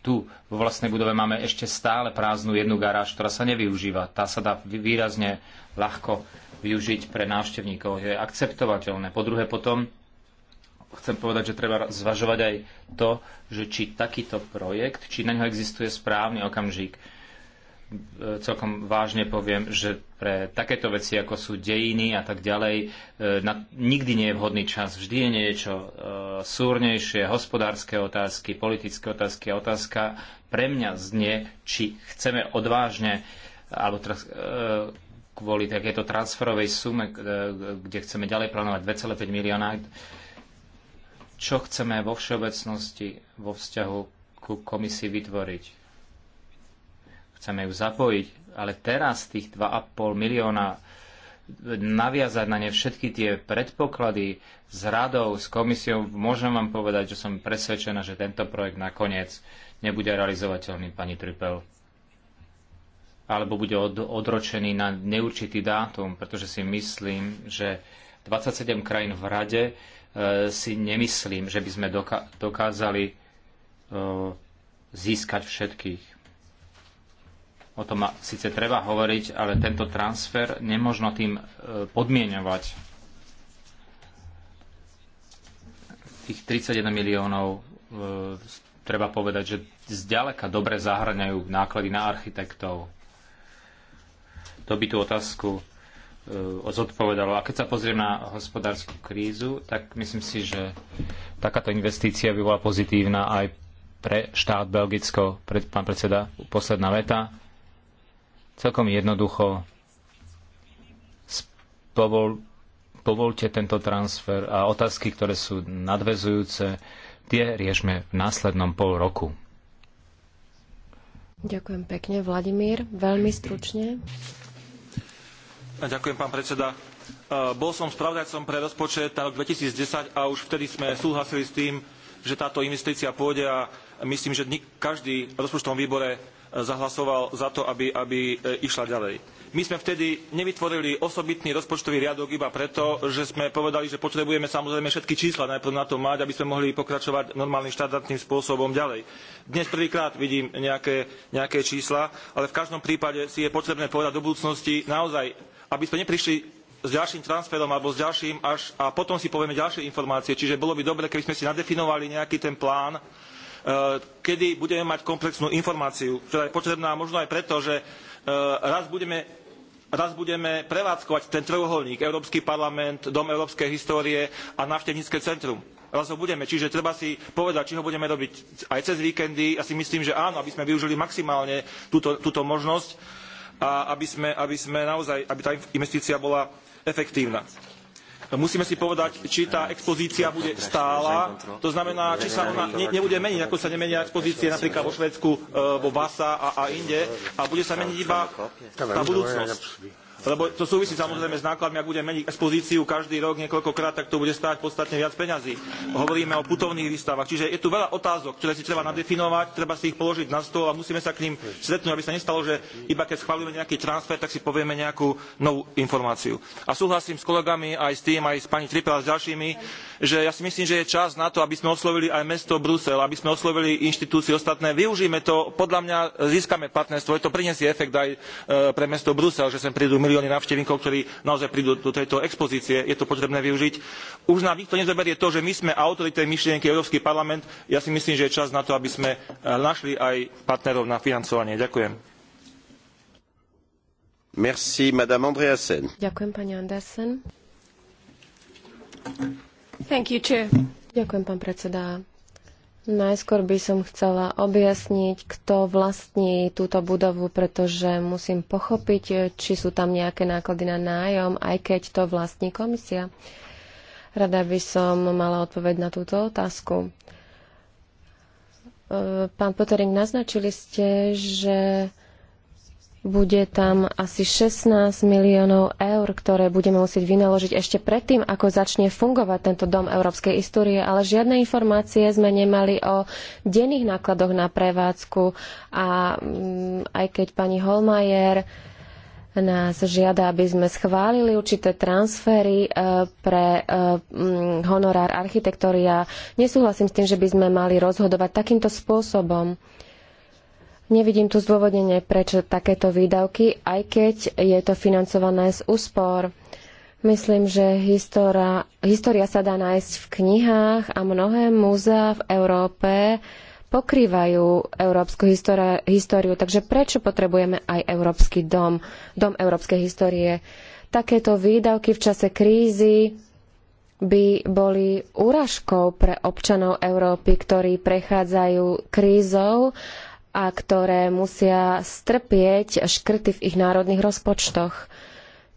tu vo vlastnej budove máme ešte stále prázdnu jednu garáž, ktorá sa nevyužíva. Tá sa dá výrazne ľahko využiť pre návštevníkov, je akceptovateľné. Po druhé potom chcem povedať, že treba zvažovať aj to, že či takýto projekt, či na ňo existuje správny okamžik. E, celkom vážne poviem, že pre takéto veci, ako sú dejiny a tak ďalej, e, na, nikdy nie je vhodný čas. Vždy je niečo e, súrnejšie, hospodárske otázky, politické otázky a otázka pre mňa znie, či chceme odvážne alebo teraz, e, kvôli takéto transferovej sume, e, kde chceme ďalej plánovať 2,5 milióna, čo chceme vo všeobecnosti vo vzťahu ku komisii vytvoriť. Chceme ju zapojiť, ale teraz tých 2,5 milióna naviazať na ne všetky tie predpoklady s radou, s komisiou, môžem vám povedať, že som presvedčená, že tento projekt nakoniec nebude realizovateľný, pani Trypel alebo bude od, odročený na neurčitý dátum, pretože si myslím, že 27 krajín v rade e, si nemyslím, že by sme doka- dokázali e, získať všetkých. O tom síce treba hovoriť, ale tento transfer nemožno tým e, podmienovať. Tých 31 miliónov e, treba povedať, že zďaleka dobre zahrňajú náklady na architektov, by tú otázku e, zodpovedalo. A keď sa pozriem na hospodárskú krízu, tak myslím si, že takáto investícia by bola pozitívna aj pre štát Belgicko. Pred, pán predseda, posledná veta. Celkom jednoducho spovol, povolte tento transfer a otázky, ktoré sú nadvezujúce, tie riešme v následnom pol roku. Ďakujem pekne, Vladimír. Veľmi stručne. Ďakujem, pán predseda. E, bol som spravodajcom pre rozpočet na rok 2010 a už vtedy sme súhlasili s tým, že táto investícia pôjde a myslím, že každý v rozpočtovom výbore zahlasoval za to, aby, aby e, išla ďalej. My sme vtedy nevytvorili osobitný rozpočtový riadok iba preto, že sme povedali, že potrebujeme samozrejme všetky čísla najprv na to mať, aby sme mohli pokračovať normálnym štandardným spôsobom ďalej. Dnes prvýkrát vidím nejaké, nejaké čísla, ale v každom prípade si je potrebné povedať do budúcnosti naozaj, aby sme neprišli s ďalším transferom alebo s ďalším až a potom si povieme ďalšie informácie. Čiže bolo by dobre, keby sme si nadefinovali nejaký ten plán Eh, kedy budeme mať komplexnú informáciu, ktorá je potrebná možno aj preto, že eh, raz budeme raz budeme prevádzkovať ten trojuholník, Európsky parlament, Dom európskej histórie a návštevnícke centrum. Raz ho budeme, čiže treba si povedať, či ho budeme robiť aj cez víkendy. Ja si myslím, že áno, aby sme využili maximálne túto, túto možnosť a aby, sme, aby, sme naozaj, aby tá investícia bola efektívna musíme si povedať, či tá expozícia bude stála, to znamená, či sa ona ne, nebude meniť, ako sa nemenia expozície napríklad vo Švedsku, e, vo Vasa a, a inde, a bude sa meniť iba tá budúcnosť lebo to súvisí samozrejme s nákladmi, ak bude meniť expozíciu každý rok niekoľkokrát, tak to bude stáť podstatne viac peňazí. Hovoríme o putovných výstavách, čiže je tu veľa otázok, ktoré si treba nadefinovať, treba si ich položiť na stôl a musíme sa k ním stretnúť, aby sa nestalo, že iba keď schválime nejaký transfer, tak si povieme nejakú novú informáciu. A súhlasím s kolegami aj s tým, aj s pani Tripela a s ďalšími, že ja si myslím, že je čas na to, aby sme oslovili aj mesto Brusel, aby sme oslovili inštitúcie ostatné. Využijme to, podľa mňa získame partnerstvo, je to prinesie efekt aj e, pre mesto Brusel, že sem prídu milióny milióny návštevníkov, ktorí naozaj prídu do tejto expozície, je to potrebné využiť. Už nám nikto nezoberie to, že my sme autori tej myšlienky Európsky parlament. Ja si myslím, že je čas na to, aby sme eh, našli aj partnerov na financovanie. Ďakujem. Merci, Ďakujem, pani Andersen. Ďakujem, pán predseda. Najskôr by som chcela objasniť, kto vlastní túto budovu, pretože musím pochopiť, či sú tam nejaké náklady na nájom, aj keď to vlastní komisia. Rada by som mala odpoveď na túto otázku. E, pán Potering, naznačili ste, že bude tam asi 16 miliónov eur, ktoré budeme musieť vynaložiť ešte predtým, ako začne fungovať tento dom európskej histórie, ale žiadne informácie sme nemali o denných nákladoch na prevádzku a mm, aj keď pani Holmajer nás žiada, aby sme schválili určité transfery e, pre e, mm, honorár architektúry. Ja nesúhlasím s tým, že by sme mali rozhodovať takýmto spôsobom. Nevidím tu zdôvodnenie, prečo takéto výdavky, aj keď je to financované z úspor. Myslím, že história, história sa dá nájsť v knihách a mnohé múzea v Európe pokrývajú európsku históri históriu, takže prečo potrebujeme aj Európsky dom, dom európskej histórie? Takéto výdavky v čase krízy by boli úražkou pre občanov Európy, ktorí prechádzajú krízou a ktoré musia strpieť škrty v ich národných rozpočtoch.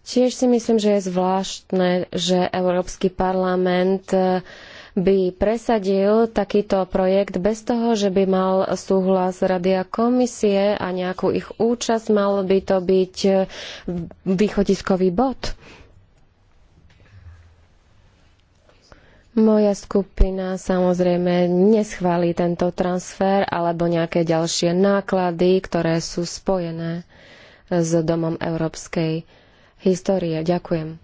Tiež si myslím, že je zvláštne, že Európsky parlament e, by presadil takýto projekt bez toho, že by mal súhlas Rady a komisie a nejakú ich účasť, mal by to byť e, východiskový bod. Moja skupina samozrejme neschválí tento transfer alebo nejaké ďalšie náklady, ktoré sú spojené s Domom európskej histórie. Ďakujem.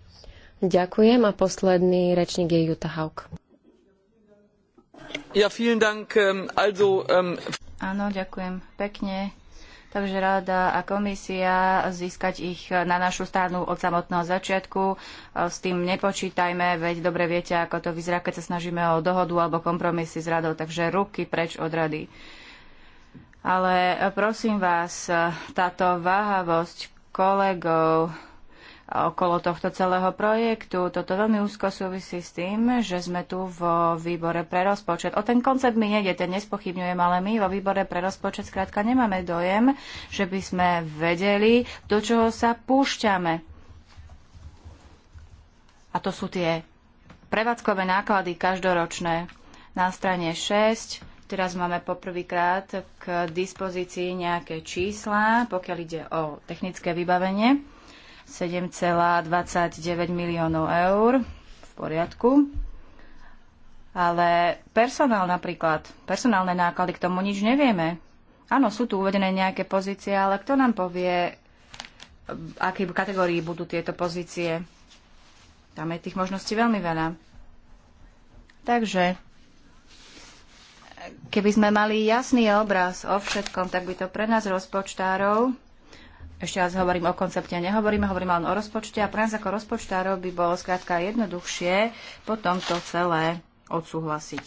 Ďakujem a posledný rečník je Jutta Haug. Ja, vielen Dank. Ähm, also, um... Áno, ďakujem pekne. Takže rada a komisia získať ich na našu stranu od samotného začiatku. E, s tým nepočítajme, veď dobre viete, ako to vyzerá, keď sa snažíme o dohodu alebo kompromisy s radou. Takže ruky preč od rady. Ale prosím vás, táto váhavosť kolegov, okolo tohto celého projektu. Toto veľmi úzko súvisí s tým, že sme tu vo výbore pre rozpočet. O ten koncept mi nejde, ten nespochybňujem, ale my vo výbore pre rozpočet skrátka nemáme dojem, že by sme vedeli, do čoho sa púšťame. A to sú tie prevádzkové náklady každoročné. Na strane 6 Teraz máme poprvýkrát k dispozícii nejaké čísla, pokiaľ ide o technické vybavenie. 7,29 miliónov eur. V poriadku. Ale personál napríklad, personálne náklady, k tomu nič nevieme. Áno, sú tu uvedené nejaké pozície, ale kto nám povie, v akej kategórii budú tieto pozície? Tam je tých možností veľmi veľa. Takže keby sme mali jasný obraz o všetkom, tak by to pre nás rozpočtárov ešte raz hovorím o koncepte, nehovoríme, hovoríme len o rozpočte a pre nás ako rozpočtárov by bolo skrátka jednoduchšie potom to celé odsúhlasiť.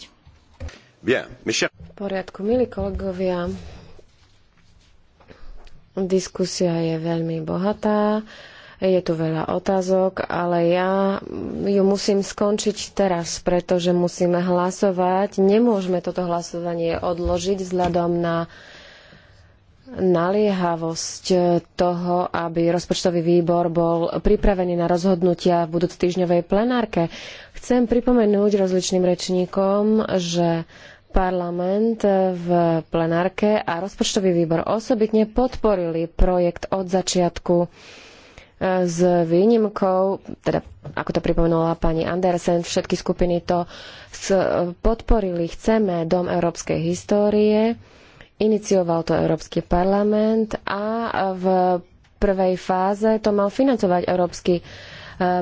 V poriadku, milí kolegovia. Diskusia je veľmi bohatá, je tu veľa otázok, ale ja ju musím skončiť teraz, pretože musíme hlasovať. Nemôžeme toto hlasovanie odložiť vzhľadom na naliehavosť toho, aby rozpočtový výbor bol pripravený na rozhodnutia v budúc týždňovej plenárke. Chcem pripomenúť rozličným rečníkom, že parlament v plenárke a rozpočtový výbor osobitne podporili projekt od začiatku e, s výnimkou, teda ako to pripomenula pani Andersen, všetky skupiny to podporili. Chceme Dom európskej histórie, Inicioval to Európsky parlament a v prvej fáze to mal financovať Európsky e,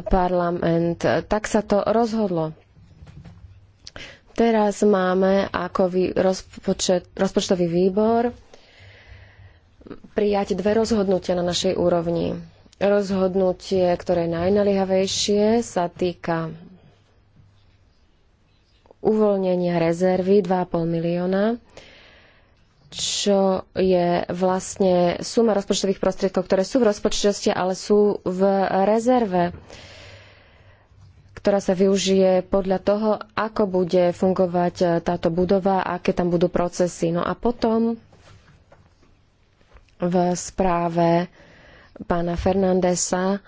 parlament. Tak sa to rozhodlo. Teraz máme ako rozpočet, rozpočtový výbor prijať dve rozhodnutia na našej úrovni. Rozhodnutie, ktoré je najnaliehavejšie, sa týka uvoľnenia rezervy 2,5 milióna čo je vlastne suma rozpočtových prostriedkov, ktoré sú v rozpočtovosti, ale sú v rezerve, ktorá sa využije podľa toho, ako bude fungovať e, táto budova, aké tam budú procesy. No a potom v správe pána Fernandesa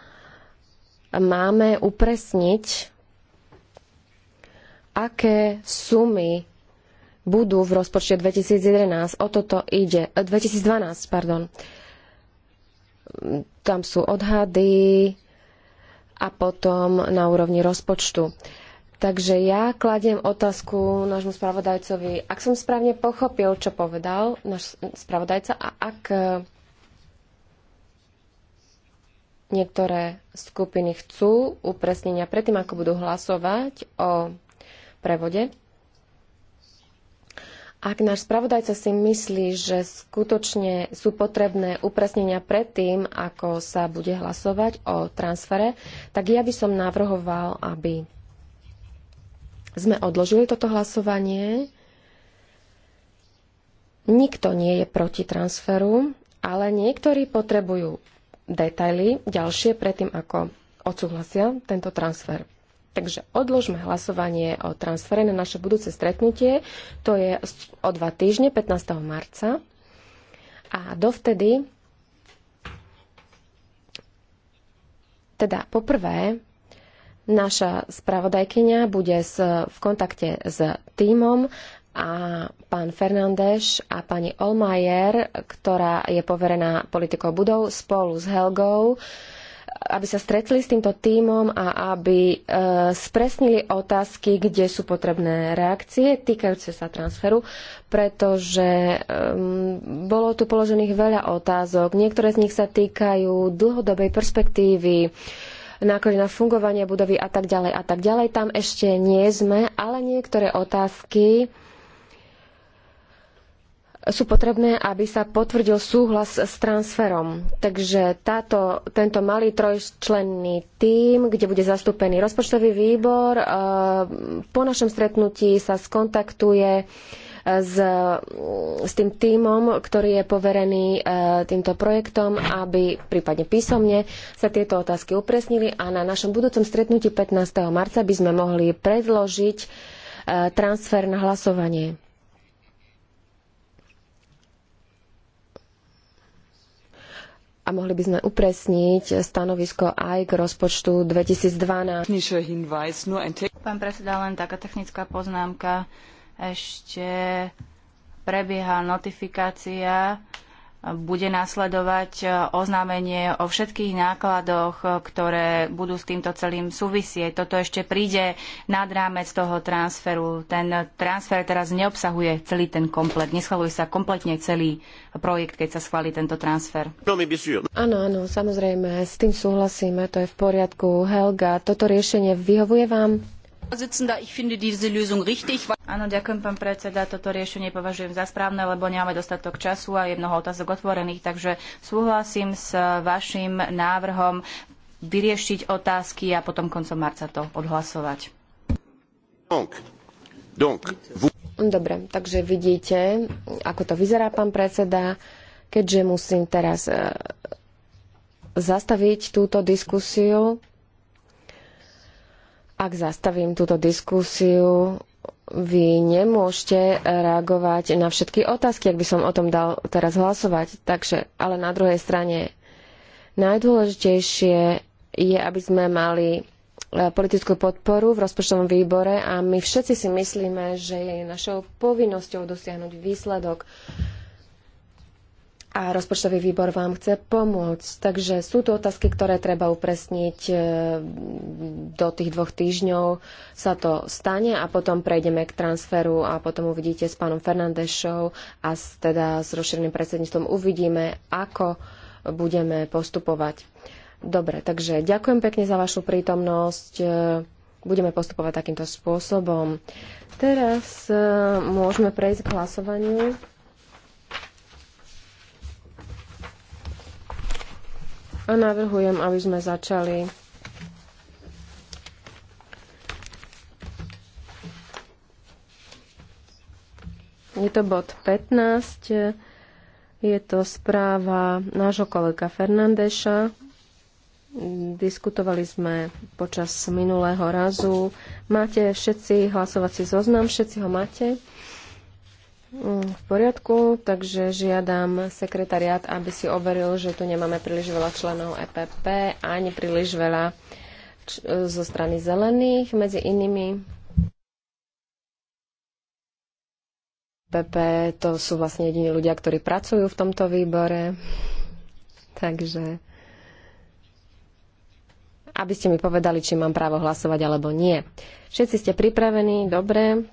máme upresniť, aké sumy budú v rozpočte 2011. O toto ide. 2012, e, pardon. Tam sú odhady a potom na úrovni rozpočtu. Takže ja kladiem otázku nášmu spravodajcovi, ak som správne pochopil, čo povedal náš spravodajca a ak e, niektoré skupiny chcú upresnenia predtým, ako budú hlasovať o prevode, ak náš spravodajca si myslí, že skutočne sú potrebné upresnenia predtým, ako sa bude hlasovať o transfere, tak ja by som navrhoval, aby sme odložili toto hlasovanie. Nikto nie je proti transferu, ale niektorí potrebujú detaily ďalšie predtým, ako odsúhlasia tento transfer. Takže odložme hlasovanie o transfere na naše budúce stretnutie. To je o dva týždne, 15. marca. A dovtedy, teda poprvé, naša spravodajkyňa bude s, v kontakte s týmom a pán Fernández a pani Olmajer, ktorá je poverená politikou budov, spolu s Helgou, uh, aby sa stretli s týmto tímom a aby e, spresnili otázky, kde sú potrebné reakcie týkajúce sa transferu, pretože bolo tu položených veľa otázok. Niektoré z nich sa týkajú dlhodobej perspektívy, náklady na fungovanie budovy a tak ďalej a tak ďalej. Tam ešte nie sme, ale niektoré otázky sú potrebné, aby sa potvrdil súhlas s transferom. Takže táto, tento malý trojčlenný tím, kde bude zastúpený rozpočtový výbor, e, po našom stretnutí sa skontaktuje e, s, s tým tímom, ktorý je poverený e, týmto projektom, aby prípadne písomne sa tieto otázky upresnili a na našom budúcom stretnutí 15. marca by sme mohli predložiť transfer na hlasovanie. a mohli by sme upresniť stanovisko aj k rozpočtu 2012. Pán predseda, len taká technická poznámka. Ešte prebieha notifikácia bude nasledovať e, oznámenie o všetkých nákladoch, e, ktoré budú s týmto celým súvisieť. Toto ešte príde nad rámec toho transferu. Ten transfer teraz neobsahuje celý ten komplet. Neschvaluje sa kompletne celý projekt, keď sa schváli tento transfer. Áno, áno, samozrejme, s tým súhlasíme, to je v poriadku. Helga, toto riešenie vyhovuje vám? Áno, ďakujem, pán predseda. Toto riešenie považujem za správne, lebo nemáme dostatok času a je mnoho otázok otvorených, takže súhlasím s vašim návrhom vyriešiť otázky a potom koncom marca to odhlasovať. Dobre, takže vidíte, ako to vyzerá, pán predseda. Keďže musím teraz eh, zastaviť túto diskusiu, ak zastavím túto diskusiu, vy nemôžete reagovať na všetky otázky, ak by som o tom dal teraz hlasovať. Takže, ale na druhej strane najdôležitejšie je, aby sme mali e, politickú podporu v rozpočtovom výbore a my všetci si myslíme, že je našou povinnosťou dosiahnuť výsledok, a rozpočtový výbor vám chce pomôcť. Takže sú tu otázky, ktoré treba upresniť e, do tých dvoch týždňov. Sa to stane a potom prejdeme k transferu a potom uvidíte s pánom Fernandešou a s, teda s rozšíreným predsedníctvom uvidíme, ako budeme postupovať. Dobre, takže ďakujem pekne za vašu prítomnosť. E, budeme postupovať takýmto spôsobom. Teraz e, môžeme prejsť k hlasovaniu. a navrhujem, aby sme začali Je to bod 15, je to správa nášho kolega Fernandeša. Diskutovali sme počas minulého razu. Máte všetci hlasovací zoznam, všetci ho máte? Mm, v poriadku, takže žiadam sekretariat, aby si overil, že tu nemáme príliš veľa členov EPP ani príliš veľa zo strany zelených, medzi inými. EPP to sú vlastne jediní ľudia, ktorí pracujú v tomto výbore. Takže aby ste mi povedali, či mám právo hlasovať alebo nie. Všetci ste pripravení, dobre.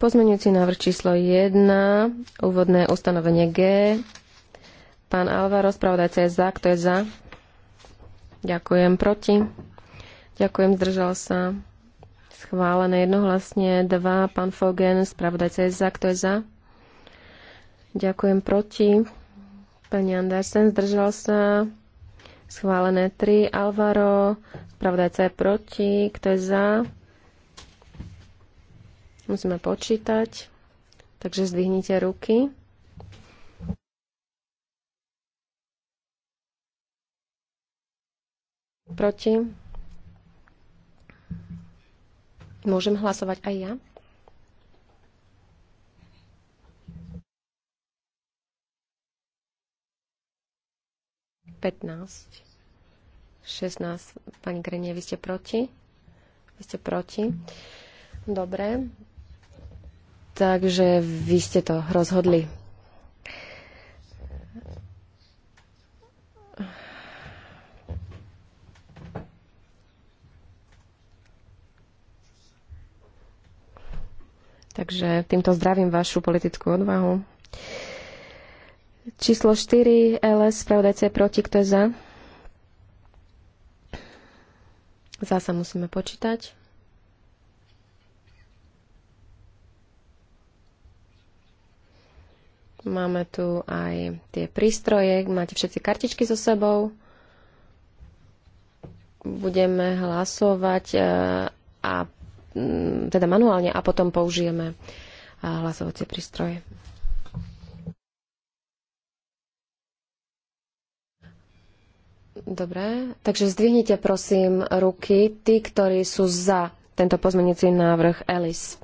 Pozmenujúci návrh číslo 1, úvodné ustanovenie G. Pán Alvaro, rozpravodajca je za. Kto je za? Ďakujem. Proti? Ďakujem. Zdržal sa. Schválené jednohlasne. 2. Pán Fogen, spravodajca je za. Kto je za? Ďakujem. Proti? Pani Andersen, zdržal sa. Schválené 3. Alvaro, spravodajca je proti. Kto je za? Musíme počítať. Takže zdvihnite ruky. Proti? Môžem hlasovať aj ja? Petnáct. Šestnáct. Pani Grenie, vy ste proti? Vy ste proti. Dobre. Takže vy ste to rozhodli. Takže týmto zdravím vašu politickú odvahu. Číslo 4, LS, spravodajce proti, kto je za? Za sa musíme počítať. Máme tu aj tie prístroje, máte všetci kartičky so sebou. Budeme hlasovať e, a teda manuálne a potom použijeme e, hlasovacie prístroje. Dobre, takže zdvihnite prosím ruky tí, ktorí sú za tento pozmenujúci návrh Alice.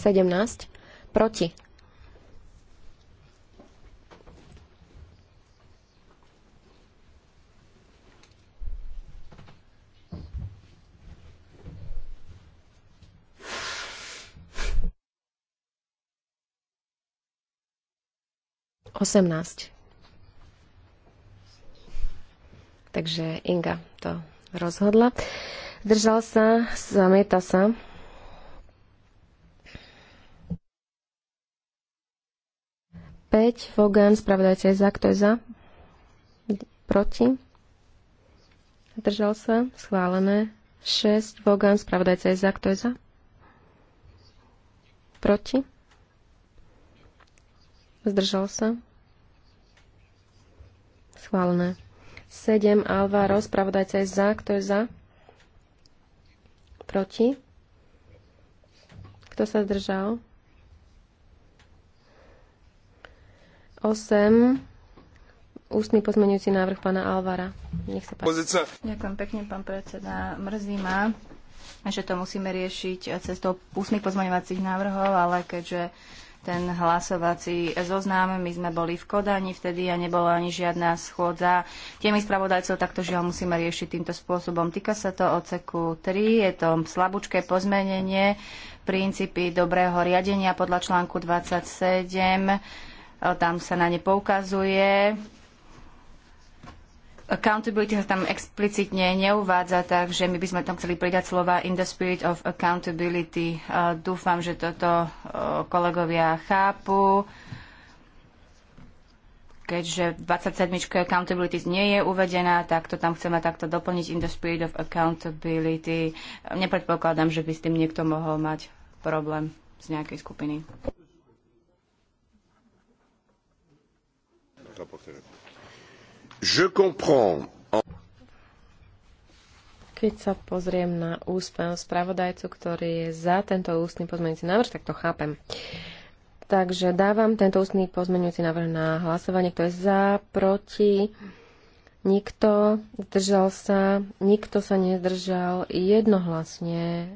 17. Proti. Osemnáct. Takže Inga to rozhodla. Držal sa, zamieta sa. 5, Vogan, spravodajca je za, kto je za? Proti? Držal sa? Schválené. 6, Vogan, spravodajca je za, kto je za? Proti? Zdržal sa? Schválené. 7, Alvaro, spravodajca je za, kto je za? Proti? Kto sa zdržal? Ústny pozmenujúci návrh pána Alvara. Nech sa páči. Ďakujem pekne, pán predseda. Mrzí ma, že to musíme riešiť cestou ústnych pozmeňovacích návrhov, ale keďže ten hlasovací zoznám. My sme boli v Kodani vtedy a nebola ani žiadna schôdza. Tiemi spravodajcov takto žiaľ musíme riešiť týmto spôsobom. Týka sa to oceku 3, je to slabúčké pozmenenie princípy dobrého riadenia podľa článku 27 tam sa na ne poukazuje. Accountability sa tam explicitne neuvádza, takže my by sme tam chceli pridať slova in the spirit of accountability. Dúfam, že toto kolegovia chápu keďže 27. accountability nie je uvedená, tak to tam chceme takto doplniť in the spirit of accountability. Nepredpokladám, že by s tým niekto mohol mať problém z nejakej skupiny. Keď sa pozriem na úspel spravodajcu, ktorý je za tento ústny pozmeňujúci návrh, tak to chápem. Takže dávam tento ústny pozmeňujúci návrh na hlasovanie. Kto je za, proti, nikto, zdržal sa, nikto sa nezdržal, jednohlasne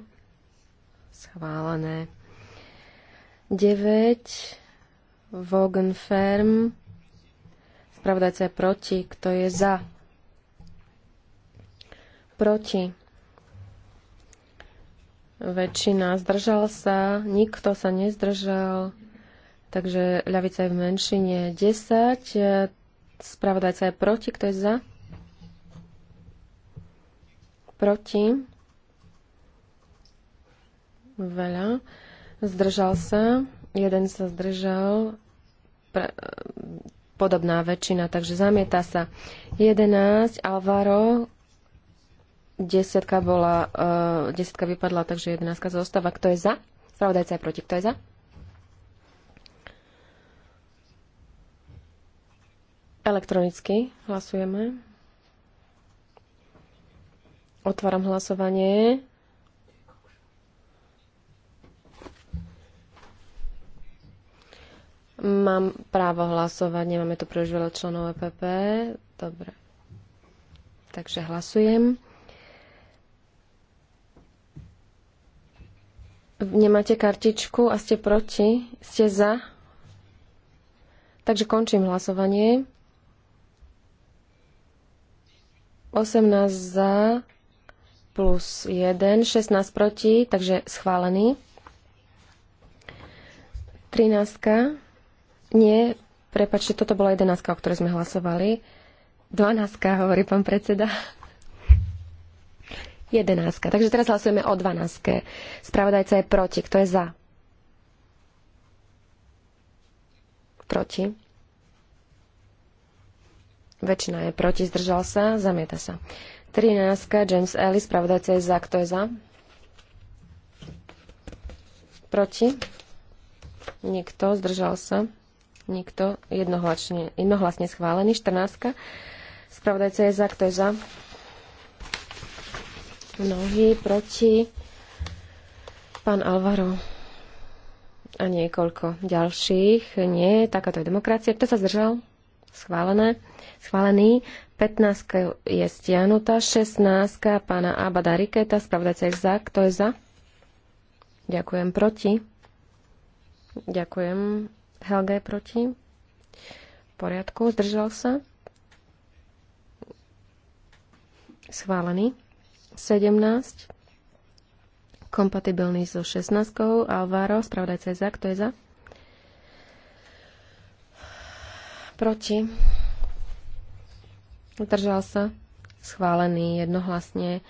schválené. 9. Vogenferm Spravodajca je proti. Kto je za? Proti. Väčšina zdržal sa. Nikto sa nezdržal. Takže ľavica je v menšine 10. Spravodajca je proti. Kto je za? Proti. Veľa. Zdržal sa. Jeden sa zdržal. Pre, podobná väčšina, takže zamieta sa. 11, Alvaro, desiatka bola, uh, desiatka vypadla, takže jedenáctka zostáva. Kto je za? Spravodajca je proti. Kto je za? Elektronicky hlasujeme. Otváram hlasovanie. Mám právo hlasovať, nemáme tu príliš veľa členov EPP. Dobre. Takže hlasujem. Nemáte kartičku a ste proti? Ste za? Takže končím hlasovanie. 18 za plus 1, 16 proti, takže schválený. 13. Nie, prepačte, toto bola jedenáctka, o ktorej sme hlasovali. Dvanáctka, hovorí pán predseda. Jedenáctka. Takže teraz hlasujeme o dvanáctke. Spravodajca je proti. Kto je za? Proti. Väčšina je proti, zdržal sa, zamieta sa. 13. James Ellis, spravodajca je za. Kto je za? Proti. Nikto, zdržal sa. Nikto. Jednohlasne, jednohlasne schválený. 14. Spravodajca je za. Kto je za? Mnohí proti. Pán Alvaro. A niekoľko ďalších. Nie, takáto je demokracia. Kto sa zdržal? Schválené. Schválený. 15 je stiahnutá, 16 pána Abada Riketa, spravodajca je za. Kto je za? Ďakujem proti. Ďakujem. Helga je proti. V poriadku, zdržal sa. Schválený. 17. Kompatibilný so 16. Alvaro, spravodajca je za. Kto je za? Proti. Zdržal sa. Schválený jednohlasne.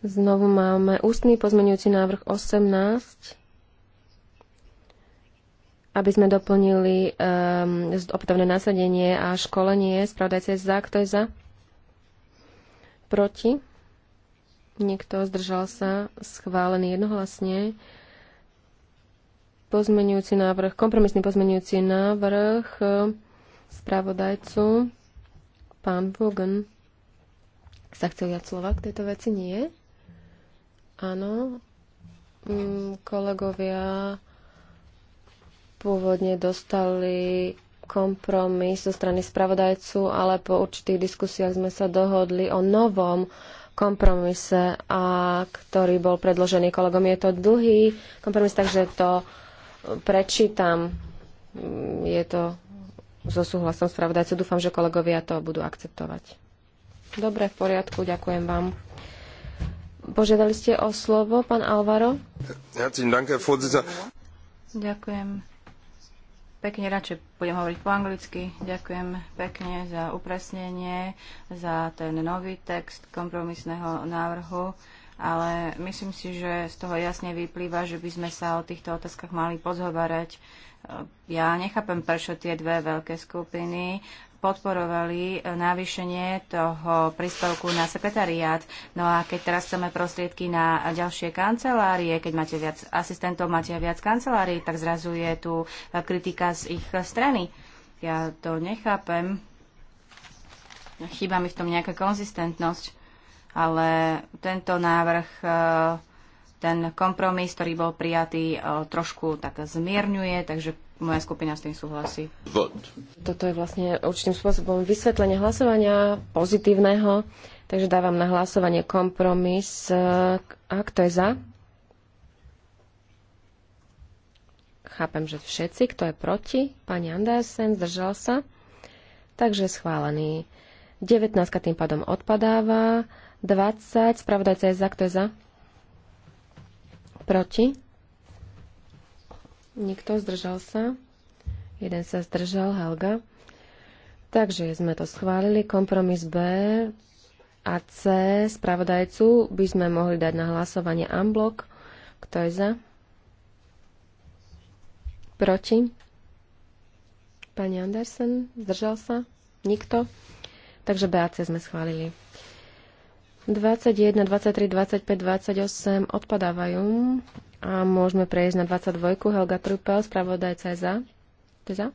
Znovu máme ústny pozmeňujúci návrh 18 aby sme doplnili um, opätovné nasadenie a školenie. Spravodajca je za. Kto je za? Proti? Niekto zdržal sa. Schválený jednohlasne. Pozmenujúci návrh, kompromisný pozmenujúci návrh e, spravodajcu pán Vogan sa chce ujať slova k tejto veci? Nie? Áno. Mm, kolegovia, Pôvodne dostali kompromis zo strany spravodajcu, ale po určitých diskusiách sme sa dohodli o novom kompromise, a ktorý bol predložený kolegom. Je to dlhý kompromis, takže to prečítam. Je to so súhlasom spravodajcu. Dúfam, že kolegovia to budú akceptovať. Dobre, v poriadku, ďakujem vám. Požiadali ste o slovo, pán Alvaro? Ďakujem, pekne, radšej budem hovoriť po anglicky. Ďakujem pekne za upresnenie, za ten nový text kompromisného návrhu, ale myslím si, že z toho jasne vyplýva, že by sme sa o týchto otázkach mali pozhovárať. Ja nechápem, prečo tie dve veľké skupiny podporovali e, navýšenie toho príspevku na sekretariát. No a keď teraz chceme prostriedky na ďalšie kancelárie, keď máte viac asistentov, máte viac kancelárií, tak zrazu je tu e, kritika z ich strany. Ja to nechápem. Chýba mi v tom nejaká konzistentnosť, ale tento návrh e, ten kompromis, ktorý bol prijatý, trošku tak zmierňuje, takže moja skupina s tým súhlasí. Vod. Toto je vlastne určitým spôsobom vysvetlenie hlasovania pozitívneho, takže dávam na hlasovanie kompromis. Eh, A kto je za? Chápem, že všetci. Kto je proti? Pani Andersen zdržal sa. Takže schválený. 19 tým pádom odpadáva. 20. Spravodajca je za. Kto je za? Proti? Nikto zdržal sa? Jeden sa zdržal, Helga. Takže sme to schválili. Kompromis B a C spravodajcu by sme mohli dať na hlasovanie unblock. Kto je za? Proti? Pani Andersen? Zdržal sa? Nikto? Takže B a C sme schválili. 21, 23, 25, 28 odpadávajú. A môžeme prejsť na 22. Helga Trupel, spravodajca je za. je za?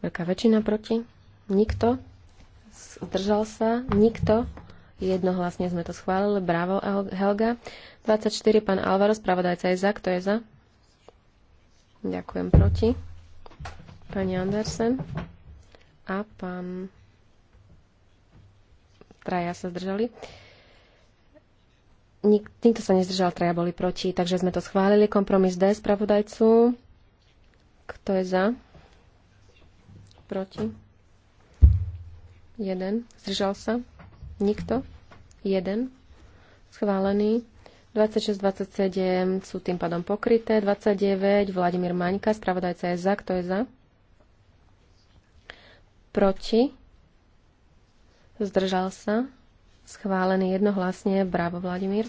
Veľká väčšina proti. Nikto. Zdržal sa. Nikto. Jednohlasne sme to schválili. Bravo, Helga. 24. Pán Alvaro, spravodajca je za. Kto je za? Ďakujem proti. Pani Andersen. A pán... Traja sa zdržali. Nik, nikto sa nezdržal, traja boli proti, takže sme to schválili. Kompromis D spravodajcu. Kto je za? Proti? Jeden. Zdržal sa? Nikto? Jeden. Schválený. 26, 27 sú tým pádom pokryté. 29, Vladimír Maňka, spravodajca je za. Kto je za? Proti? Zdržal sa? schválený jednohlasne. Bravo, Vladimír.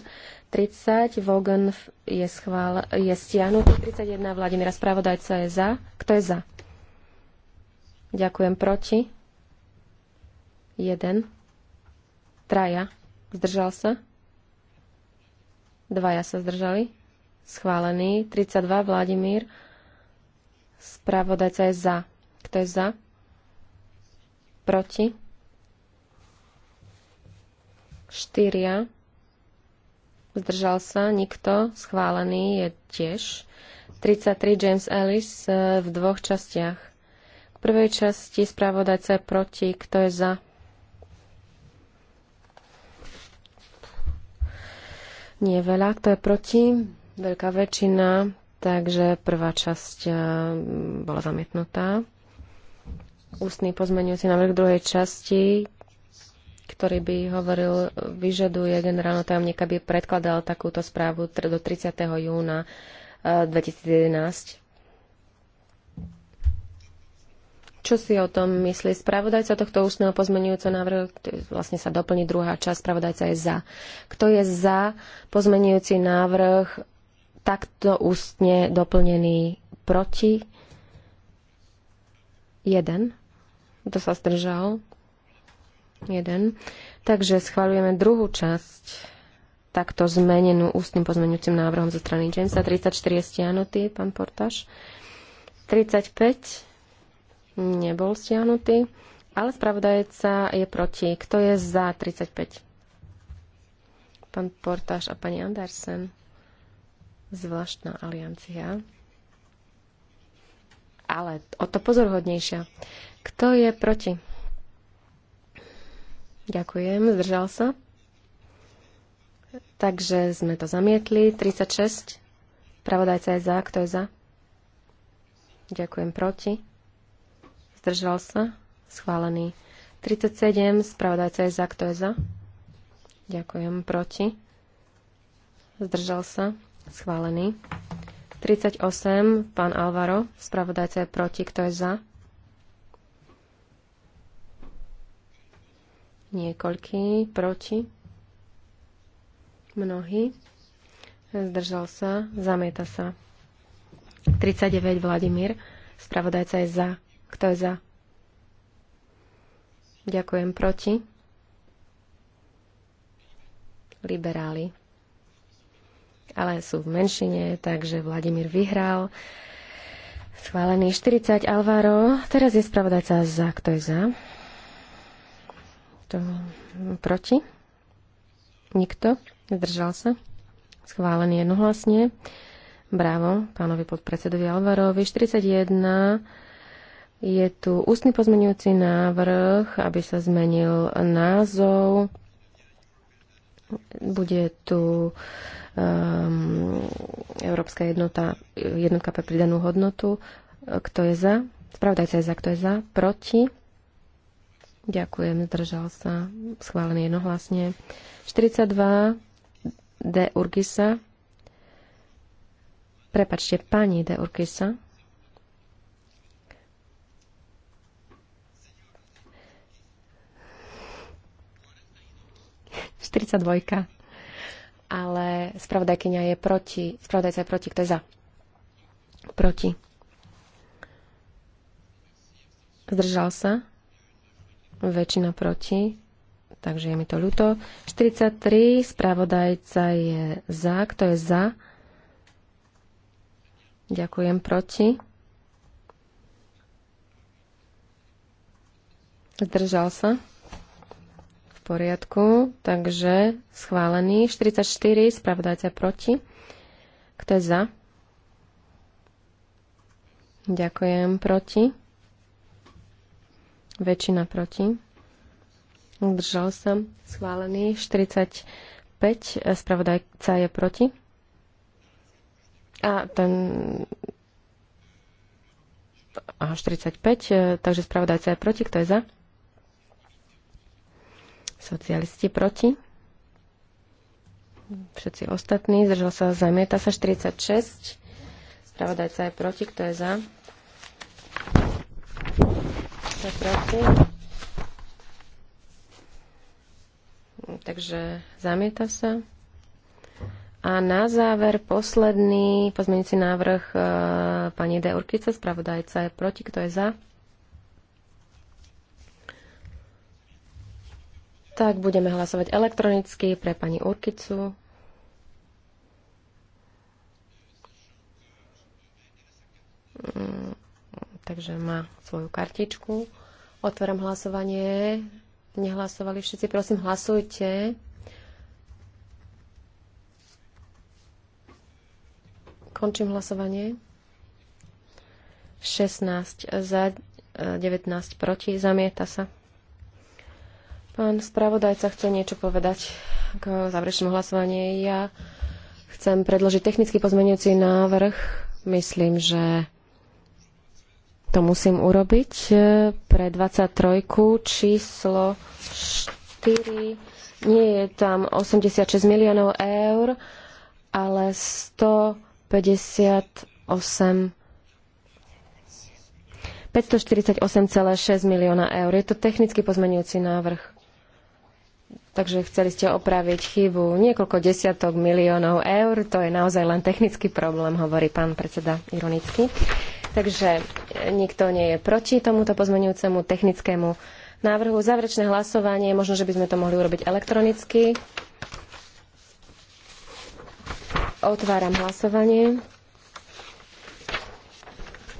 30, Vogan je, schvál, je stiahnutý. 31, Vladimíra Spravodajca je za. Kto je za? Ďakujem. Proti? 1. Traja. Zdržal sa? Dvaja sa zdržali. Schválený. 32, Vladimír. Spravodajca je za. Kto je za? Proti? štyria, zdržal sa, nikto, schválený je tiež. 33 James Ellis e, v dvoch častiach. K prvej časti spravodajca je proti, kto je za. Nie veľa, kto je proti, veľká väčšina, takže prvá časť e, bola zamietnutá. Ústny pozmenujúci návrh druhej časti, ktorý by hovoril, vyžaduje generálno tajomníka, aby predkladal takúto správu do 30. júna 2011. Eh, Čo si o tom myslí spravodajca tohto ústneho pozmenujúceho návrhu? Vlastne sa doplní druhá časť, spravodajca je za. Kto je za pozmenujúci návrh takto ústne doplnený proti? Jeden. Kto sa zdržal? 1. Takže schvaľujeme druhú časť takto zmenenú ústnym pozmeňujúcim návrhom zo strany Jamesa. 34 je stiahnutý, pán portáš. 35 nebol stiahnutý, ale spravodajca je proti. Kto je za 35? Pán portáš a pani Andersen. Zvláštna aliancia. Ale o to pozorhodnejšia. Kto je proti? Ďakujem, zdržal sa. Takže sme to zamietli. 36. Pravodajca je za. Kto je za? Ďakujem proti. Zdržal sa. Schválený. 37. Spravodajca je za. Kto je za? Ďakujem proti. Zdržal sa. Schválený. 38. Pán Alvaro. Spravodajca je proti. Kto je za? niekoľký proti. Mnohí. Zdržal sa. Zamieta sa. 39 Vladimír. Spravodajca je za. Kto je za? Ďakujem. Proti? Liberáli. Ale sú v menšine, takže Vladimír vyhral. Schválený 40 Alvaro. Teraz je spravodajca za. Kto je za? Kto proti? Nikto? Nedržal sa? Schválený jednohlasne. Bravo pánovi podpredsedovi Alvarovi. 41 je tu ústny pozmenujúci návrh, aby sa zmenil názov. Bude tu um, Európska jednota, jednotka pre pridanú hodnotu. Kto je za? Spravodajca je za, kto je za? Proti? Ďakujem, zdržal sa. Schválený jednohlasne. 42 D. Urgisa. Prepačte, pani D. Urgisa. dvojka. Ale spravodajkynia je proti. Spravodajca je proti. Kto je za? Proti. Zdržal sa väčšina proti, takže je mi to ľúto. 43, spravodajca je za, kto je za? Ďakujem, proti. Zdržal sa. V poriadku, takže schválený. 44, spravodajca proti. Kto je za? Ďakujem, proti. Väčšina proti. Zdržal sa. Schválený. 45. Spravodajca je proti. A ten... A 45. Takže spravodajca je proti. Kto je za? Socialisti proti. Všetci ostatní. Zdržal sa. Zamieta sa. 46. Spravodajca je proti. Kto je za? sa proti. Takže zamieta sa. A na záver posledný pozmeňujúci návrh e, pani D. Urkice, spravodajca je proti, kto je za? Tak budeme hlasovať elektronicky pre pani Urkicu. Mm takže má svoju kartičku. Otváram hlasovanie. Nehlasovali všetci. Prosím, hlasujte. Končím hlasovanie. 16 za, 19 proti. Zamieta sa. Pán spravodajca chce niečo povedať k záverečnému hlasovaniu. Ja chcem predložiť technicky pozmenujúci návrh. Myslím, že to musím urobiť e, pre 23 číslo 4 nie je tam 86 miliónov eur ale 158 548,6 milióna eur. Je to technicky pozmenujúci návrh. Takže chceli ste opraviť chybu niekoľko desiatok miliónov eur. To je naozaj len technický problém, hovorí pán predseda ironicky. Takže e, nikto nie je proti tomuto pozmenujúcemu technickému návrhu. Záverečné hlasovanie, možno, že by sme to mohli urobiť elektronicky. Otváram hlasovanie.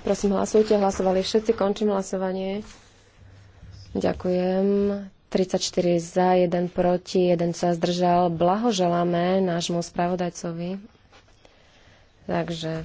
Prosím, hlasujte. Hlasovali všetci. Končím hlasovanie. Ďakujem. 34 za, 1 proti, 1 sa zdržal. Blahoželáme nášmu spravodajcovi. Takže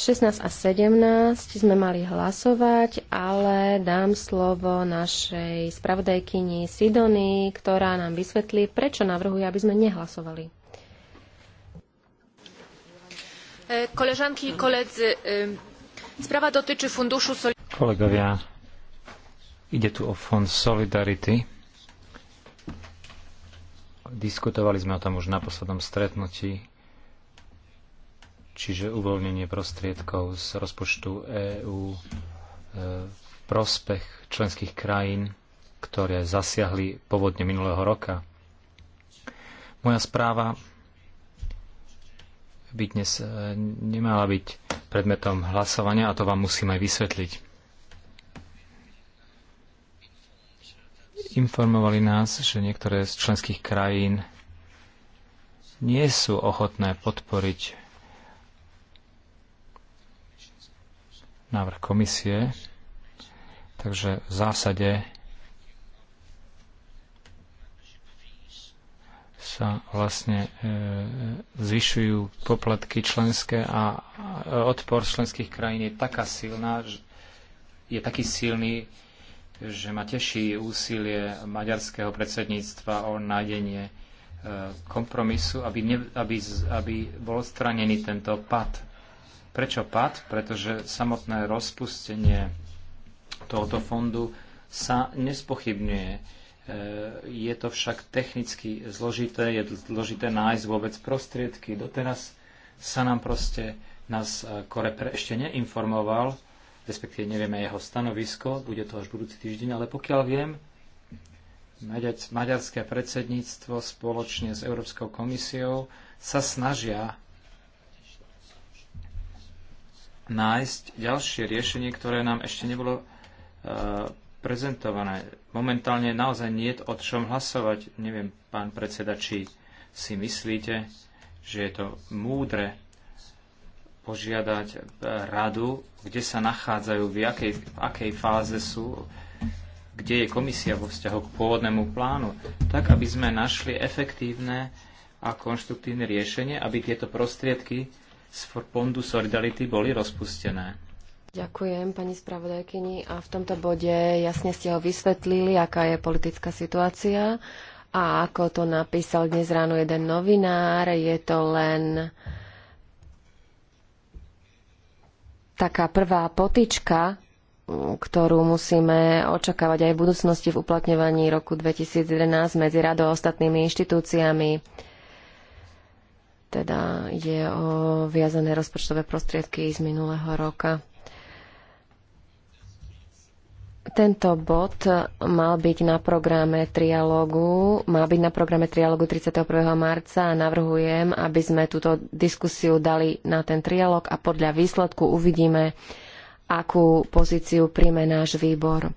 16 a 17 sme mali hlasovať, ale dám slovo našej spravodajkyni Sidony, ktorá nám vysvetlí, prečo navrhuje, aby sme nehlasovali. E, koleżanki i koledzy, e, sprawa dotyczy funduszu Solidarity. Kolegovia, ide tu o fond Solidarity. Diskutovali sme o tom už na poslednom stretnutí čiže uvoľnenie prostriedkov z rozpočtu EÚ v e, prospech členských krajín, ktoré zasiahli povodne minulého roka. Moja správa by dnes e, nemala byť predmetom hlasovania a to vám musím aj vysvetliť. Informovali nás, že niektoré z členských krajín nie sú ochotné podporiť návrh komisie. Takže v zásade sa vlastne e, zvyšujú poplatky členské a odpor členských krajín je taká silná, je taký silný, že ma teší úsilie maďarského predsedníctva o nájdenie e, kompromisu, aby, ne, aby, aby bol odstranený tento pad Prečo pad? Pretože samotné rozpustenie tohoto fondu sa nespochybňuje. E, je to však technicky zložité, je zložité nájsť vôbec prostriedky. Doteraz sa nám proste nás e, Korepre ešte neinformoval, respektíve nevieme jeho stanovisko, bude to až budúci týždeň, ale pokiaľ viem, maďarské predsedníctvo spoločne s Európskou komisiou sa snažia nájsť ďalšie riešenie, ktoré nám ešte nebolo e, prezentované. Momentálne naozaj nie je o čom hlasovať. Neviem, pán predseda, či si myslíte, že je to múdre požiadať radu, kde sa nachádzajú, v akej, v akej fáze sú, kde je komisia vo vzťahu k pôvodnému plánu, tak aby sme našli efektívne a konštruktívne riešenie, aby tieto prostriedky z Fondu Solidarity boli rozpustené. Ďakujem pani spravodajkyni a v tomto bode jasne ste ho vysvetlili, aká je politická situácia a ako to napísal dnes ráno jeden novinár, je to len taká prvá potička, ktorú musíme očakávať aj v budúcnosti v uplatňovaní roku 2011 medzi radou a ostatnými inštitúciami teda ide o viazané rozpočtové prostriedky z minulého roka. Tento bod mal byť na programe trialógu, mal byť na programe trialógu 31. marca a navrhujem, aby sme túto diskusiu dali na ten trialóg a podľa výsledku uvidíme, akú pozíciu príjme náš výbor.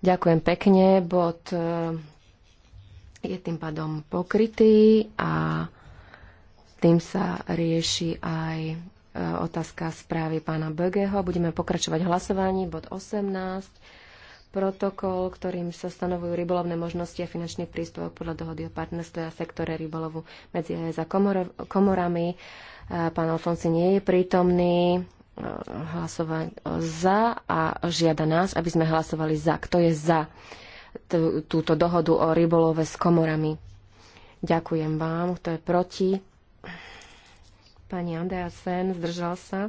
Ďakujem pekne, bod eh, je tým pádom pokrytý a tým sa rieši aj e, otázka správy pána Bögeho. Budeme pokračovať hlasovaní, bod 18. Protokol, ktorým sa stanovujú rybolovné možnosti a finančný príspevok podľa dohody o partnerstve a sektore rybolovu medzi aj e a komor- komorami. E, pán Alfonsi nie je prítomný hlasovať za a žiada nás, aby sme hlasovali za. Kto je za túto dohodu o rybolove s komorami? Ďakujem vám. Kto je proti? Pani Andrea Sen, zdržal sa.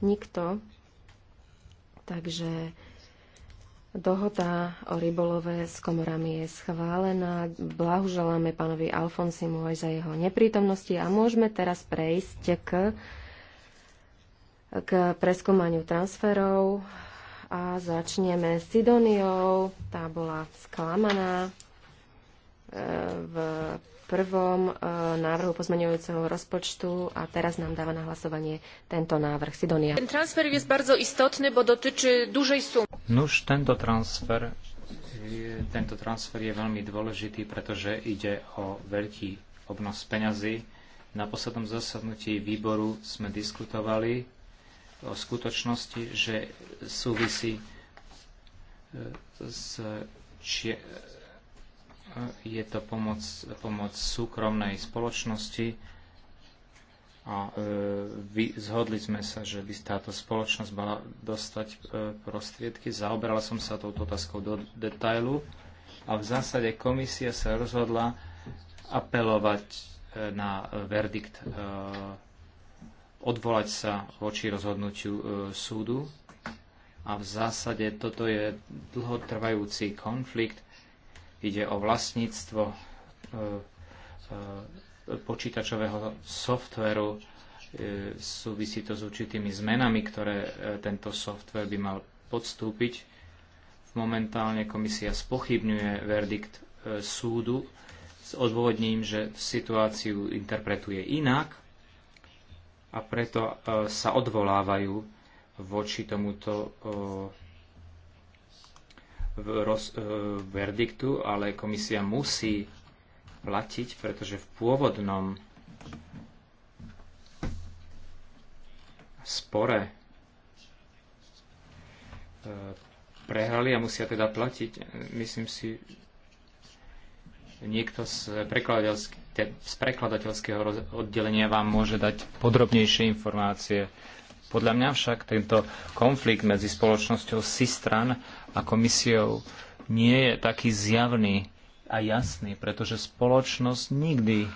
Nikto. Takže dohoda o rybolove s komorami je schválená. Blahoželáme pánovi Alfonsimu aj za jeho neprítomnosti a môžeme teraz prejsť k, k preskúmaniu transferov a začneme s Sidoniou. Tá bola sklamaná e, v prvom e, návrhu pozmeňujúceho rozpočtu a teraz nám dáva na hlasovanie tento návrh. Sidonia. Ten transfer je bardzo istotný, bo dotyčí dužej sumy. Nuž, tento transfer, je, tento transfer je veľmi dôležitý, pretože ide o veľký obnos peňazí. Na poslednom zasadnutí výboru sme diskutovali o skutočnosti, že súvisí e, s či, je to pomoc, pomoc súkromnej spoločnosti a e, zhodli sme sa, že by táto spoločnosť mala dostať e, prostriedky. Zaoberala som sa touto otázkou do detailu a v zásade komisia sa rozhodla apelovať e, na verdikt, e, odvolať sa voči rozhodnutiu e, súdu a v zásade toto je dlhotrvajúci konflikt, Ide o vlastníctvo e, e, počítačového softveru. E, súvisí to s určitými zmenami, ktoré tento software by mal podstúpiť. Momentálne komisia spochybňuje verdikt súdu s odôvodním, že situáciu interpretuje inak a preto sa odvolávajú voči tomuto roz, e, verdiktu, ale komisia musí platiť, pretože v pôvodnom spore e, prehrali a musia teda platiť. E, myslím si, niekto z, prekladateľského, z prekladateľského oddelenia vám môže dať podrobnejšie informácie podľa mňa však tento konflikt medzi spoločnosťou Sistran a komisiou nie je taký zjavný a jasný, pretože spoločnosť nikdy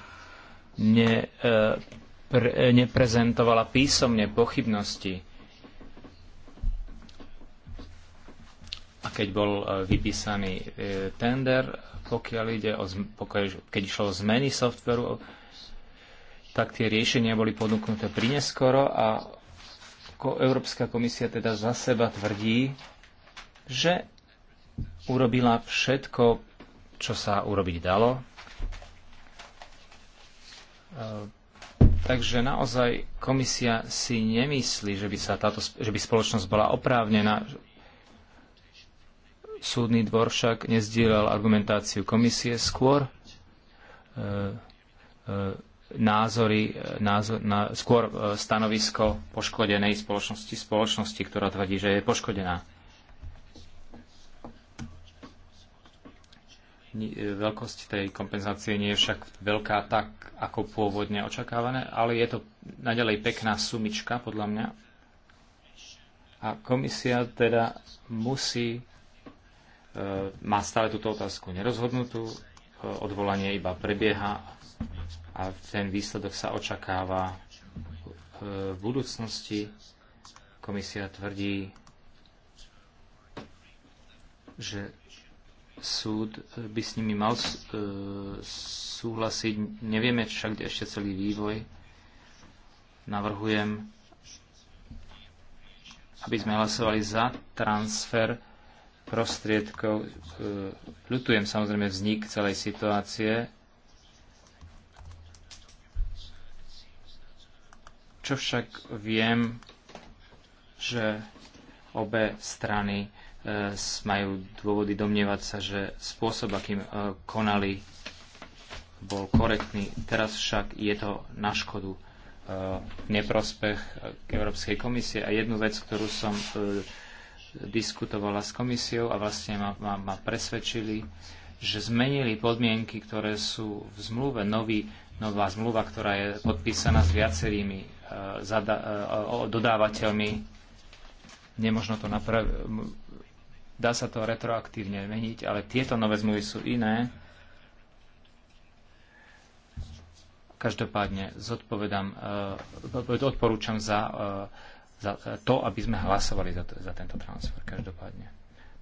ne, e, pre, neprezentovala písomne pochybnosti. A keď bol e, vypísaný e, tender, pokiaľ ide o, pokiaľ, keď išlo o zmeny softveru, tak tie riešenia boli ponúknuté prineskoro a Európska komisia teda za seba tvrdí, že urobila všetko, čo sa urobiť dalo. E, takže naozaj komisia si nemyslí, že by, sa táto, že by spoločnosť bola oprávnená. Súdny dvor však nezdielal argumentáciu komisie, skôr e, e názory, e, názor, na, skôr e, stanovisko poškodenej spoločnosti, spoločnosti, ktorá tvrdí, že je poškodená. E, veľkosť tej kompenzácie nie je však veľká tak, ako pôvodne očakávané, ale je to naďalej pekná sumička, podľa mňa. A komisia teda musí, e, má stále túto otázku nerozhodnutú, e, odvolanie iba prebieha a ten výsledok sa očakáva e, v budúcnosti. Komisia tvrdí, že súd by s nimi mal e, súhlasiť. Nevieme však ešte celý vývoj. Navrhujem, aby sme hlasovali za transfer prostriedkov. E, ľutujem samozrejme vznik celej situácie, Čo však viem, že obe strany e, majú dôvody domnievať sa, že spôsob, akým e, konali, bol korektný. Teraz však je to na škodu e, neprospech Európskej komisie. A jednu vec, ktorú som diskutovala s komisiou a vlastne ma, ma, ma presvedčili, že zmenili podmienky, ktoré sú v zmluve. Nový, nová zmluva, ktorá je podpísaná s viacerými dodávateľmi. Nemožno to napraviť. Dá sa to retroaktívne meniť, ale tieto nové zmluvy sú iné. Každopádne zodpovedám, e, odporúčam za, e, za to, aby sme hlasovali za, za tento transfer. Každopádne.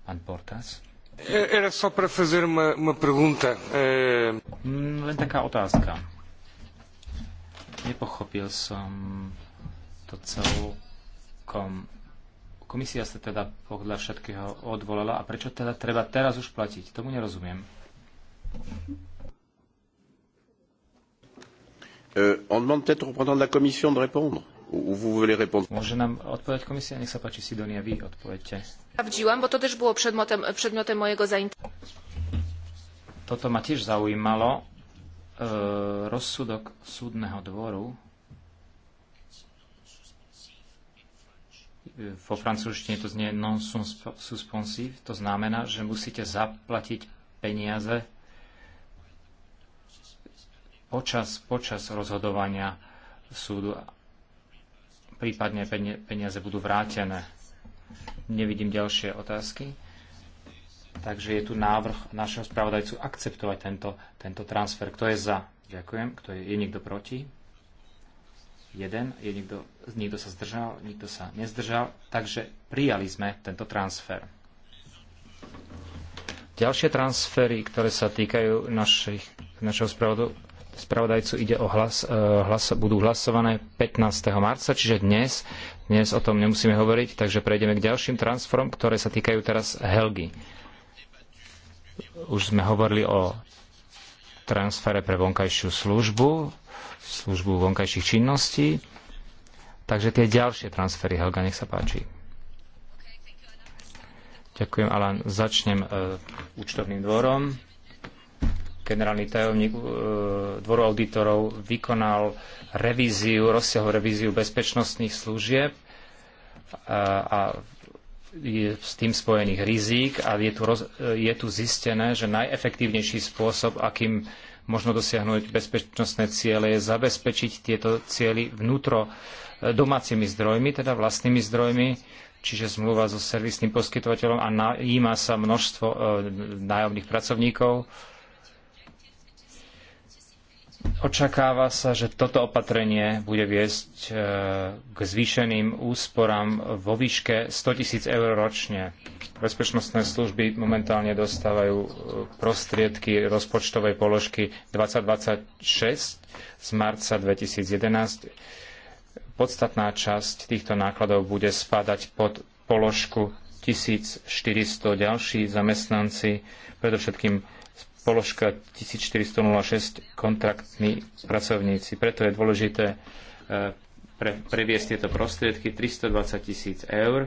Pán Portas. E, era só para fazer uma, uma pergunta. Hm, len taká otázka Nepochopil som to celkom. Komisia sa teda podľa všetkého odvolala. A prečo teda treba teraz už platiť? Tomu nerozumiem. Euh, on demande peut-être au président de la Commission de répondre. Môže nám odpovedať komisia? Nech sa páči, Sidonia, vy odpovedte. Sprawdziłam, bo to też było przedmiotem, przedmiotem mojego zainteresowania. Toto ma tiež zaujímalo. E, rozsudok súdneho dvoru vo francúzštine to znie non suspensif, to znamená, že musíte zaplatiť peniaze počas, počas rozhodovania súdu, prípadne peniaze budú vrátené. Nevidím ďalšie otázky. Takže je tu návrh našeho spravodajcu akceptovať tento, tento transfer. Kto je za? Ďakujem. Kto je, je niekto proti? Jeden. Je niekto, niekto sa zdržal, nikto sa nezdržal. Takže prijali sme tento transfer. Ďalšie transfery, ktoré sa týkajú našich, našeho spravodajcu, ide o hlas, e, hlas, budú hlasované 15. marca, čiže dnes. Dnes o tom nemusíme hovoriť, takže prejdeme k ďalším transferom, ktoré sa týkajú teraz Helgy. Už sme hovorili o transfere pre vonkajšiu službu, službu vonkajších činností. Takže tie ďalšie transfery, Helga, nech sa páči. Ďakujem, Alan. Začnem e, účtovným dvorom. Generálny tajomník e, dvoru auditorov vykonal revíziu, rozsiahol revíziu bezpečnostných služieb e, a, a je s tým spojených rizík a je tu, roz, je tu zistené, že najefektívnejší spôsob, akým možno dosiahnuť bezpečnostné ciele, je zabezpečiť tieto ciely vnútro e, domácimi zdrojmi, teda vlastnými zdrojmi, čiže zmluva so servisným poskytovateľom a najíma sa množstvo e, nájomných pracovníkov, Očakáva sa, že toto opatrenie bude viesť e, k zvýšeným úsporám vo výške 100 tisíc eur ročne. Bezpečnostné služby momentálne dostávajú e, prostriedky rozpočtovej položky 2026 z marca 2011. Podstatná časť týchto nákladov bude spadať pod položku 1400 ďalší zamestnanci, predovšetkým položka 1406 kontraktní pracovníci. Preto je dôležité e, pre, previesť tieto prostriedky 320 tisíc eur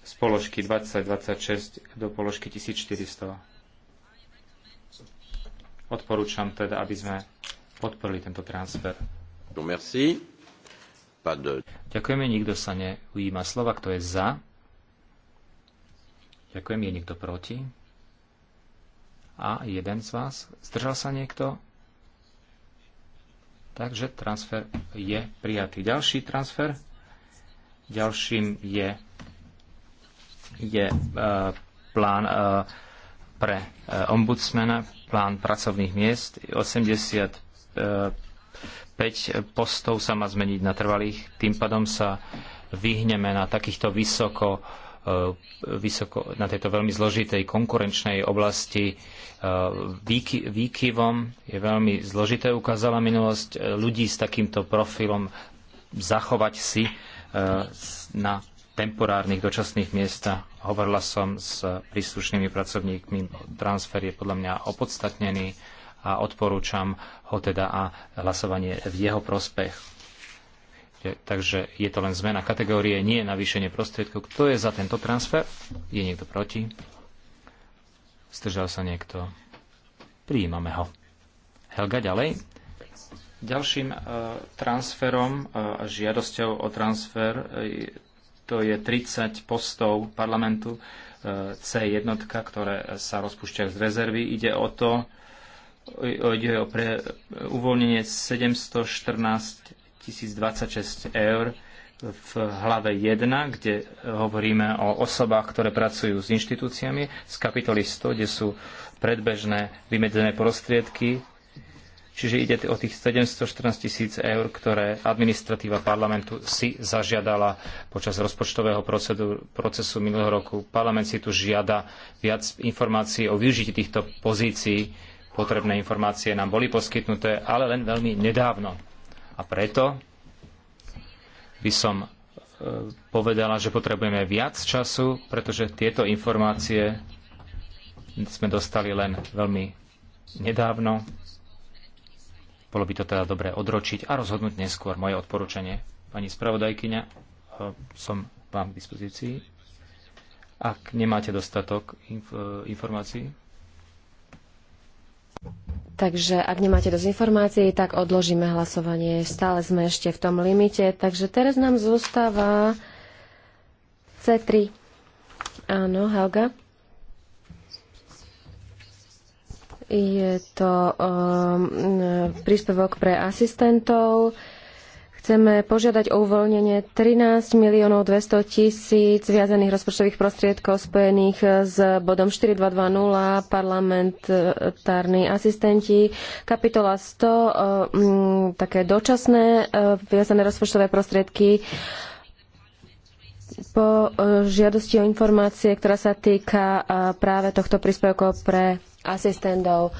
z položky 2026 do položky 1400. Odporúčam teda, aby sme podporili tento transfer. Ďakujeme, nikto sa neujíma slova, kto je za. Ďakujem, je nikto proti. A jeden z vás. Zdržal sa niekto? Takže transfer je prijatý. Ďalší transfer. Ďalším je, je e, plán e, pre e, ombudsmana, plán pracovných miest. 85 e, postov sa má zmeniť na trvalých. Tým pádom sa vyhneme na takýchto vysoko E, vysoko, na tejto veľmi zložitej konkurenčnej oblasti e, výky, výkyvom. Je veľmi zložité, ukázala minulosť e, ľudí s takýmto profilom zachovať si na temporárnych dočasných miestach. Hovorila som s príslušnými pracovníkmi, transfer je podľa mňa opodstatnený a odporúčam ho teda a hlasovanie v jeho prospech. E, takže je to len zmena kategórie, nie navýšenie prostriedkov. Kto je za tento transfer? Je niekto proti? Zdržal sa niekto? Prijímame ho. Helga, ďalej. Ďalším e, transferom e, a žiadosťou o transfer to je 30 postov parlamentu C1, ktoré sa rozpúšťajú z rezervy. Ide o to, ide o pre, uvoľnenie 714 1026 eur v hlave 1, kde hovoríme o osobách, ktoré pracujú s inštitúciami, z kapitoly 100, kde sú predbežné vymedzené prostriedky, čiže ide o tých 714 tisíc eur, ktoré administratíva parlamentu si zažiadala počas rozpočtového procesu minulého roku. Parlament si tu žiada viac informácií o využití týchto pozícií. Potrebné informácie nám boli poskytnuté, ale len veľmi nedávno. A preto by som e, povedala, že potrebujeme viac času, pretože tieto informácie sme dostali len veľmi nedávno. Bolo by to teda dobré odročiť a rozhodnúť neskôr moje odporúčanie. Pani spravodajkyňa, e, som vám k dispozícii. Ak nemáte dostatok inf- e, informácií, Takže ak nemáte dosť informácií, tak odložíme hlasovanie. Stále sme ešte v tom limite. Takže teraz nám zostáva C3. Áno, Helga. Je to um, príspevok pre asistentov. Uh, Chceme požiadať o uvoľnenie 13 miliónov 200 tisíc viazaných rozpočtových prostriedkov spojených s bodom 4220 parlamentárni asistenti. Kapitola 100, e, také dočasné e, viazané rozpočtové prostriedky po e, žiadosti o informácie, ktorá sa týka práve tohto príspevku pre asistentov.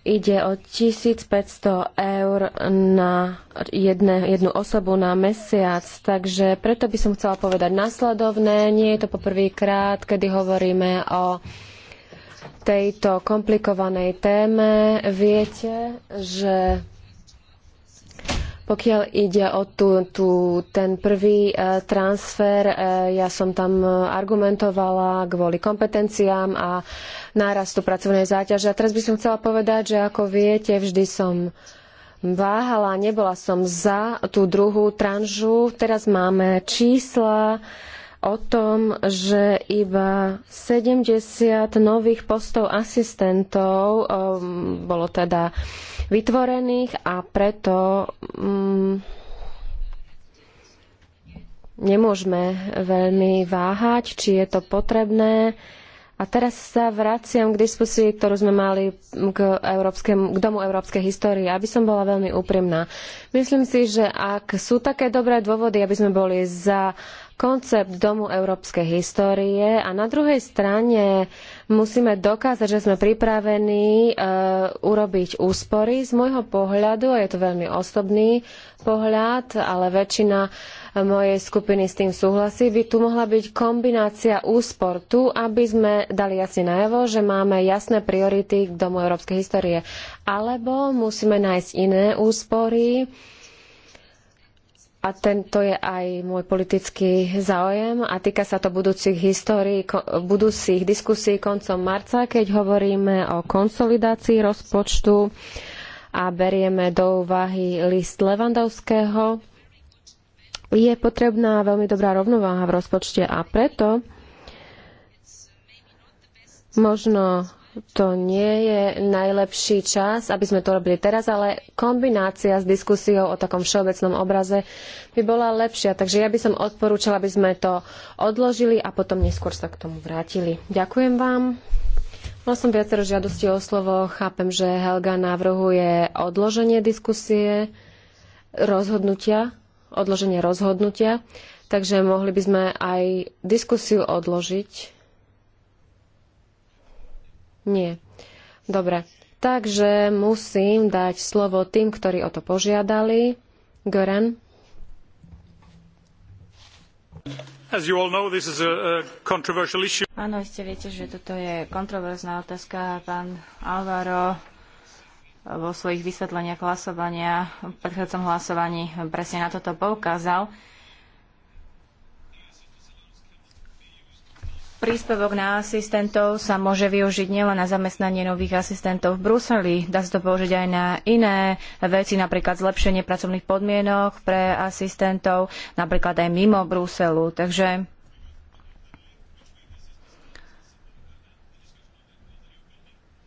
Ide o 1500 eur na jedne, jednu osobu na mesiac, takže preto by som chcela povedať následovné. Nie je to poprvýkrát, kedy hovoríme o tejto komplikovanej téme. Viete, že pokiaľ ide o tú, tú, ten prvý e, transfer, e, ja som tam argumentovala kvôli kompetenciám a nárastu pracovnej záťaže. A teraz by som chcela povedať, že ako viete, vždy som váhala, nebola som za tú druhú tranžu. Teraz máme čísla, o tom, že iba 70 nových postov asistentov um, bolo teda vytvorených a preto um, nemôžeme veľmi váhať, či je to potrebné. A teraz sa vraciam k diskusii, ktorú sme mali k, k Domu európskej histórie, aby som bola veľmi úprimná. Myslím si, že ak sú také dobré dôvody, aby sme boli za uh, koncept Domu európskej histórie a na druhej strane musíme dokázať, že sme pripravení e, urobiť úspory. Z môjho pohľadu, a je to veľmi osobný pohľad, ale väčšina mojej skupiny s tým súhlasí, by tu mohla byť kombinácia úspor tu, aby sme dali jasne najavo, že máme jasné priority k Domu európskej histórie. Alebo musíme nájsť iné úspory, a tento je aj môj politický záujem a týka sa to budúcich histórií, budúcich diskusí koncom marca, keď hovoríme o konsolidácii rozpočtu a berieme do úvahy list Levandovského. Je potrebná veľmi dobrá rovnováha v rozpočte a preto možno to nie je najlepší čas, aby sme to robili teraz, ale kombinácia s diskusiou o takom všeobecnom obraze by bola lepšia. Takže ja by som odporúčala, aby sme to odložili a potom neskôr sa k tomu vrátili. Ďakujem vám. Mal som viacero žiadosti o slovo. Chápem, že Helga navrhuje odloženie diskusie, rozhodnutia, odloženie rozhodnutia. Takže mohli by sme aj diskusiu odložiť nie. Dobre. Takže musím dať slovo tým, ktorí o to požiadali. Goran. Know, Áno, ešte viete, že toto je kontroverzná otázka. Pán Alvaro eh, vo svojich vysvetleniach hlasovania, v predchádzom hlasovaní presne na toto poukázal. Príspevok na asistentov sa môže využiť nielen na zamestnanie nových asistentov v Bruseli, dá sa to použiť aj na iné veci, napríklad zlepšenie pracovných podmienok pre asistentov, napríklad aj mimo Bruselu. Takže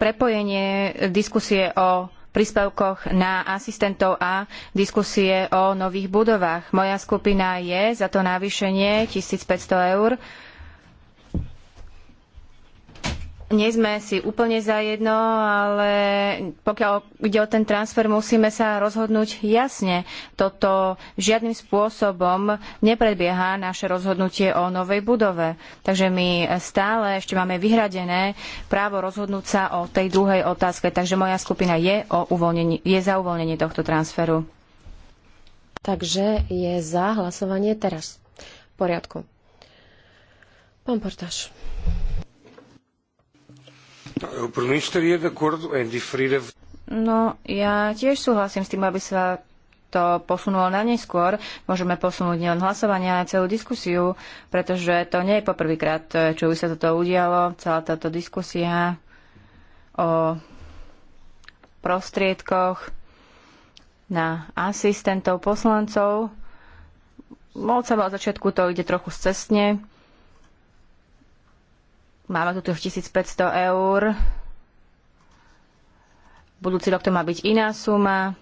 prepojenie diskusie o príspevkoch na asistentov a diskusie o nových budovách. Moja skupina je za to navýšenie 1500 eur nie sme si úplne zajedno, ale pokiaľ ide o ten transfer, musíme sa rozhodnúť jasne. Toto žiadnym spôsobom nepredbieha naše rozhodnutie o novej budove. Takže my stále ešte máme vyhradené právo rozhodnúť sa o tej druhej otázke. Takže moja skupina je, o uvoľnení, je za uvoľnenie tohto transferu. Takže je za hlasovanie teraz. V poriadku. Pán Portáš. No, ja tiež súhlasím s tým, aby sa to posunulo na neskôr. Môžeme posunúť nielen hlasovanie, ale celú diskusiu, pretože to nie je poprvýkrát, čo by sa toto udialo. Celá táto diskusia o prostriedkoch na asistentov poslancov. Moc sa začiatku to ide trochu cestne Máme tu už 1500 eur. Budúci rok to má byť iná suma.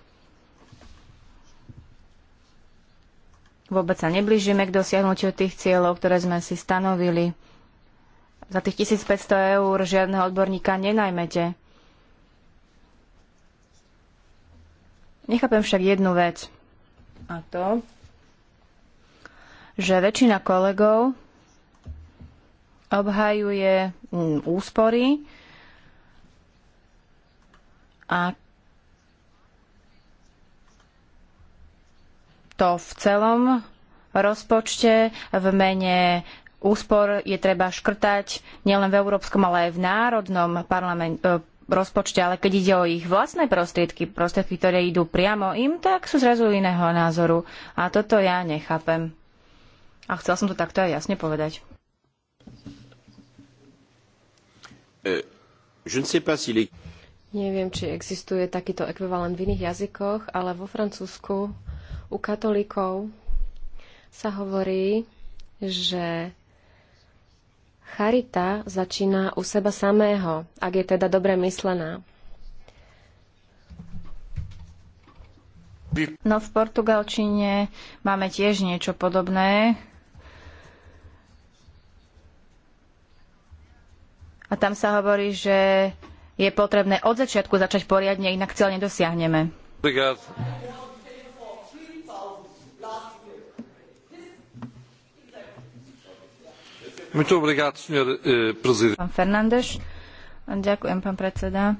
Vôbec sa neblížime k dosiahnutiu tých cieľov, ktoré sme si stanovili. Za tých 1500 eur žiadneho odborníka nenajmete. Nechápem však jednu vec. A to, že väčšina kolegov obhajuje mm, úspory a to v celom rozpočte v mene úspor je treba škrtať nielen v európskom, ale aj v národnom parlamente, rozpočte, ale keď ide o ich vlastné prostriedky, prostriedky, ktoré idú priamo im, tak sú zrazu iného názoru. A toto ja nechápem. A chcel som to takto aj jasne povedať. Eh, Neviem, či existuje takýto ekvivalent v iných jazykoch, ale vo Francúzsku u katolíkov sa hovorí, že charita začína u seba samého, ak je teda dobre myslená. No v portugalčine máme tiež niečo podobné, A tam sa hovorí, že je potrebné od začiatku začať poriadne, inak cieľ nedosiahneme. Eh, pán Fernández. Ďakujem, pán predseda.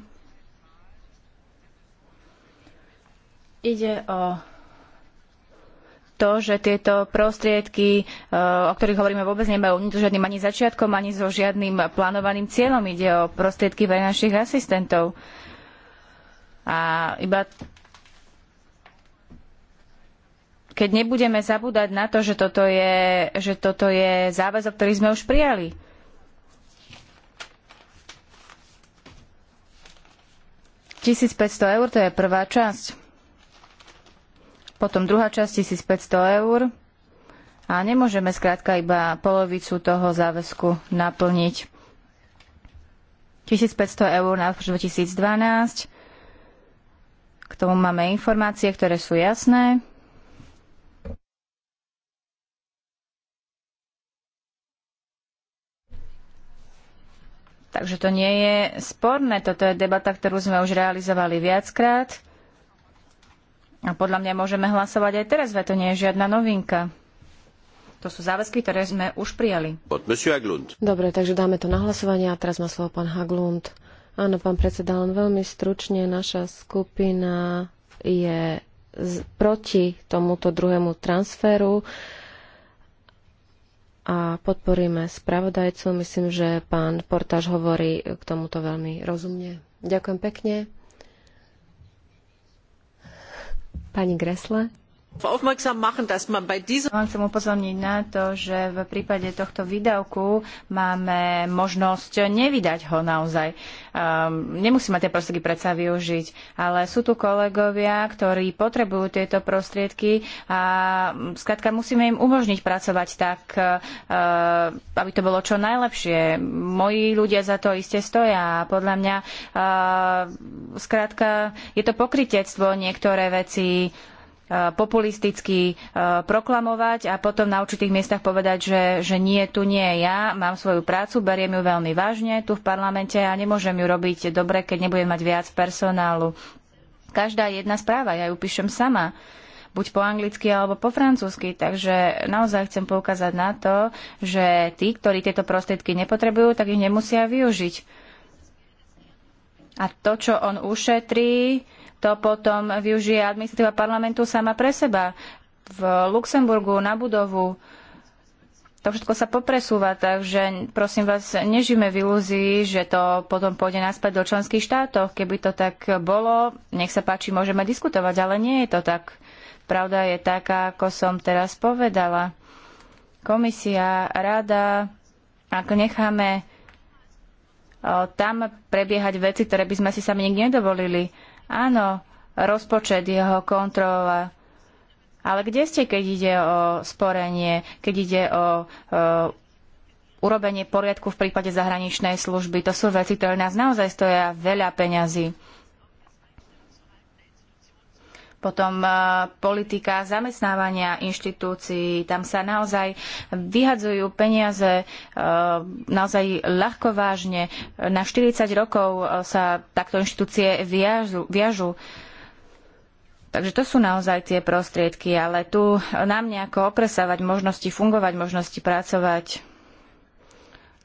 Ide o to, že tieto prostriedky, e, o ktorých hovoríme, vôbec nemajú nič so žiadnym ani začiatkom, ani so žiadnym plánovaným cieľom. Ide o prostriedky pre našich asistentov. A iba keď nebudeme zabúdať na to, že toto je, že toto je záväzok, ktorý sme už prijali. Tisíc 1500 eur, to je prvá časť potom druhá časť 1500 eur a nemôžeme skrátka iba polovicu toho záväzku naplniť. 1500 eur na 2012. K tomu máme informácie, ktoré sú jasné. Takže to nie je sporné, toto je debata, ktorú sme už realizovali viackrát. A podľa mňa môžeme hlasovať aj teraz, veď to nie je žiadna novinka. To sú záväzky, ktoré sme už prijali. Dobre, takže dáme to na hlasovanie a teraz má slovo pán Haglund. Áno, pán predseda, len veľmi stručne naša skupina je z, proti tomuto druhému transferu a podporíme spravodajcu. Myslím, že pán Portáž hovorí k tomuto veľmi rozumne. Ďakujem pekne. Pani Gresle. Len som upozorniť na to, že v prípade tohto výdavku máme možnosť nevydať ho naozaj. Um, ehm, nemusíme tie prostriedky predsa využiť, ale sú tu kolegovia, ktorí potrebujú tieto prostriedky a mm, skrátka musíme im umožniť pracovať tak, uh, aby to bolo čo najlepšie. Moji ľudia za to iste stoja a podľa mňa uh, e, skrátka je to pokritectvo niektoré veci Eh, populisticky eh, proklamovať a potom na určitých miestach povedať, že, že nie, tu nie ja, mám svoju prácu, beriem ju veľmi vážne tu v parlamente a nemôžem ju robiť dobre, keď nebudem mať viac personálu. Každá jedna správa, ja ju píšem sama buď po anglicky alebo po francúzsky. Takže naozaj chcem poukázať na to, že tí, ktorí tieto prostriedky nepotrebujú, tak ich nemusia využiť. A to, čo on ušetrí, to potom využije administratíva parlamentu sama pre seba v Luxemburgu na budovu. To všetko sa popresúva, takže prosím vás, nežime v ilúzii, že to potom pôjde naspäť do členských štátov. Keby to tak bolo, nech sa páči, môžeme diskutovať, ale nie je to tak. Pravda je taká, ako som teraz povedala. Komisia, rada, ak necháme tam prebiehať veci, ktoré by sme si sami nikdy nedovolili, Áno, rozpočet, jeho kontrola. Ale kde ste, keď ide o sporenie, keď ide o, o urobenie poriadku v prípade zahraničnej služby? To sú veci, ktoré nás naozaj stoja veľa peňazí. Potom e, politika zamestnávania inštitúcií, tam sa naozaj vyhadzujú peniaze e, naozaj ľahko vážne. Na 40 rokov e, sa takto inštitúcie viažu. viažu. Takže to sú naozaj tie prostriedky, ale tu nám nejako opresávať možnosti fungovať, možnosti pracovať,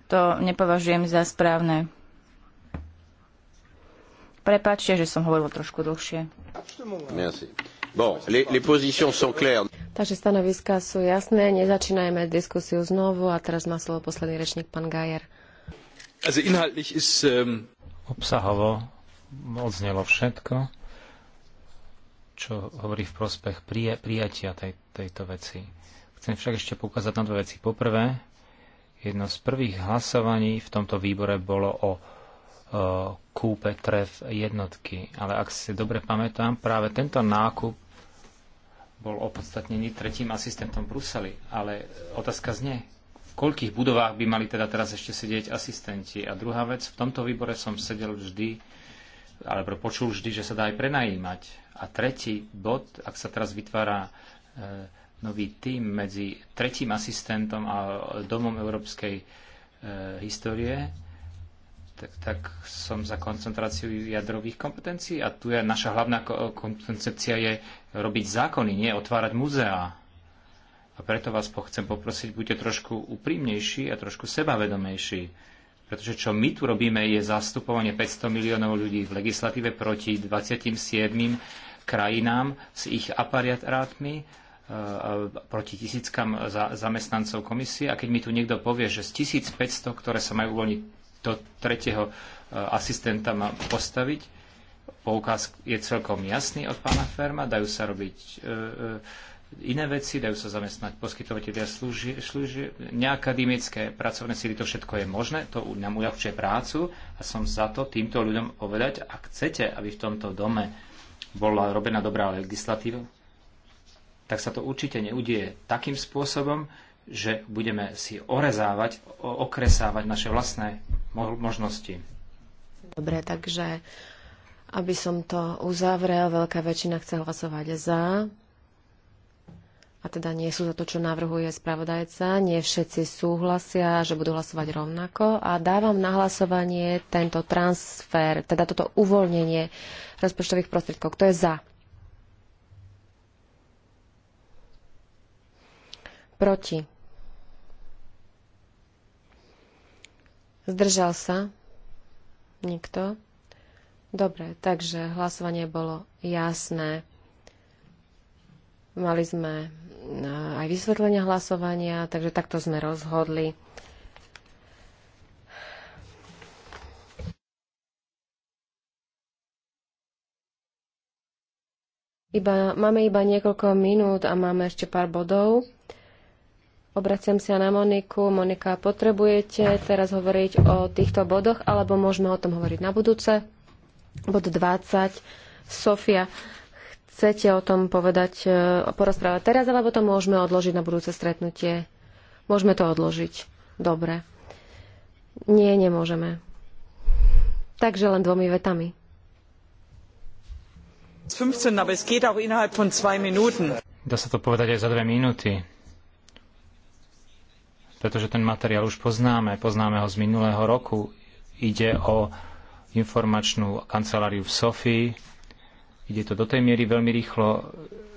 to nepovažujem za správne. Prepačte, že som hovoril trošku dlhšie. Merci. Bon, les, les positions sont claires. Takže stanoviska sú jasné, nezačínajme diskusiu znovu a teraz má slovo posledný rečník, pán Gajer. Also inhaltlich ist, um... Obsahovo odznelo všetko, čo hovorí v prospech prijatia tej, tejto veci. Chcem však ešte poukázať na dve veci. Poprvé, jedno z prvých hlasovaní v tomto výbore bolo o, o e, kúpe tref jednotky. Ale ak si dobre pamätám, práve tento nákup bol opodstatnený tretím asistentom Bruseli. Ale otázka znie, v koľkých budovách by mali teda teraz ešte sedieť asistenti? A druhá vec, v tomto výbore som sedel vždy, alebo počul vždy, že sa dá aj prenajímať. A tretí bod, ak sa teraz vytvára e, nový tým medzi tretím asistentom a Domom európskej e, histórie, tak, tak som za koncentráciu jadrových kompetencií a tu je naša hlavná koncepcia je robiť zákony, nie otvárať muzeá. A preto vás chcem poprosiť, buďte trošku úprimnejší a trošku sebavedomejší. Pretože čo my tu robíme, je zastupovanie 500 miliónov ľudí v legislatíve proti 27 krajinám s ich aparátmi, e, proti tisíckam zamestnancov komisie. A keď mi tu niekto povie, že z 1500, ktoré sa majú uvoľniť do tretieho e, asistenta má postaviť. Poukaz je celkom jasný od pána Ferma, dajú sa robiť e, e, iné veci, dajú sa zamestnať poskytovateľia služie, služie, neakademické pracovné síly, to všetko je možné, to nám uľahčuje prácu a som za to týmto ľuďom povedať, ak chcete, aby v tomto dome bola robená dobrá legislatíva, tak sa to určite neudieje takým spôsobom, že budeme si orezávať, okresávať naše vlastné možnosti. Dobre, takže aby som to uzavrel, veľká väčšina chce hlasovať za. A teda nie sú za to, čo navrhuje spravodajca. Nie všetci súhlasia, že budú hlasovať rovnako. A dávam na hlasovanie tento transfer, teda toto uvoľnenie rozpočtových prostriedkov. Kto je za? Proti. Zdržal sa? Nikto? Dobre, takže hlasovanie bolo jasné. Mali sme e, aj vysvetlenia hlasovania, takže takto sme rozhodli. Iba, máme iba niekoľko minút a máme ešte pár bodov. Obraciam sa na Moniku. Monika, potrebujete teraz hovoriť o týchto bodoch, alebo môžeme o tom hovoriť na budúce? Bod 20. Sofia, chcete o tom povedať, e, porozprávať teraz, alebo to môžeme odložiť na budúce stretnutie? Môžeme to odložiť. Dobre. Nie, nemôžeme. Takže len dvomi vetami. 15, aber es geht auch innerhalb von 2 Minuten. Dá sa to povedať aj za dve minúty pretože ten materiál už poznáme, poznáme ho z minulého roku. Ide o informačnú kanceláriu v Sofii. Ide to do tej miery veľmi rýchlo,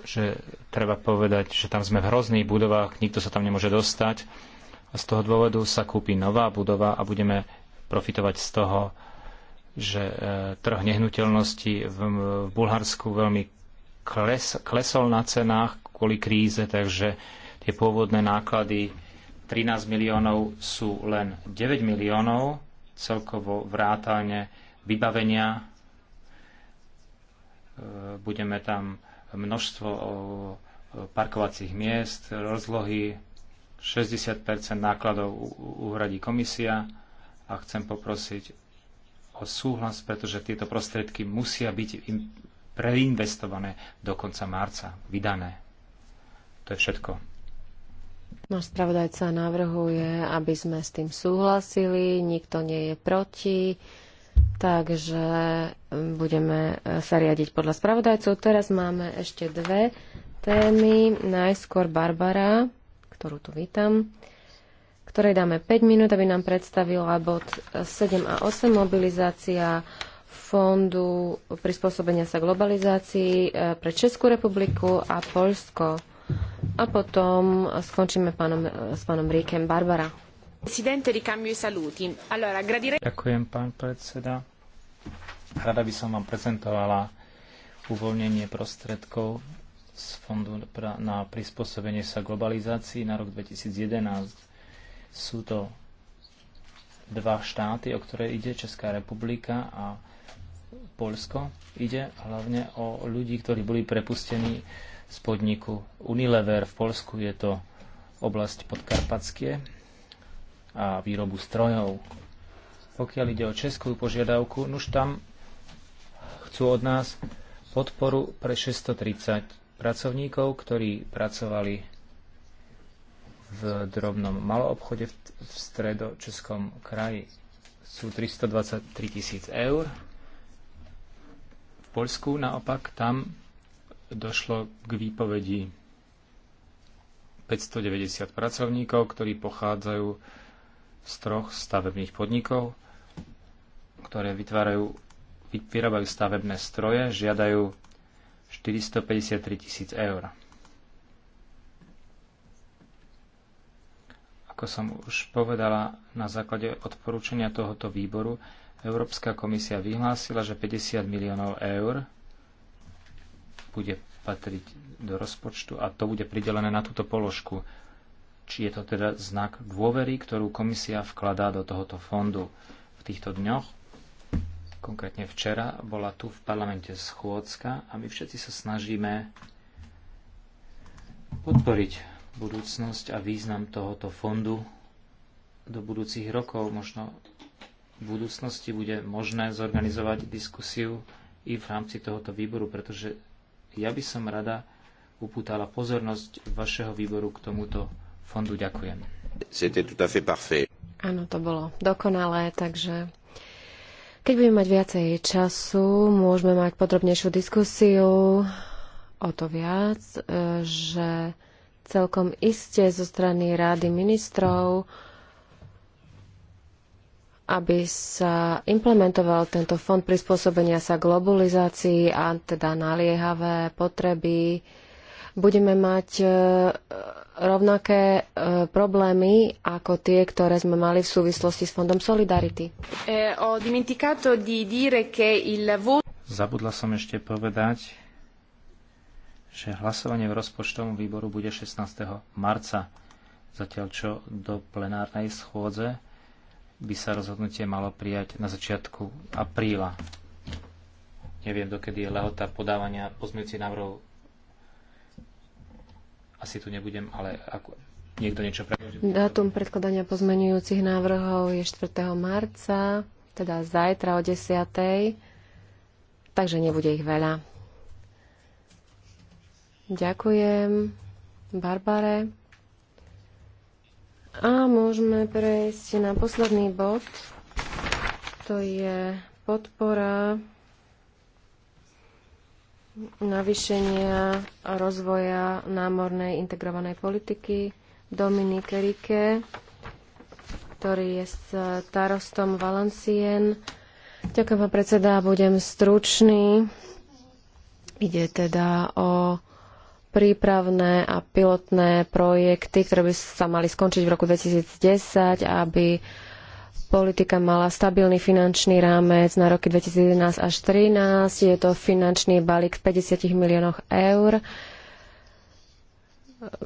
že treba povedať, že tam sme v hrozných budovách, nikto sa tam nemôže dostať. A z toho dôvodu sa kúpi nová budova a budeme profitovať z toho, že e, trh nehnuteľnosti v, Bulharsku veľmi kles, klesol na cenách kvôli kríze, takže tie pôvodné náklady 13 miliónov sú len 9 miliónov celkovo vrátane vybavenia. E, budeme tam množstvo parkovacích miest, rozlohy, 60 nákladov uhradí komisia a chcem poprosiť o súhlas, pretože tieto prostriedky musia byť im preinvestované do konca marca, vydané. To je všetko. Náš spravodajca navrhuje, aby sme s tým súhlasili, nikto nie je proti, takže budeme sa riadiť podľa spravodajcov. Teraz máme ešte dve témy. Najskôr Barbara, ktorú tu vítam, ktorej dáme 5 minút, aby nám predstavila bod 7 a 8, mobilizácia fondu prispôsobenia sa globalizácii pre Českú republiku a Polsko. A potom skončíme pánom, s pánom Ríkem. Barbara. Ďakujem, pán predseda. Rada by som vám prezentovala uvoľnenie prostredkov z Fondu na prispôsobenie sa globalizácii na rok 2011. Sú to dva štáty, o ktoré ide Česká republika a Polsko. Ide hlavne o ľudí, ktorí boli prepustení z podniku Unilever v Polsku. Je to oblasť podkarpatskie a výrobu strojov. Pokiaľ ide o českú požiadavku, už tam chcú od nás podporu pre 630 pracovníkov, ktorí pracovali v drobnom maloobchode v, v stredočeskom kraji. Sú 323 tisíc eur. V Polsku naopak tam došlo k výpovedi 590 pracovníkov, ktorí pochádzajú z troch stavebných podnikov, ktoré vytvárajú, vyrábajú stavebné stroje, žiadajú 453 tisíc eur. Ako som už povedala, na základe odporúčania tohoto výboru Európska komisia vyhlásila, že 50 miliónov eur bude patriť do rozpočtu a to bude pridelené na túto položku. Či je to teda znak dôvery, ktorú komisia vkladá do tohoto fondu v týchto dňoch? Konkrétne včera bola tu v parlamente schôdzka a my všetci sa snažíme podporiť budúcnosť a význam tohoto fondu do budúcich rokov. Možno v budúcnosti bude možné zorganizovať diskusiu i v rámci tohoto výboru, pretože ja by som rada upútala pozornosť vašeho výboru k tomuto fondu. Ďakujem. Áno, to bolo dokonalé, takže keď budeme mať viacej času, môžeme mať podrobnejšiu diskusiu o to viac, e, že celkom iste zo strany Rády ministrov aby sa implementoval tento fond prispôsobenia sa globalizácii a teda naliehavé potreby, budeme mať e, rovnaké e, problémy ako tie, ktoré sme mali v súvislosti s Fondom Solidarity. E, Zabudla som ešte povedať, že hlasovanie v rozpočtovom výboru bude 16. marca, zatiaľ čo do plenárnej schôdze by sa rozhodnutie malo prijať na začiatku apríla. Neviem, dokedy je lehota podávania pozmeňujúcich návrhov. Asi tu nebudem, ale ako niekto niečo predloží. Dátum predkladania pozmeňujúcich návrhov je 4. marca, teda zajtra o 10. Takže nebude ich veľa. Ďakujem. Barbare. A môžeme prejsť na posledný bod. To je podpora navýšenia a rozvoja námornej integrovanej politiky Dominik Rike, ktorý je s starostom Valencien. Ďakujem, pán predseda, budem stručný. Ide teda o prípravné a pilotné projekty, ktoré by sa mali skončiť v roku 2010, aby politika mala stabilný finančný rámec na roky 2011 až 2013. Je to finančný balík v 50 miliónoch eur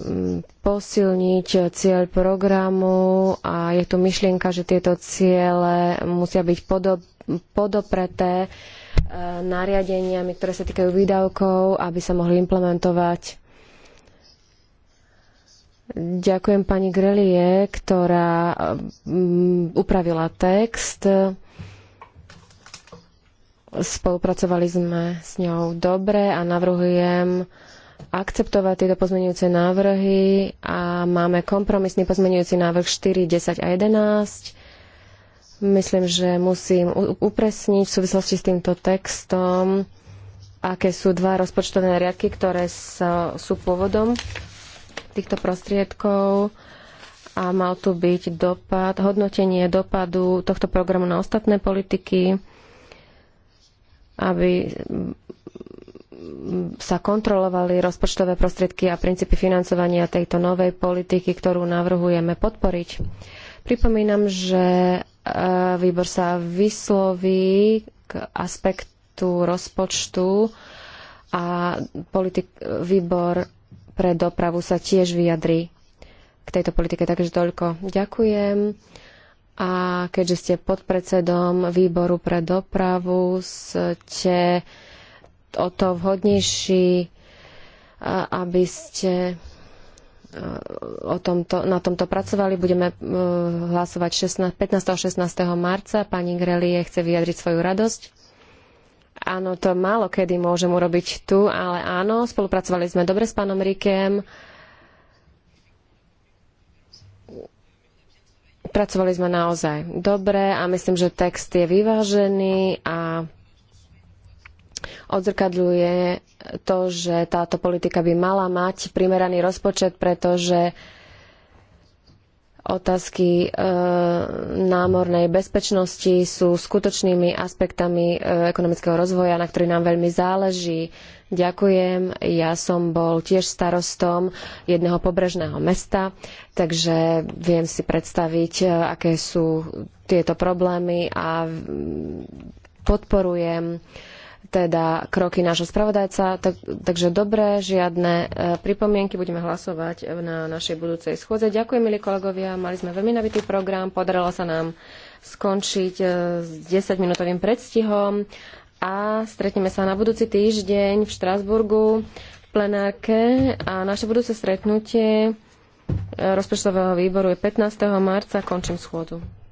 mm, posilniť cieľ programu a je tu myšlienka, že tieto ciele musia byť podopreté eh, nariadeniami, ktoré sa týkajú výdavkov, aby sa mohli implementovať Ďakujem pani Grelie, ktorá mm, upravila text. Spolupracovali sme s ňou dobre a navrhujem akceptovať tieto pozmenujúce návrhy a máme kompromisný pozmenujúci návrh 4, 10 a 11. Myslím, že musím upresniť v súvislosti s týmto textom, aké sú dva rozpočtové riadky, ktoré sú pôvodom týchto prostriedkov a mal tu byť dopad, hodnotenie dopadu tohto programu na ostatné politiky, aby sa kontrolovali rozpočtové prostriedky a princípy financovania tejto novej politiky, ktorú navrhujeme podporiť. Pripomínam, že e, výbor sa vysloví k aspektu rozpočtu a politik, výbor pre dopravu sa tiež vyjadri k tejto politike. Takže toľko. Ďakujem. A keďže ste podpredsedom výboru pre dopravu, ste o to vhodnejší, aby ste o tomto, na tomto pracovali. Budeme e, hlasovať 16, 15. a 16. marca. Pani Grelie chce vyjadriť svoju radosť Áno, to málo kedy môžem urobiť tu, ale áno, spolupracovali sme dobre s pánom Rikem. Pracovali sme naozaj dobre a myslím, že text je vyvážený a odzrkadľuje to, že táto politika by mala mať primeraný rozpočet, pretože uh, otázky e, námornej bezpečnosti sú skutočnými aspektami e, ekonomického rozvoja, na ktorý nám veľmi záleží. Ďakujem. Ja som bol tiež starostom jedného pobrežného mesta, takže viem si predstaviť, e, aké sú tieto problémy a podporujem teda kroky nášho spravodajca. Tak, takže dobré, žiadne e, pripomienky, budeme hlasovať na našej budúcej schôdze. Ďakujem, milí kolegovia, mali sme veľmi nabitý program, podarilo sa nám skončiť e, s 10-minútovým predstihom a stretneme sa na budúci týždeň v Štrásburgu v plenárke a naše budúce stretnutie e, rozpočtového výboru je 15. marca. Končím schôdu.